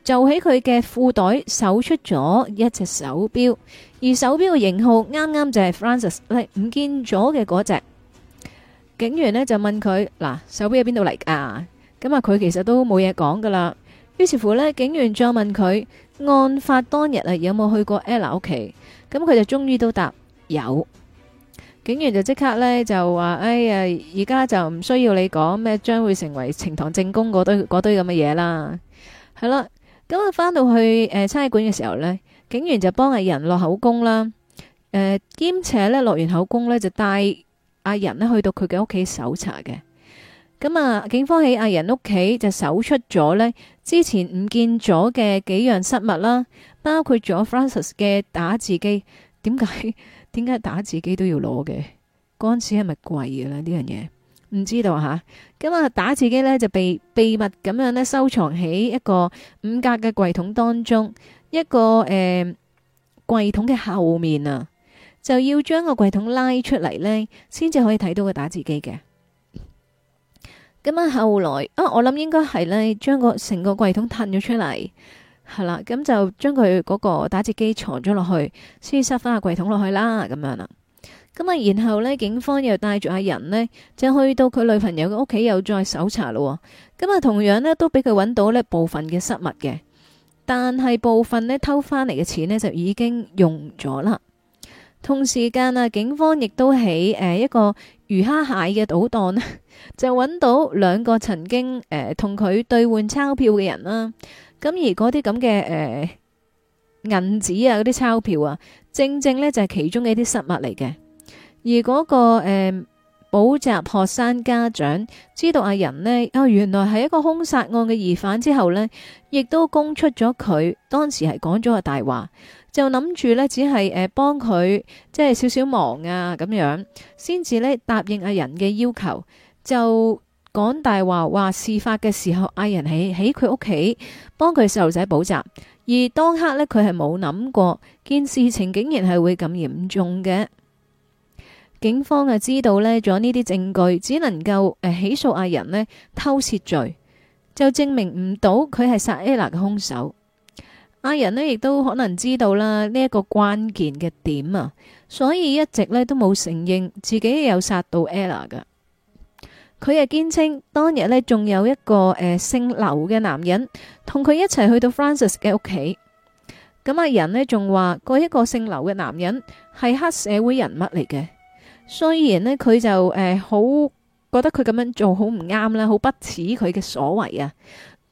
就喺佢嘅褲袋搜出咗一隻手錶，而手錶嘅型號啱啱就係 Francis 唔見咗嘅嗰隻。警員呢就問佢：嗱、啊，手錶喺邊度嚟噶？咁啊，佢、啊、其實都冇嘢講噶啦。於是乎呢，警員再問佢：案發當日啊，有冇去過 L 屋企？咁、啊、佢就終於都答有。警員就即刻呢就話：哎呀，而家就唔需要你講咩，將會成為呈堂證供嗰堆嗰堆咁嘅嘢啦。係啦，咁啊翻、啊、到去誒差館嘅時候呢，警員就幫疑人落口供啦。誒、呃，兼且呢落完口供呢，就帶。阿仁咧，去到佢嘅屋企搜查嘅。咁啊，警方喺阿仁屋企就搜出咗咧之前唔見咗嘅幾樣失物啦，包括咗 Francis 嘅打字機。點解點解打字機都要攞嘅？嗰時係咪貴嘅呢？呢樣嘢唔知道吓。咁啊，啊，打字機咧，就被秘密咁樣咧收藏喺一個五格嘅櫃桶當中，一個誒櫃桶嘅後面啊。就要將個櫃桶拉出嚟，呢先至可以睇到個打字機嘅。咁啊，後來啊，我諗應該係呢，將個成個櫃桶褪咗出嚟，係啦，咁就將佢嗰個打字機藏咗落去，先塞翻個櫃桶落去啦。咁樣啦，咁、嗯、啊，然後呢，警方又帶住阿人呢，就去到佢女朋友嘅屋企，又再搜查咯、哦。咁、嗯、啊，同樣呢，都俾佢搵到呢部分嘅失物嘅，但係部分呢，偷翻嚟嘅錢呢，就已經用咗啦。同時間啊，警方亦都喺誒、呃、一個魚蝦蟹嘅賭檔就揾到兩個曾經誒、呃、同佢兌換鈔票嘅人啦。咁而嗰啲咁嘅誒銀紙啊，嗰啲鈔票啊，正正呢就係、是、其中嘅一啲失物嚟嘅。而嗰、那個誒補習學生家長知道阿仁呢、呃，原來係一個兇殺案嘅疑犯之後呢，亦都供出咗佢當時係講咗個大話。就諗住呢只係誒幫佢即係少少忙啊咁樣，先至呢，答應阿人嘅要求，就講大話話事發嘅時候，阿人喺喺佢屋企幫佢細路仔補習，而當刻呢，佢係冇諗過，件事情竟然係會咁嚴重嘅。警方啊知道呢，咗呢啲證據，只能夠誒起訴阿人呢偷竊罪，就證明唔到佢係殺 Ella 嘅兇手。阿仁呢亦都可能知道啦，呢、這、一個關鍵嘅點啊，所以一直呢都冇承認自己有殺到 Ella 嘅。佢係堅稱當日呢仲有一個誒、呃、姓劉嘅男人同佢一齊去到 Francis 嘅屋企。咁阿仁呢仲話個一個姓劉嘅男人係黑社會人物嚟嘅。雖然呢佢就誒、呃、好覺得佢咁樣做好唔啱啦，好不似佢嘅所為啊。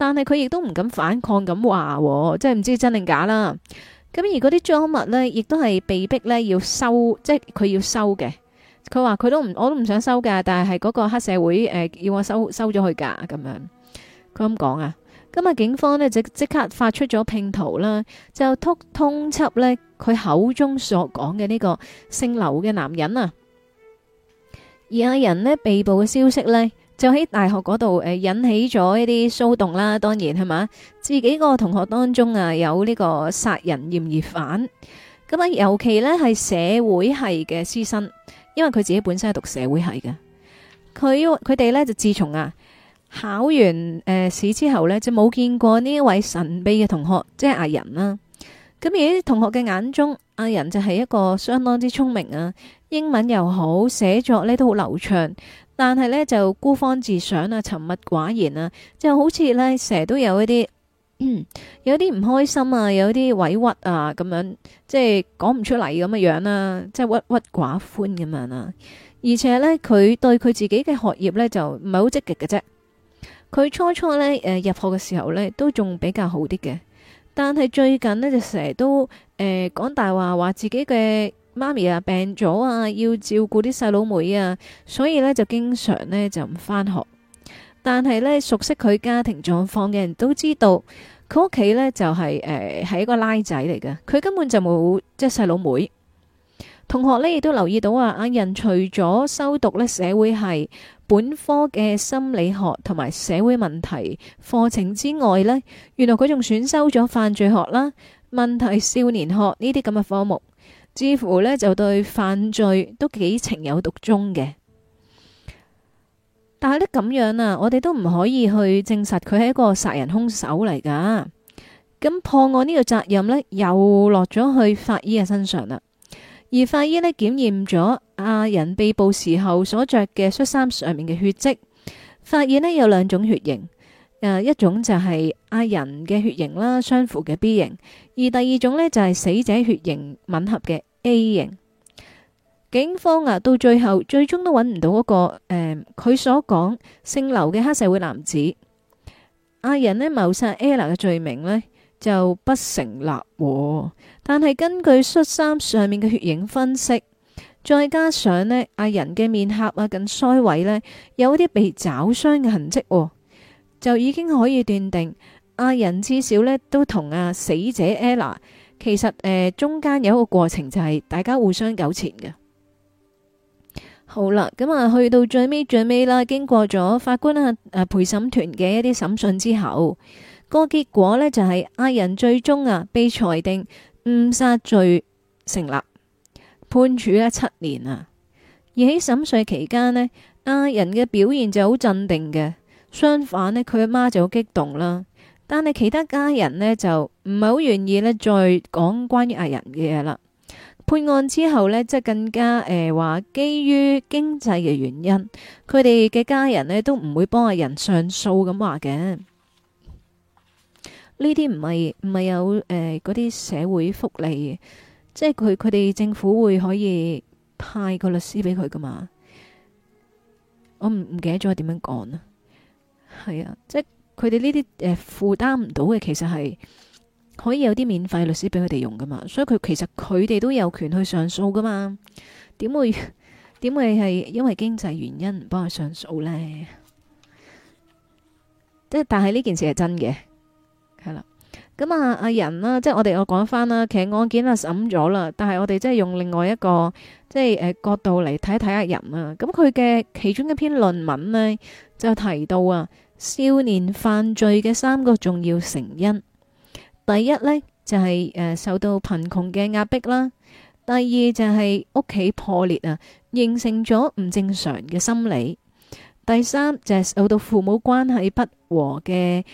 但係佢亦都唔敢反抗咁話，即係唔知是真定假啦。咁而嗰啲贓物呢，亦都係被逼呢要收，即係佢要收嘅。佢話佢都唔，我都唔想收噶，但係係嗰個黑社會誒、呃、要我收，收咗佢噶咁樣。佢咁講啊，咁啊，警方呢，就即，即刻發出咗拼圖啦，就通通緝呢佢口中所講嘅呢個姓劉嘅男人啊。而有人呢，被捕嘅消息呢。就喺大學嗰度，誒引起咗一啲騷動啦。當然係嘛，自己個同學當中啊有呢個殺人嫌疑犯。咁啊，尤其呢係社會系嘅師生，因為佢自己本身係讀社會系嘅，佢佢哋呢，就自從啊考完誒試、呃、之後呢，就冇見過呢一位神秘嘅同學，即係阿仁啦。咁而喺同學嘅眼中，阿仁就係一個相當之聰明啊，英文又好，寫作呢都好流暢。但係咧就孤芳自賞啊，沉默寡言啊，就好似咧成日都有一啲、嗯、有啲唔開心啊，有啲委屈啊咁樣，即係講唔出嚟，咁嘅樣啦，啊，即係鬱鬱寡歡咁樣啊。而且咧佢對佢自己嘅學業咧就唔係好積極嘅啫。佢初初咧誒、呃、入學嘅時候咧都仲比較好啲嘅，但係最近咧就成日都誒講、呃、大話，話自己嘅。媽咪啊病咗啊，要照顧啲細佬妹啊，所以呢，就經常呢，就唔返學。但係呢，熟悉佢家庭狀況嘅人都知道，佢屋企呢，就係誒係一個拉仔嚟嘅，佢根本就冇即係細佬妹。同學呢，亦都留意到啊，阿仁除咗修讀呢社會系本科嘅心理學同埋社會問題課程之外呢，原來佢仲選修咗犯罪學啦、問題少年學呢啲咁嘅科目。似乎呢，就對犯罪都幾情有獨鍾嘅，但係呢，咁樣啊，我哋都唔可以去證實佢係一個殺人兇手嚟㗎。咁破案呢個責任呢，又落咗去法醫嘅身上啦。而法醫呢，檢驗咗阿人被捕時候所着嘅恤衫上面嘅血跡，發現呢，有兩種血型。一種就係阿仁嘅血型啦，相符嘅 B 型；而第二種呢，就係死者血型吻合嘅 A 型。警方啊，到最後最終都揾唔到嗰、那個佢、呃、所講姓劉嘅黑社會男子。阿仁呢，謀殺 Ella 嘅罪名呢就不成立、哦，但係根據恤衫上面嘅血型分析，再加上呢阿仁嘅面頰啊、近腮位呢，有啲被爪傷嘅痕跡、哦。就已經可以斷定，阿仁至少呢都同阿死者 Ella 其實誒、呃、中間有一個過程，就係大家互相糾纏嘅。好啦，咁、嗯、啊去到最尾最尾啦，經過咗法官啊誒、啊、陪審團嘅一啲審訊之後，那個結果呢就係、是、阿仁最終啊被裁定誤殺罪成立，判處啊七年啊。而喺審訊期間呢，阿仁嘅表現就好鎮定嘅。相反呢佢阿媽就好激動啦。但係其他家人呢，就唔係好願意呢再講關於藝人嘅嘢啦。判案之後呢，即係更加誒話、呃、基於經濟嘅原因，佢哋嘅家人呢都唔會幫藝人上訴咁話嘅。呢啲唔係唔係有誒嗰啲社會福利，即係佢佢哋政府會可以派個律師俾佢噶嘛？我唔唔記得咗點樣講係啊，即係佢哋呢啲誒負擔唔到嘅，其實係可以有啲免費律師俾佢哋用噶嘛所以佢其實佢哋都有權去上訴噶嘛點會點會係因為經濟原因唔幫佢上訴呢？即係但係呢件事係真嘅，係啦，啊，咁啊阿人啦，啊，即係我哋我講翻啦，其實案件啊審咗啦，但係我哋即係用另外一個即係誒、呃、角度嚟睇一睇阿人啊，咁佢嘅其中一篇論文呢，就提到啊。少年犯罪嘅三個重要成因，第一呢就係、是、誒受到貧窮嘅壓迫啦，第二就係屋企破裂啊，形成咗唔正常嘅心理，第三就係受到父母關係不和嘅誒、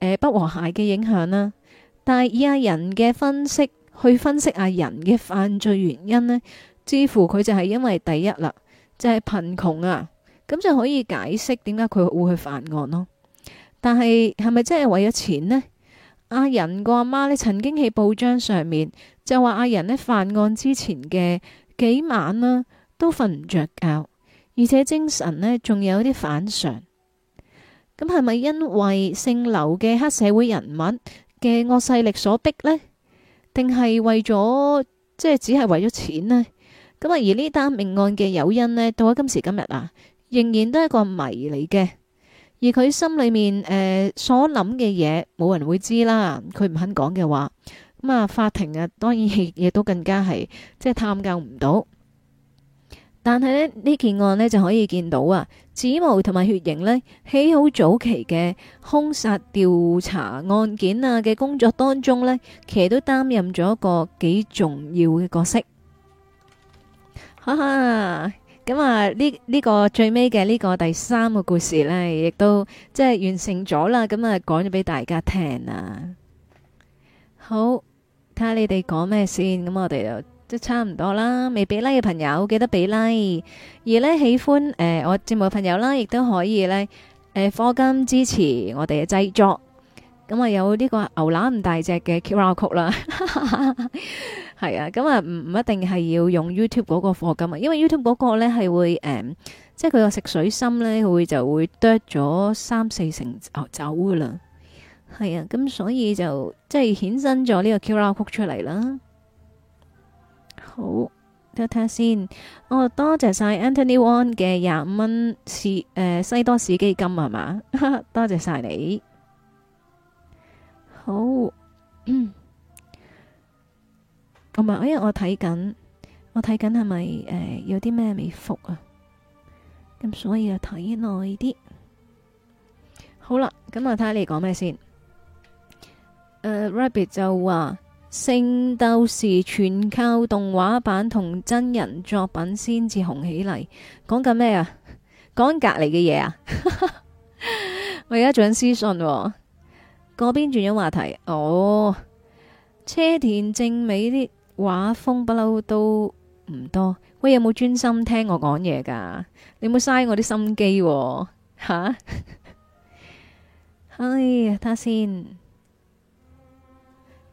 呃、不和諧嘅影響啦。但係以家人嘅分析去分析啊人嘅犯罪原因呢，似乎佢就係因為第一啦，就係貧窮啊，咁就可以解釋點解佢會去犯案咯。但係係咪真係為咗錢呢？阿仁個阿媽咧，曾經喺報章上面就話阿仁咧犯案之前嘅幾晚啦，都瞓唔着覺，而且精神咧仲有啲反常。咁係咪因為姓劉嘅黑社會人物嘅惡勢力所逼呢？定係為咗即係只係為咗錢呢？咁啊，而呢單命案嘅誘因呢，到咗今時今日啊，仍然都係一個謎嚟嘅。而佢心裏面誒所諗嘅嘢，冇人會知啦。佢唔肯講嘅話，咁啊法庭啊，當然亦都更加係即係探究唔到。但係呢，呢件案呢就可以見到啊，指紋同埋血型呢喺好早期嘅兇殺調查案件啊嘅工作當中呢，其實都擔任咗一個幾重要嘅角色。哈哈。咁啊，呢呢、呢個最尾嘅呢個第三個故事呢，亦都即係完成咗啦。咁啊，講咗俾大家聽啦。好，睇下你哋講咩先。咁我哋就即係差唔多啦。未俾 like 嘅朋友記得俾 like、like。而呢，喜歡誒、呃，我節目嘅朋友啦，亦都可以呢，誒，課金支持我哋嘅製作。咁啊，有呢個牛腩咁大隻嘅 QR Code 啦。 [LAUGHS] 係啊，咁啊，唔唔一定係要用 YouTube 嗰個貨金啊，因為 YouTube 嗰個咧係會誒、嗯，即係佢個食水深咧，會就會剁咗三四成就、哦、走噶啦。係啊，咁所以就即係顯身咗呢個 Q 拉曲出嚟啦。好，聽睇聽先。哦，多謝晒 Anthony w o n 嘅廿五蚊、呃、市誒西多士基金係嘛，多謝晒你。好。我咪因為我睇緊，我睇緊係咪誒有啲咩未覆啊？咁所以就睇耐啲。好啦，咁我睇下你講咩先。Uh, Rabbit 就話《聖鬥士》全靠動畫版同真人作品先至紅起嚟。講緊咩啊？講緊隔籬嘅嘢啊？ [LAUGHS] 我而家仲有私信、哦，嗰邊轉咗話題。哦，車田正美啲。畫風不嬲都唔多。喂，有冇專心聽我講嘢噶？你冇嘥我啲心機喎吓，哎呀，睇下先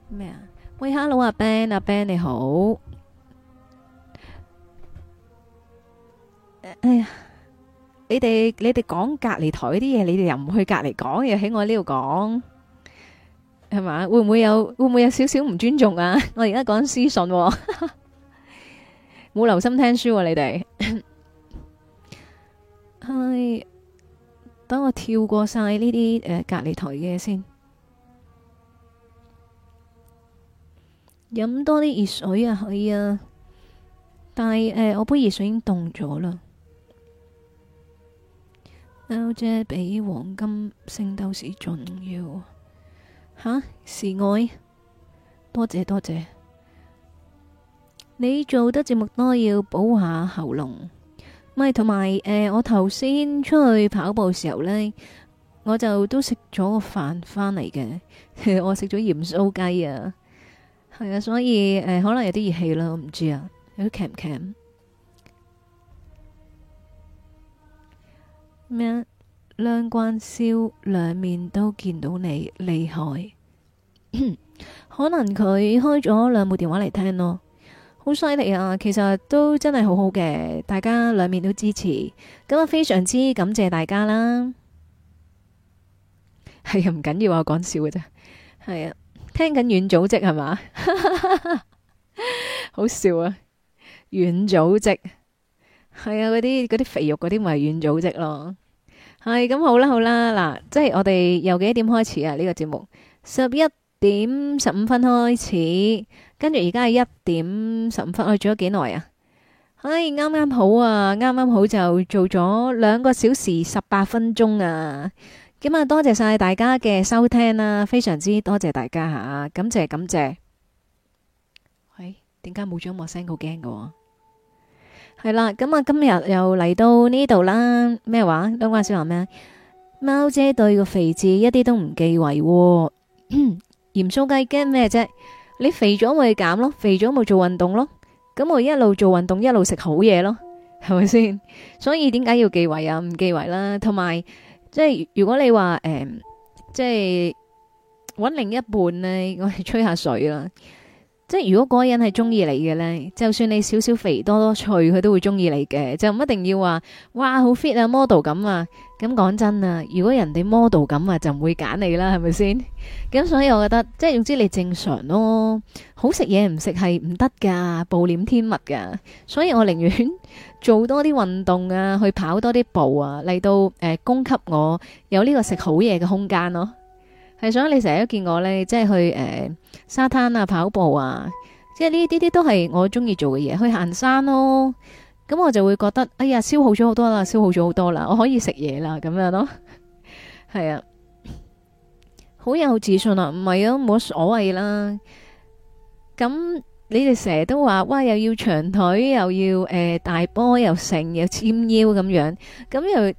咩啊？喂，hello 阿 Ben，阿 Ben 你好，哎呀，你哋你哋講隔離台嗰啲嘢，你哋又唔去隔離講，又喺我呢度講。係嘛？會唔會有會唔會有少少唔尊重啊？我而家講私信、哦，冇 [LAUGHS] 留心聽書、啊，你哋係等我跳過晒呢啲誒隔離台嘅先，飲多啲熱水啊，可以啊！但係誒、呃，我杯熱水已經凍咗啦。LJ 比黃金聖鬥士重要。吓，示愛，多謝多謝。你做得節目多，要補下喉嚨。咪同埋誒，我頭先出去跑步時候呢，我就都食咗個飯翻嚟嘅。 [LAUGHS] 我食咗鹽酥雞啊，係啊，所以誒、呃，可能有啲熱氣啦，我唔知啊，有啲咳咳。咩？兩關燒，兩面都見到你，厲害。 [COUGHS] 可能佢開咗兩部電話嚟聽咯，好犀利啊！其實都真係好好嘅，大家兩面都支持，咁啊，非常之感謝大家啦。係啊、哎，唔緊要啊，我講笑嘅啫。係啊，聽緊軟組織係嘛， [LAUGHS] 好笑啊，軟組織係啊，嗰啲嗰啲肥肉嗰啲咪軟組織咯。係咁好啦好啦，嗱，即係我哋由幾點開始啊？呢個節目十一點十五分開始，跟住而家係一點十五分，我哋做咗幾耐啊？唉，啱啱好啊，啱啱好就做咗兩個小時十八分鐘啊！咁啊，多謝晒大家嘅收聽啦，非常之多謝大家吓，感謝感謝。喂，點解冇咗莫生好驚噶？係啦，咁啊，今日又嚟到呢度啦。咩話？東關小蘭咩？貓姐對個肥字一啲都唔忌諱，嚴肅雞驚咩啫？你肥咗咪減咯，肥咗咪做運動咯。咁我一路做運動，一路食好嘢咯，係咪先？所以點解要忌諱啊？唔忌諱啦。同埋即係如果你話誒，即係搵另一半呢，我哋吹下水啦。即係如果嗰個人係中意你嘅呢，就算你少少肥多多脆，佢都會中意你嘅，就唔一定要話哇好 fit 啊 model 咁啊。咁講真啊，如果人哋 model 咁啊，就唔會揀你啦，係咪先？咁所以我覺得，即係總之你正常咯，好食嘢唔食係唔得噶，暴殄天物噶。所以我寧願做多啲運動啊，去跑多啲步啊，嚟到誒供給我有呢個食好嘢嘅空間咯。係想你成日都見我咧，即係去誒、呃、沙灘啊、跑步啊，即係呢啲啲都係我中意做嘅嘢。去行山咯，咁我就會覺得哎呀，消耗咗好多啦，消耗咗好多啦，我可以食嘢啦，咁樣咯，係 [LAUGHS] 啊，好有自信、啊啊、啦，唔係啊，冇所謂啦。咁你哋成日都話哇，又要長腿，又要誒、呃、大波，又成又纖腰咁樣，咁又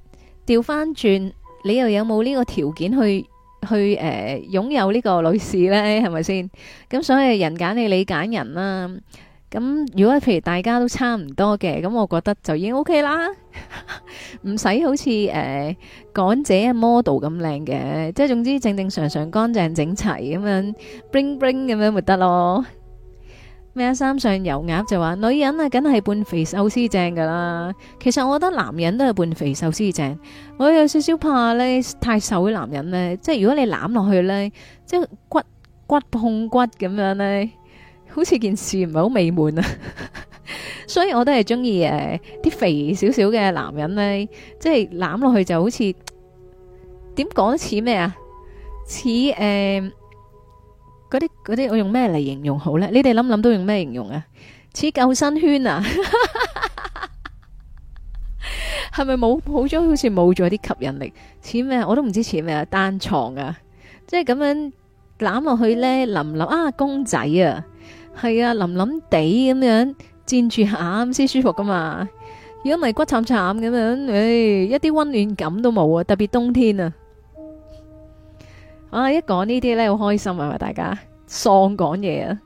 掉返轉，你又有冇呢個條件去？去誒、呃、擁有呢個女士呢，係咪先？咁所以人揀你，你揀人啦、啊。咁如果譬如大家都差唔多嘅，咁我覺得就已經 O、OK、K 啦，唔 [LAUGHS] 使好似誒、呃、港姐 model 咁靚嘅，即係總之正正常常乾淨整齊咁樣 bling bling 咁樣咪得咯。咩？三上油鴨就話女人啊，梗係半肥瘦絲正噶啦。其實我覺得男人都係半肥瘦絲正。我有少少怕呢太瘦嘅男人呢。即係如果你攬落去呢，即係骨骨碰骨咁樣呢，好似件事唔係好美滿啊。 [LAUGHS] 所以我都係中意誒，啲、呃、肥少少嘅男人呢，即係攬落去就好似點講都似咩啊？似誒。嗰啲嗰啲我用咩嚟形容好咧？你哋諗諗都用咩形容啊？似救生圈啊，係咪冇冇咗好似冇咗啲吸引力？似咩？我都唔知似咩啊？單床啊，即係咁樣攬落去咧，腍腍啊公仔啊，係啊腍腍地咁樣，墊住下先舒服噶嘛。如果唔係骨慘慘咁樣，誒、哎、一啲溫暖感都冇啊，特別冬天啊。啊！一講呢啲呢，好開心啊！大家喪講嘢啊！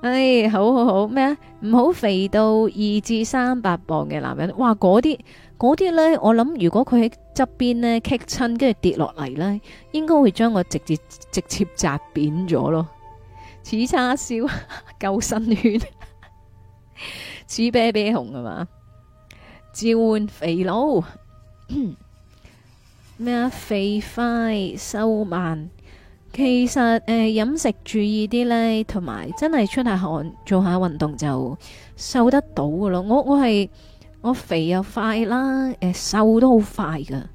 唉、哎，好好好，咩啊？唔好肥到二至三百磅嘅男人，哇！嗰啲嗰啲呢，我諗如果佢喺側邊呢，棘親，跟住跌落嚟呢，應該會將我直接直接砸扁咗咯。似叉燒 [LAUGHS] 救生圈，似啤啤熊係嘛？召喚肥佬咩啊？ [COUGHS] 肥快收慢。其實誒，飲食注意啲咧，同埋真係出下汗做下運動就瘦得到噶咯。我我係我肥又快啦，誒瘦都好快噶，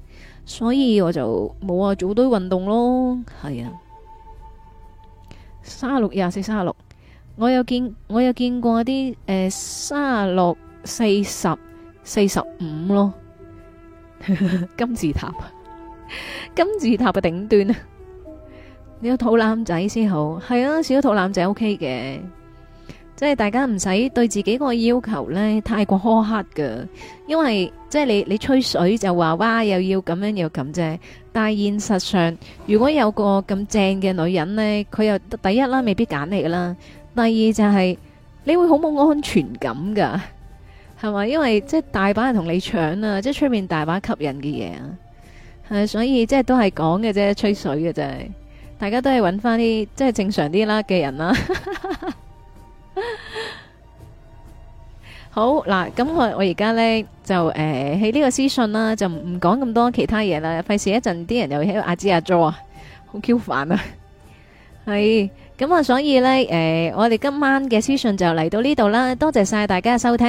所以我就冇啊做多運動咯。係啊，卅六廿四卅六，我有見我有見過啲誒卅六四十四十五咯，金字塔金字塔嘅頂端啊！你有肚腩仔先好，係啊，少咗肚腩仔 O K 嘅，即係大家唔使對自己個要求呢太過苛刻噶，因為即係你你吹水就話哇又要咁樣又咁啫。但係現實上，如果有個咁正嘅女人呢，佢又第一啦，未必揀你噶啦。第二就係、是、你會好冇安全感噶，係咪？因為即係大把人同你搶啊，即係出面大把吸引嘅嘢啊，係所以即係都係講嘅啫，吹水嘅啫。大家都係揾翻啲即係正常啲啦嘅人啦， [LAUGHS] 好嗱，咁我我而家咧就誒喺呢個私信啦，就唔唔講咁多其他嘢啦，費事一陣啲人又喺阿芝阿 jo 啊，好 q 煩啊，係。 [LAUGHS] 咁啊，所以咧，誒，我哋今晚嘅屍訊就嚟到呢度啦，多謝晒大家收聽。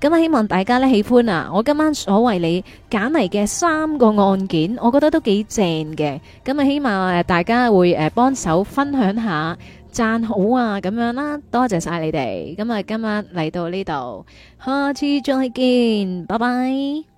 咁啊，希望大家咧喜歡啊，我今晚所為你揀嚟嘅三個案件，我覺得都幾正嘅。咁啊，希望誒大家會誒幫手分享下，讚好啊，咁樣啦。多謝晒你哋。咁啊，今晚嚟到呢度，下次再見，拜拜。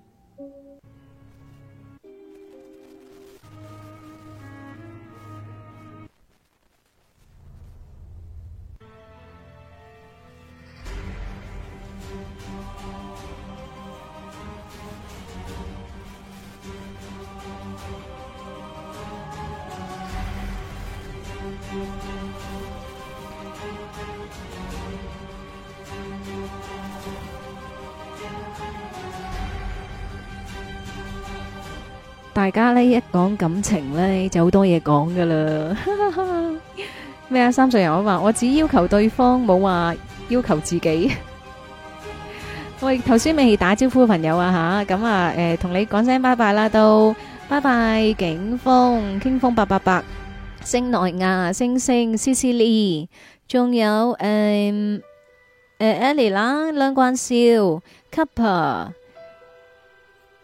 大家咧一講感情咧就好多嘢講噶啦，咩啊？三歲人我話我只要求對方，冇話要求自己。喂，頭先未打招呼嘅朋友啊吓，咁啊誒，同你講聲拜拜啦，都拜拜。景峰、傾峰八八八、星奈亞、星星 C C Lee，仲有誒誒，Ellie 啦，兩關笑 Couple。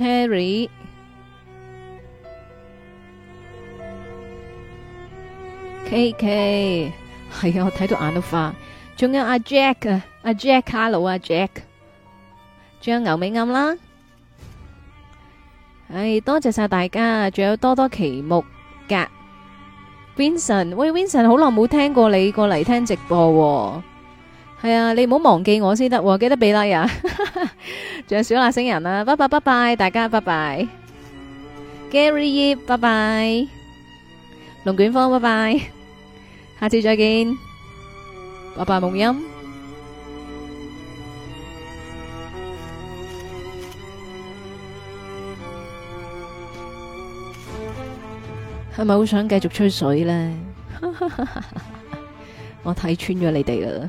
Harry，K K，係啊，我睇到眼都花。仲有阿 Jack 啊，阿 Jack，Hello，阿 Jack。仲有牛尾暗啦。唉，多謝晒大家。仲有多多奇目㗎，Vincent，喂，Vincent，好耐冇聽過你過嚟聽直播喎。係啊，你唔好忘記我先得，記得俾禮呀，仲有小辣星人啦，拜拜拜拜，大家拜拜，Gary bye bye，龍捲風拜拜，下次再見，拜拜夢音，係咪好想繼續吹水咧？我睇穿咗你哋啦。